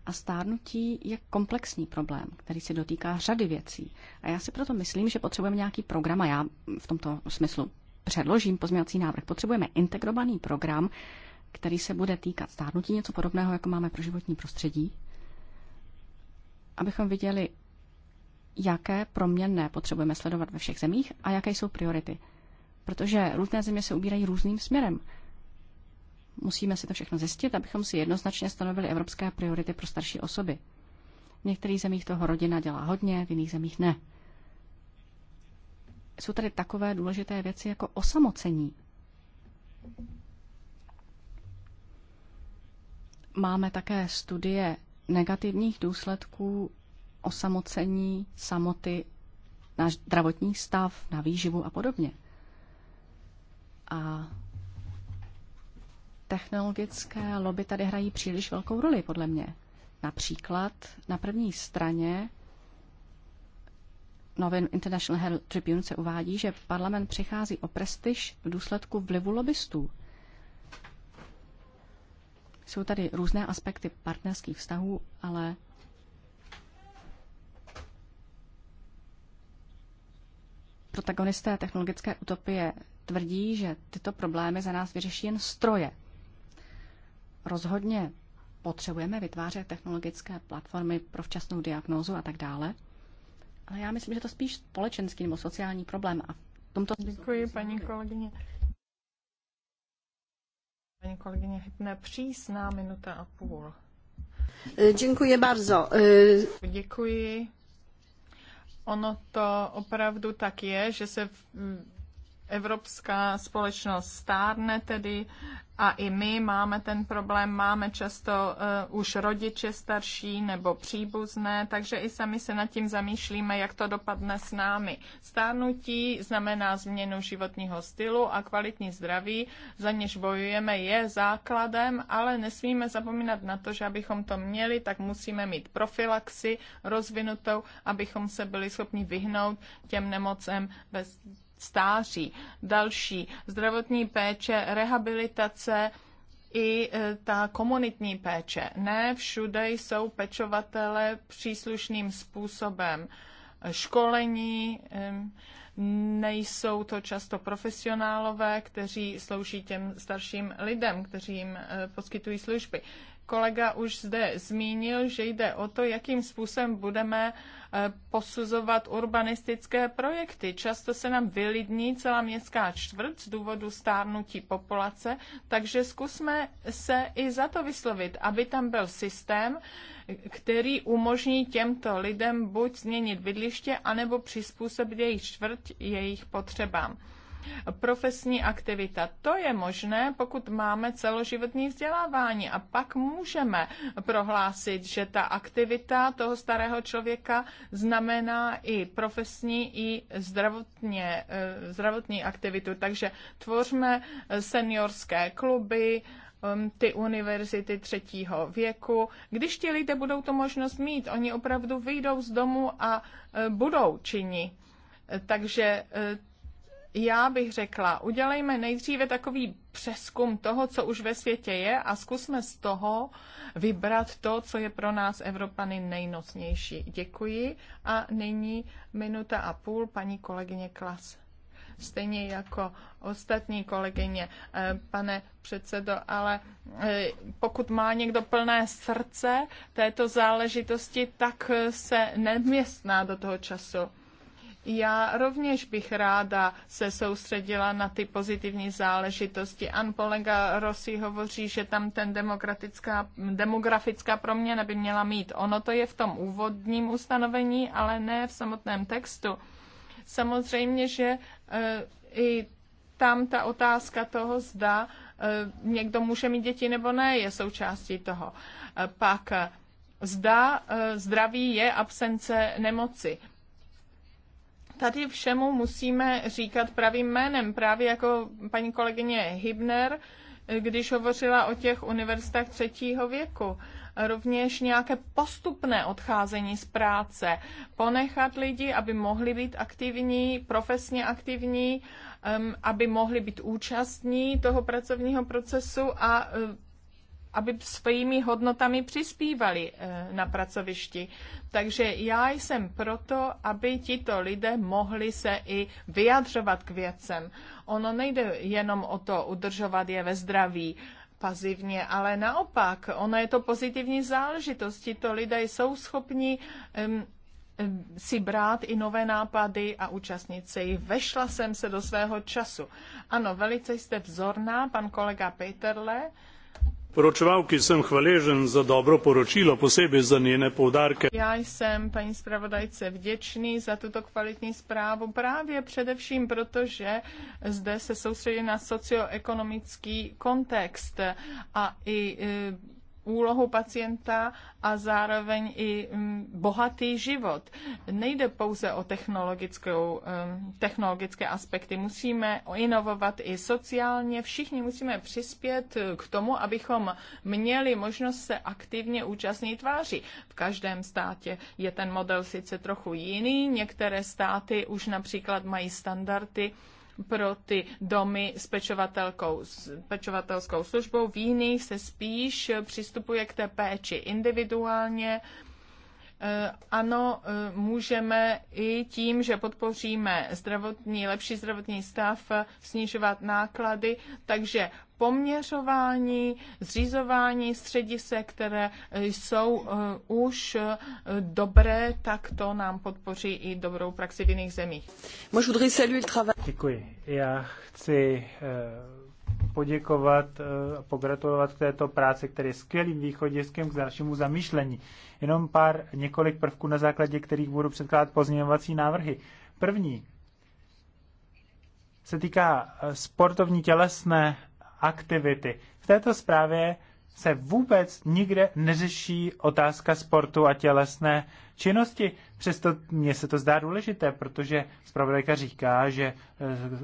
A stárnutí je komplexní problém, který se dotýká řady věcí. A já si proto myslím, že potřebujeme nějaký program, a já v tomto smyslu předložím pozměňovací návrh. Potřebujeme integrovaný program, který se bude týkat stárnutí, něco podobného, jako máme pro životní prostředí, abychom viděli, jaké proměnné potřebujeme sledovat ve všech zemích a jaké jsou priority. Protože různé země se ubírají různým směrem. Musíme si to všechno zjistit, abychom si jednoznačně stanovili evropské priority pro starší osoby. V některých zemích toho rodina dělá hodně, v jiných zemích ne. Jsou tady takové důležité věci jako osamocení. Máme také studie negativních důsledků osamocení, samoty na zdravotní stav, na výživu a podobně. A technologické lobby tady hrají příliš velkou roli, podle mě. Například na první straně novin International Herald Tribune se uvádí, že parlament přichází o prestiž v důsledku vlivu lobbystů. Jsou tady různé aspekty partnerských vztahů, ale protagonisté technologické utopie tvrdí, že tyto problémy za nás vyřeší jen stroje, rozhodně potřebujeme vytvářet technologické platformy pro včasnou diagnózu a tak dále. Ale já myslím, že to spíš společenský nebo sociální problém. A v tomto... Děkuji, paní kolegyně. Paní kolegyně Hypne, přísná minuta a půl. Děkuji bardzo. Děkuji. Ono to opravdu tak je, že se v Evropská společnost stárne tedy a i my máme ten problém, máme často uh, už rodiče starší nebo příbuzné, takže i sami se nad tím zamýšlíme, jak to dopadne s námi. Stárnutí znamená změnu životního stylu a kvalitní zdraví, za něž bojujeme, je základem, ale nesmíme zapomínat na to, že abychom to měli, tak musíme mít profilaxi rozvinutou, abychom se byli schopni vyhnout těm nemocem bez stáří, další zdravotní péče, rehabilitace, i e, ta komunitní péče. Ne všude jsou pečovatele příslušným způsobem školení, e, nejsou to často profesionálové, kteří slouží těm starším lidem, kteří jim e, poskytují služby kolega už zde zmínil, že jde o to, jakým způsobem budeme eh, posuzovat urbanistické projekty. Často se nám vylidní celá městská čtvrt z důvodu stárnutí populace, takže zkusme se i za to vyslovit, aby tam byl systém, který umožní těmto lidem buď změnit bydliště, anebo přizpůsobit jejich čtvrt jejich potřebám profesní aktivita. To je možné, pokud máme celoživotní vzdělávání a pak můžeme prohlásit, že ta aktivita toho starého člověka znamená i profesní, i zdravotně, eh, zdravotní aktivitu. Takže tvořme eh, seniorské kluby, eh, ty univerzity třetího věku. Když ti lidé budou tu možnost mít, oni opravdu vyjdou z domu a budou činí. Takže já bych řekla, udělejme nejdříve takový přeskum toho, co už ve světě je a zkusme z toho vybrat to, co je pro nás Evropany nejnocnější. Děkuji a nyní minuta a půl paní kolegyně Klas. Stejně jako ostatní kolegyně, eh, pane předsedo, ale eh, pokud má někdo plné srdce této záležitosti, tak eh, se neměstná do toho času. Já rovněž bych ráda se soustředila na ty pozitivní záležitosti. An Polega Rossi hovoří, že tam ten demokratická, demografická proměna by měla mít. Ono to je v tom úvodním ustanovení, ale ne v samotném textu. Samozřejmě, že eh, i tam ta otázka toho, zda eh, někdo může mít děti nebo ne, je součástí toho. Eh, pak zda zdraví je absence nemoci Tady všemu musíme říkat pravým jménem, právě jako paní kolegyně Hibner, když hovořila o těch univerzitách třetího věku. Rovněž nějaké postupné odcházení z práce, ponechat lidi, aby mohli být aktivní, profesně aktivní, um, aby mohli být účastní toho pracovního procesu a aby svými hodnotami přispívali eh, na pracovišti. Takže já jsem proto, aby tito lidé mohli se i vyjadřovat k věcem. Ono nejde jenom o to udržovat je ve zdraví, pasivně, ale naopak, ono je to pozitivní záležitost. Tito lidé jsou schopni um, si brát i nové nápady a účastnit se jich. Vešla jsem se do svého času. Ano, velice jste vzorná, pan kolega Peterle. Poročevalki jsem hvaležen za dobro poročilo, posebej za njene poudarke. Já jsem paní zpravodajce vděčný za tuto kvalitní zprávu právě především proto, že zde se soustředí na socioekonomický kontext a i e, úlohu pacienta a zároveň i mm, bohatý život. Nejde pouze o technologickou, mm, technologické aspekty. Musíme inovovat i sociálně. Všichni musíme přispět k tomu, abychom měli možnost se aktivně účastnit tváří. V každém státě je ten model sice trochu jiný. Některé státy už například mají standardy, pro ty domy s pečovatelkou, s pečovatelskou službou. V jiných se spíš přistupuje k té péči individuálně. Eh, ano, eh, můžeme i tím, že podpoříme zdravotní, lepší zdravotní stav, snižovat náklady, takže poměřování, zřizování středisek, které jsou eh, už eh, dobré, tak to nám podpoří i dobrou praxi v jiných zemích. Děkuji. Já chci eh, poděkovat a pogratulovat k této práci, které je skvělým východiskem k dalšímu zamýšlení. Jenom pár, několik prvků, na základě kterých budu předkládat pozměňovací návrhy. První se týká sportovní tělesné aktivity. V této zprávě se vůbec nikde neřeší otázka sportu a tělesné činnosti. Přesto mně se to zdá důležité, protože zpravodajka říká, že eh,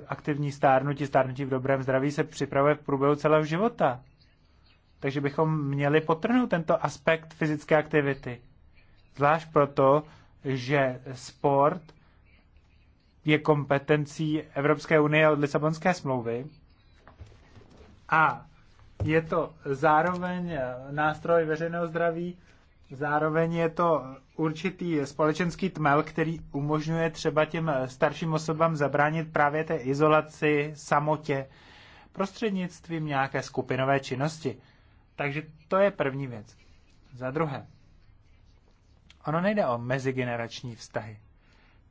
aktivní stárnutí, stárnutí v dobrém zdraví se připravuje v průběhu celého života. Takže bychom měli potrhnout tento aspekt fyzické aktivity. Zvlášť proto, že sport je kompetencí Evropské unie od Lisabonské smlouvy a je to zároveň nástroj veřejného zdraví, zároveň je to určitý společenský tmel, který umožňuje třeba těm starším osobám zabránit právě té izolaci, samotě, prostřednictvím nějaké skupinové činnosti. Takže to je první věc. Za druhé, ono nejde o mezigenerační vztahy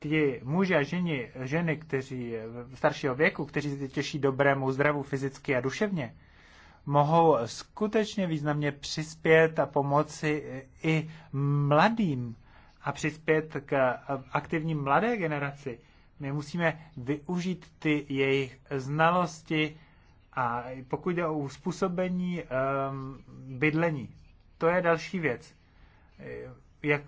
ty muži a ženi, ženy, kteří staršího věku, kteří se těší dobrému zdravu fyzicky a duševně, mohou skutečně významně přispět a pomoci i mladým a přispět k aktivní mladé generaci. My musíme využít ty jejich znalosti a pokud jde o uspůsobení um, ehm, bydlení, to je další věc. Jak,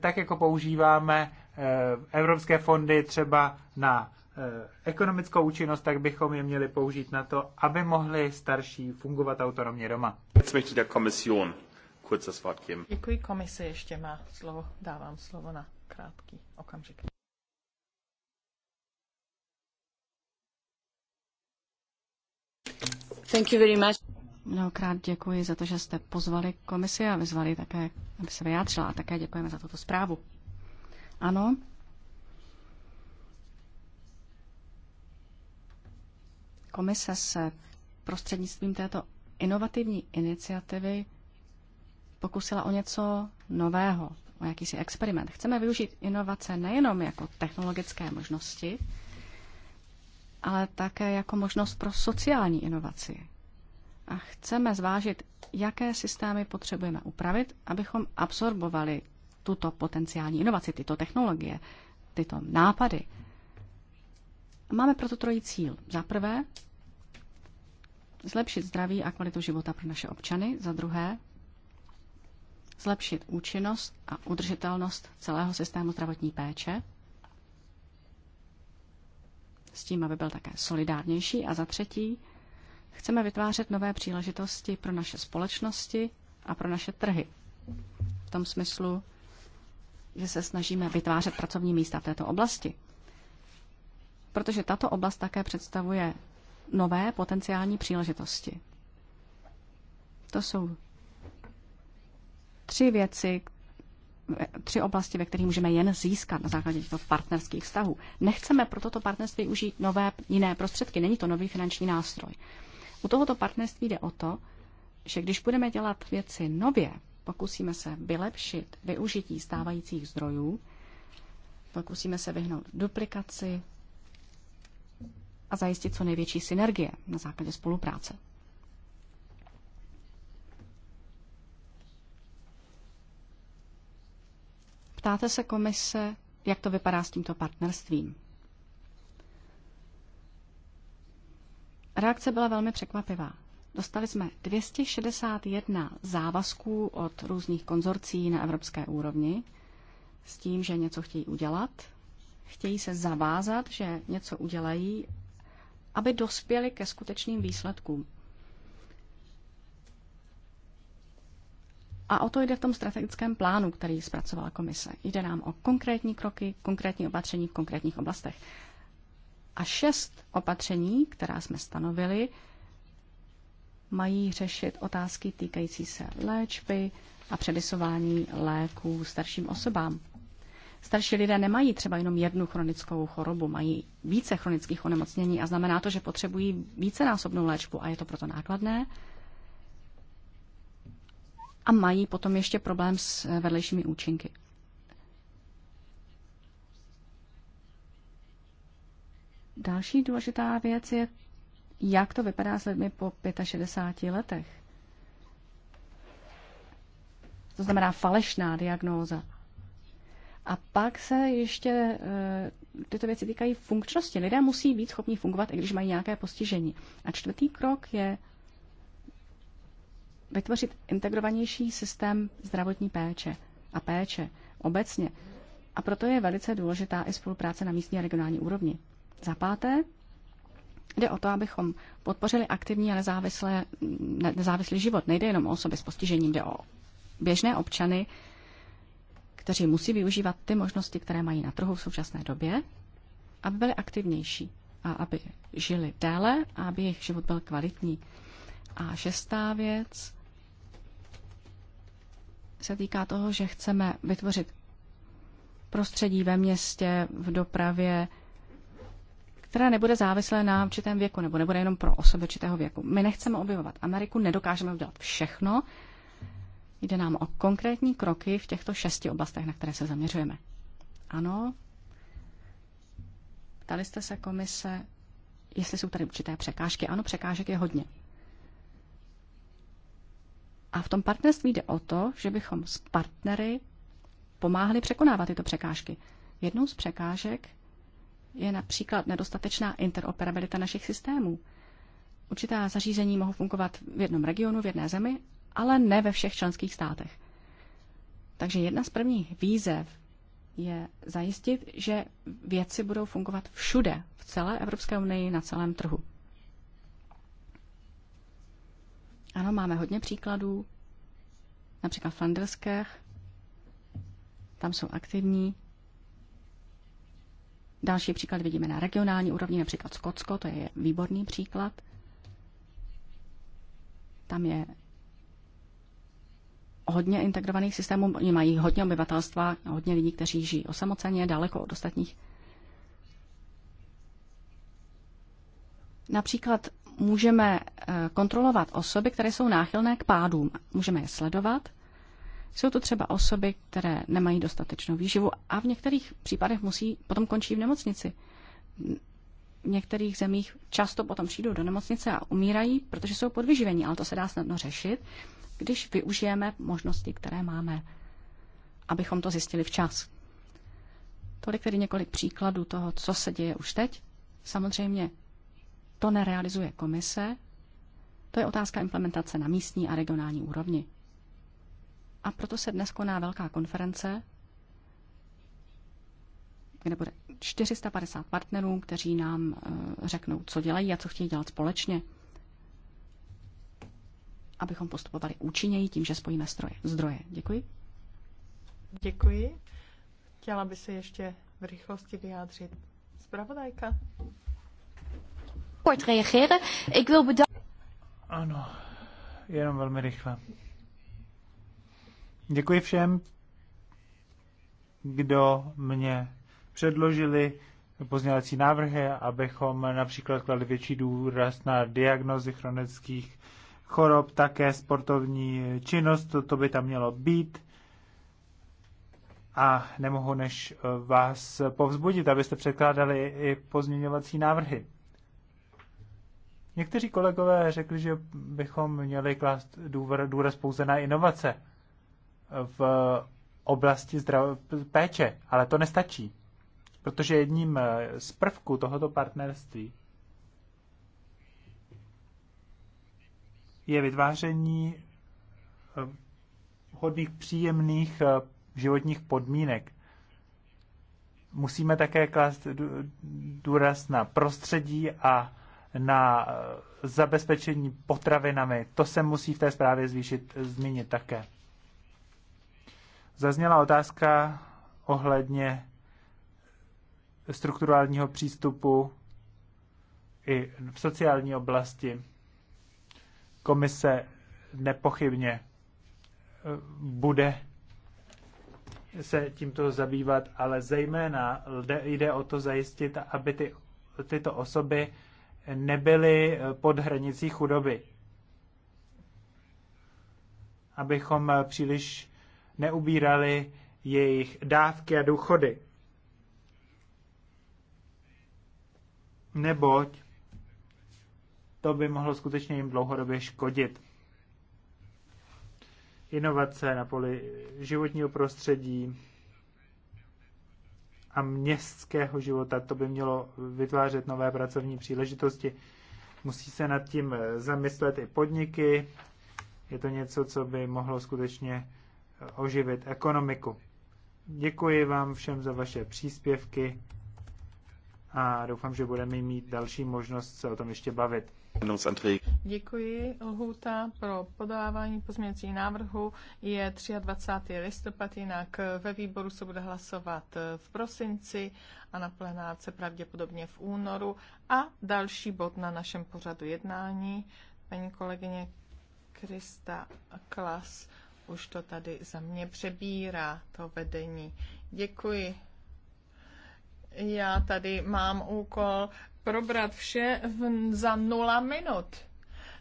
tak jako používáme Eh, evropské fondy třeba na eh, ekonomickou účinnost, tak bychom je měli použít na to, aby mohli starší fungovat autonomně doma. Děkuji komisi, ještě má slovo, dávám slovo na krátký okamžik. Thank you very much. Mnohokrát děkuji za to, že jste pozvali komisi a vyzvali také, aby se vyjádřila a také děkujeme za tuto zprávu. Ano. Komise se prostřednictvím této inovativní iniciativy pokusila o něco nového, o jakýsi experiment. Chceme využít inovace nejenom jako technologické možnosti, ale také jako možnost pro sociální inovaci. A chceme zvážit, jaké systémy potřebujeme upravit, abychom absorbovali tuto potenciální inovaci, tyto technologie, tyto nápady. Máme proto trojí cíl. Za prvé, zlepšit zdraví a kvalitu života pro naše občany. Za druhé, zlepšit účinnost a udržitelnost celého systému zdravotní péče, s tím, aby byl také solidárnější. A za třetí, chceme vytvářet nové příležitosti pro naše společnosti a pro naše trhy. V tom smyslu, že se snažíme vytvářet pracovní místa v této oblasti. Protože tato oblast také představuje nové potenciální příležitosti. To jsou tři věci, tři oblasti, ve kterých můžeme jen získat na základě těchto partnerských vztahů. Nechceme pro toto partnerství užít nové jiné prostředky, není to nový finanční nástroj. U tohoto partnerství jde o to, že když budeme dělat věci nově, Pokusíme se vylepšit využití stávajících zdrojů, pokusíme se vyhnout duplikaci a zajistit co největší synergie na základě spolupráce. Ptáte se komise, jak to vypadá s tímto partnerstvím. Reakce byla velmi překvapivá. Dostali jsme 261 závazků od různých konzorcí na evropské úrovni s tím, že něco chtějí udělat. Chtějí se zavázat, že něco udělají, aby dospěli ke skutečným výsledkům. A o to jde v tom strategickém plánu, který zpracovala komise. Jde nám o konkrétní kroky, konkrétní opatření v konkrétních oblastech. A šest opatření, která jsme stanovili, mají řešit otázky týkající se léčby a předisování léků starším osobám. Starší lidé nemají třeba jenom jednu chronickou chorobu, mají více chronických onemocnění a znamená to, že potřebují vícenásobnou léčbu a je to proto nákladné. A mají potom ještě problém s vedlejšími účinky. Další důležitá věc je jak to vypadá s lidmi po 65 letech. To znamená falešná diagnóza. A pak se ještě eh, tyto věci týkají funkčnosti. Lidé musí být schopni fungovat, i když mají nějaké postižení. A čtvrtý krok je vytvořit integrovanější systém zdravotní péče a péče obecně. A proto je velice důležitá i spolupráce na místní a regionální úrovni. Za páté, Jde o to, abychom podpořili aktivní a nezávislé, ne, nezávislý život. Nejde jenom o osoby s postižením, jde o běžné občany, kteří musí využívat ty možnosti, které mají na trhu v současné době, aby byli aktivnější a aby žili déle a aby jejich život byl kvalitní. A šestá věc se týká toho, že chceme vytvořit prostředí ve městě, v dopravě, které nebude závislé na určitém věku, nebo nebude jenom pro osoby určitého věku. My nechceme objevovat Ameriku, nedokážeme udělat všechno. Jde nám o konkrétní kroky v těchto šesti oblastech, na které se zaměřujeme. Ano, ptali jste se komise, jestli jsou tady určité překážky. Ano, překážek je hodně. A v tom partnerství jde o to, že bychom s partnery pomáhali překonávat tyto překážky. Jednou z překážek je například nedostatečná interoperabilita našich systémů. Určitá zařízení mohou fungovat v jednom regionu, v jedné zemi, ale ne ve všech členských státech. Takže jedna z prvních výzev je zajistit, že věci budou fungovat všude, v celé Evropské unii, na celém trhu. Ano, máme hodně příkladů, například v Flanderskách, tam jsou aktivní Další příklad vidíme na regionální úrovni, například Skotsko, to je výborný příklad. Tam je hodně integrovaných systémů, oni mají hodně obyvatelstva, hodně lidí, kteří žijí osamoceně, daleko od ostatních. Například můžeme eh, kontrolovat osoby, které jsou náchylné k pádům. Můžeme je sledovat jsou to třeba osoby, které nemají dostatečnou výživu a v některých případech musí potom končí v nemocnici. V některých zemích často potom přijdou do nemocnice a umírají, protože jsou podvyživení, ale to se dá snadno řešit, když využijeme možnosti, které máme, abychom to zjistili včas. Tolik tedy několik příkladů toho, co se děje už teď. Samozřejmě to nerealizuje komise, to je otázka implementace na místní a regionální úrovni. A proto se dnes koná velká konference, kde bude 450 partnerů, kteří nám eh, řeknou, co dělají a co chtějí dělat společně, abychom postupovali účinněji tím, že spojíme stroje, zdroje. Děkuji. Děkuji. Chtěla by se ještě v rychlosti vyjádřit zpravodajka. Ano, jenom velmi rychle. Děkuji všem, kdo mě předložili pozměňovací návrhy, abychom například kladli větší důraz na diagnozy chronických chorob, také sportovní činnost, to, to by tam mělo být. A nemohu než vás povzbudit, abyste předkládali i pozměňovací návrhy. Někteří kolegové řekli, že bychom měli klást důraz pouze na inovace v oblasti zdrav- péče, ale to nestačí, protože jedním eh, z prvků tohoto partnerství je vytváření eh, hodných příjemných eh, životních podmínek. Musíme také klást důraz na prostředí a na zabezpečení potravinami. To se musí v té zprávě zvýšit, zmínit také. Zazněla otázka ohledně strukturálního přístupu i v sociální oblasti. Komise nepochybně eh, bude se tímto zabývat, ale zejména jde o to zajistit, aby ty, tyto osoby nebyly eh, pod hranicí chudoby. Abychom eh, příliš neubírali jejich dávky a důchody. Neboť to by mohlo skutečně jim dlouhodobě škodit. Inovace na poli životního prostředí a městského života, to by mělo vytvářet nové pracovní příležitosti. Musí se nad tím zamyslet i podniky. Je to něco, co by mohlo skutečně oživit ekonomiku. Děkuji vám všem za vaše příspěvky a doufám, že budeme mít další možnost se o tom ještě bavit. Děkuji. Lhůta pro podávání pozměňovacích návrhu je 23. listopad, jinak ve výboru se bude hlasovat v prosinci a na plenáce pravděpodobně v únoru. A další bod na našem pořadu jednání, paní kolegyně Krista Klas už to tady za mě přebírá, to vedení. Děkuji. Já tady mám úkol probrat vše v, za nula minut.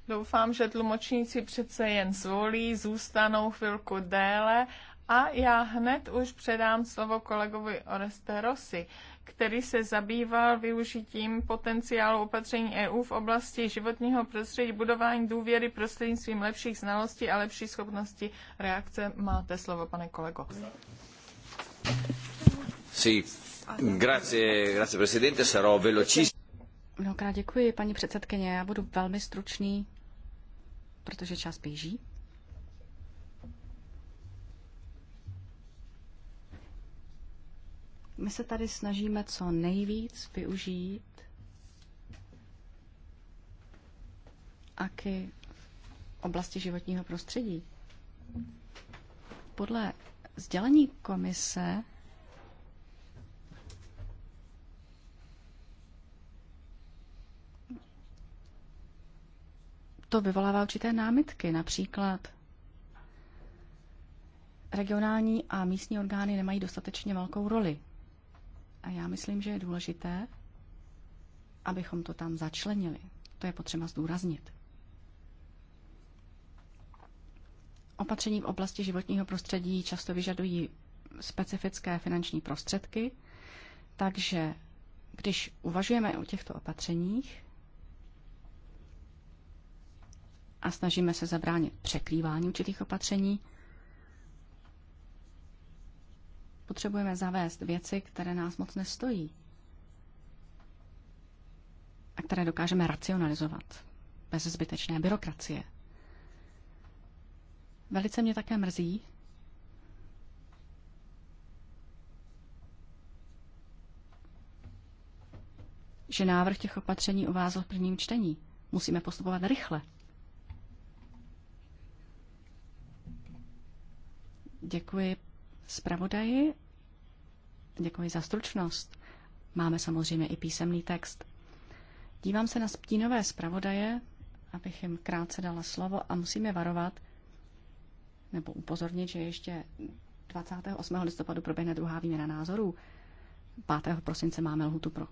Doufám, že tlumočníci přece jen zvolí, zůstanou chvilku déle a já hned už předám slovo kolegovi Oreste Rossi, který se zabýval využitím potenciálu opatření EU v oblasti životního prostředí, budování důvěry prostřednictvím lepších znalostí a lepší schopnosti reakce. Máte slovo, pane kolego. Sí. Grazie, grazie presidente, sarò velocissimo. Mnohokrát děkuji, paní předsedkyně. Já budu velmi stručný, protože čas běží. My se tady snažíme co nejvíc využít aky v oblasti životního prostředí. Podle sdělení komise to vyvolává určité námitky, například regionální a místní orgány nemají dostatečně velkou roli a já myslím, že je důležité, abychom to tam začlenili. To je potřeba zdůraznit. Opatření v oblasti životního prostředí často vyžadují specifické finanční prostředky, takže když uvažujeme o těchto opatřeních a snažíme se zabránit překrývání určitých opatření, Potřebujeme zavést věci, které nás moc nestojí a které dokážeme racionalizovat bez zbytečné byrokracie. Velice mě také mrzí, že návrh těch opatření uvázl v prvním čtení. Musíme postupovat rychle. Děkuji zpravodaji. Děkuji za stručnost. Máme samozřejmě i písemný text. Dívám se na stínové zpravodaje, abych jim krátce dala slovo a musím je varovat nebo upozornit, že ještě 28. listopadu proběhne druhá výměna názorů. 5. prosince máme lhutu pro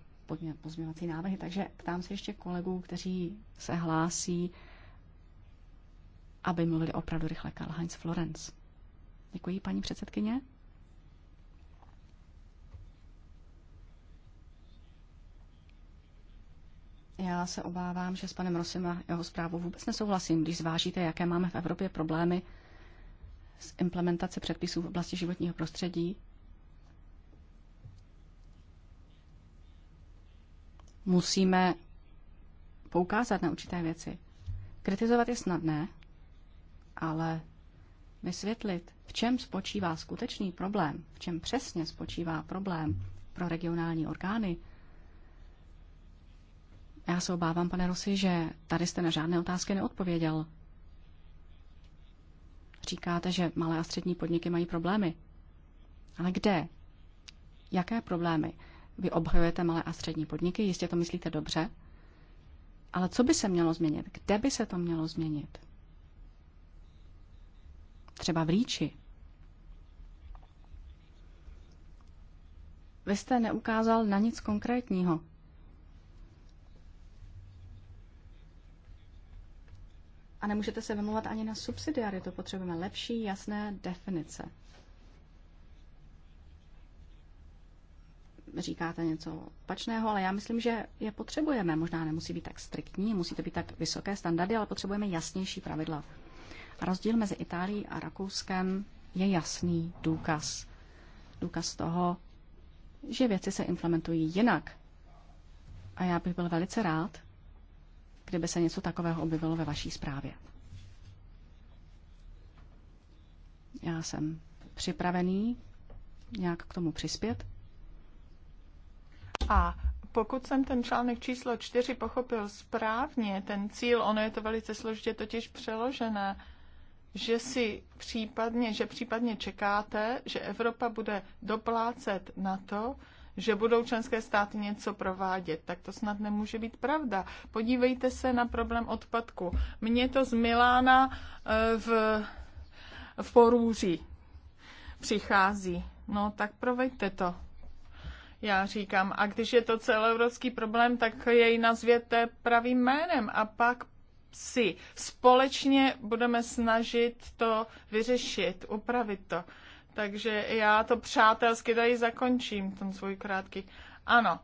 pozměvací návrhy, takže ptám se ještě kolegů, kteří se hlásí, aby mluvili opravdu rychle. Karl Heinz Florence. Děkuji, paní předsedkyně. Já se obávám, že s panem Rosim a jeho zprávou vůbec nesouhlasím, když zvážíte, jaké máme v Evropě problémy s implementace předpisů v oblasti životního prostředí. Musíme poukázat na určité věci. Kritizovat je snadné, ale vysvětlit, v čem spočívá skutečný problém, v čem přesně spočívá problém pro regionální orgány, já se obávám, pane Rosy, že tady jste na žádné otázky neodpověděl. Říkáte, že malé a střední podniky mají problémy. Ale kde? Jaké problémy? Vy obhajujete malé a střední podniky, jistě to myslíte dobře. Ale co by se mělo změnit? Kde by se to mělo změnit? třeba v Líči. Vy jste neukázal na nic konkrétního. A nemůžete se vymluvat ani na subsidiaritu. Potřebujeme lepší, jasné definice. Říkáte něco opačného, ale já myslím, že je potřebujeme. Možná nemusí být tak striktní, musí to být tak vysoké standardy, ale potřebujeme jasnější pravidla. A rozdíl mezi Itálií a Rakouskem je jasný důkaz. Důkaz toho, že věci se implementují jinak. A já bych byl velice rád, kdyby se něco takového objevilo ve vaší zprávě. Já jsem připravený nějak k tomu přispět. A pokud jsem ten článek číslo čtyři pochopil správně, ten cíl, ono je to velice složitě totiž přeložené, že si případně, že případně čekáte, že Evropa bude doplácet na to, že budou členské státy něco provádět. Tak to snad nemůže být pravda. Podívejte se na problém odpadku. Mně to z Milána eh, v, v Porůří přichází. No tak proveďte to. Já říkám, a když je to celoevropský problém, tak jej nazvěte pravým jménem a pak si společně budeme snažit to vyřešit, upravit to. Takže já to přátelsky tady zakončím, ten svůj krátký. Ano,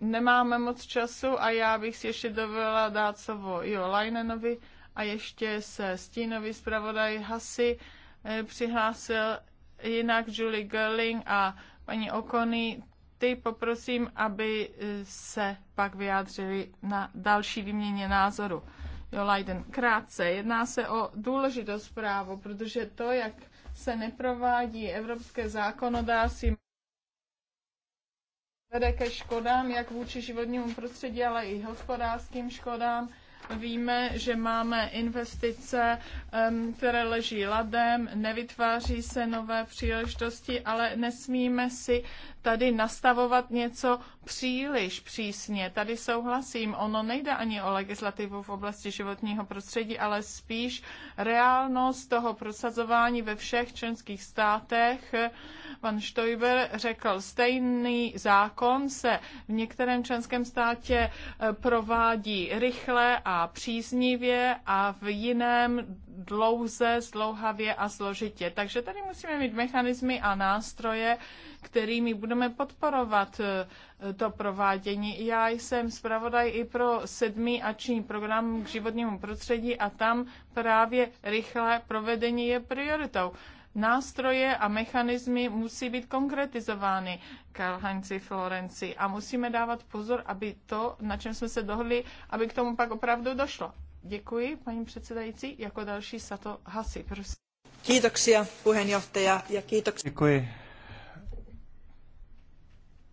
nemáme moc času a já bych si ještě dovolila dát slovo Jo Lajnenovi a ještě se Stínovi zpravodaj Hasi eh, přihlásil jinak Julie Gerling a paní Okony, ty poprosím, aby eh, se pak vyjádřili na další výměně názoru. Jo, Leiden, krátce, jedná se o důležitou zprávu, protože to, jak se neprovádí evropské zákonodárství, vede ke škodám, jak vůči životnímu prostředí, ale i hospodářským škodám. Víme, že máme investice, které leží ladem, nevytváří se nové příležitosti, ale nesmíme si tady nastavovat něco příliš přísně. Tady souhlasím, ono nejde ani o legislativu v oblasti životního prostředí, ale spíš reálnost toho prosazování ve všech členských státech. Van Stoiber řekl, stejný zákon se v některém členském státě eh, provádí rychle a příznivě a v jiném dlouze, zdlouhavě a složitě. Takže tady musíme mít mechanismy a nástroje, kterými budeme podporovat eh, to provádění. Já jsem zpravodaj i pro sedmý ační program k životnímu prostředí a tam právě rychlé provedení je prioritou. Nástroje a mechanismy musí být konkretizovány, Karl-Heinzi Florenci, a musíme dávat pozor, aby to, na čem jsme se dohodli, aby k tomu pak opravdu došlo. Děkuji, paní předsedající. Jako další Sato Hasi, prosím. Kiitoksia, puheenjohtaja, ja kýtoksia. Děkuji.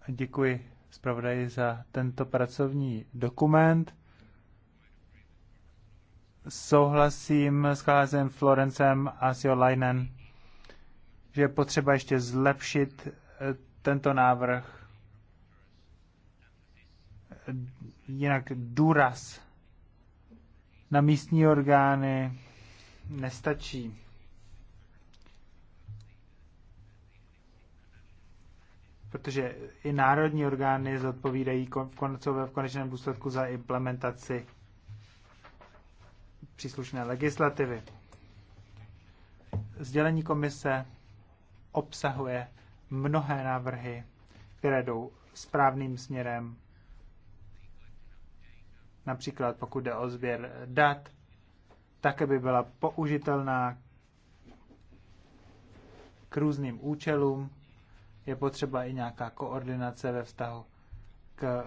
Děkuji zpravodaji za tento pracovní dokument. Souhlasím s kázem Florencem a s Jolainen, že je potřeba ještě zlepšit eh, tento návrh. Jinak důraz na místní orgány nestačí. Protože i národní orgány zodpovídají koncové v konečném důsledku za implementaci příslušné legislativy. Sdělení komise obsahuje mnohé návrhy, které jdou správným směrem například pokud jde o sběr dat, tak aby byla použitelná k různým účelům. Je potřeba i nějaká koordinace ve vztahu k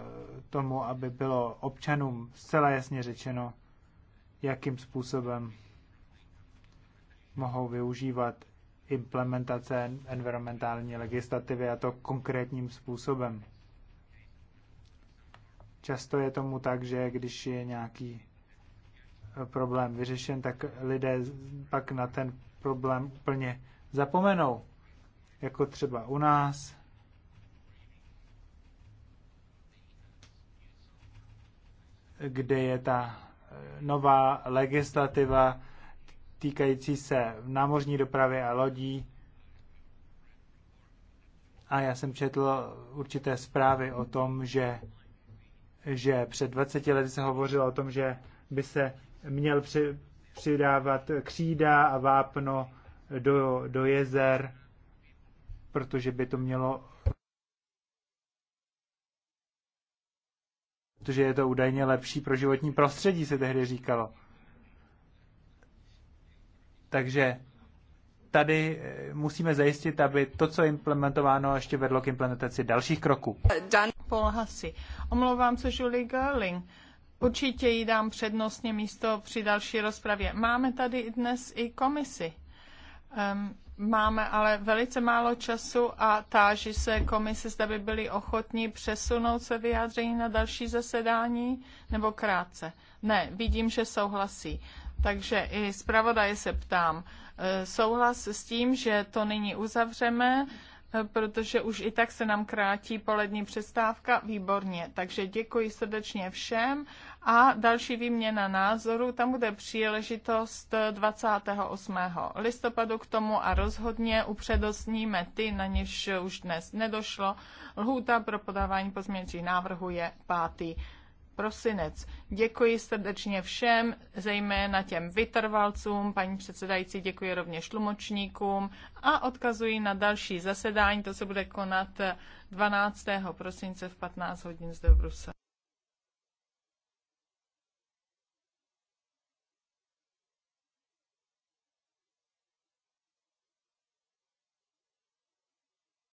tomu, aby bylo občanům zcela jasně řečeno, jakým způsobem mohou využívat implementace environmentální legislativy a to konkrétním způsobem. Často je tomu tak, že když je nějaký eh, problém vyřešen, tak lidé pak na ten problém úplně zapomenou. Jako třeba u nás. kde je ta eh, nová legislativa týkající se námořní dopravy a lodí. A já jsem četl určité zprávy o tom, že že před 20 lety se hovořilo o tom, že by se měl při, přidávat křída a vápno do, do jezer, protože by to mělo protože je to údajně lepší pro životní prostředí, se tehdy říkalo. Takže tady eh, musíme zajistit, aby to, co je implementováno, ještě vedlo k implementaci dalších kroků. Dan Polhasi. Omlouvám se, Julie Gerling. Určitě jí dám přednostně místo při další rozpravě. Máme tady i dnes i komisi. Um, Máme ale velice málo času a táží se komise, zda by byli ochotní přesunout se vyjádření na další zasedání nebo krátce. Ne, vidím, že souhlasí. Takže i zpravodaje se ptám, e, souhlas s tím, že to nyní uzavřeme, e, protože už i tak se nám krátí polední přestávka, výborně. Takže děkuji srdečně všem a další výměna názoru, tam bude příležitost 28. listopadu k tomu a rozhodně upřednostníme ty, na něž už dnes nedošlo. Lhůta pro podávání pozměňovacích návrhů je 5 prosinec. Děkuji srdečně všem, zejména těm vytrvalcům, paní předsedající děkuji rovněž tlumočníkům a odkazuji na další zasedání, to se bude konat 12. prosince v 15 hodin zde v Bruselu.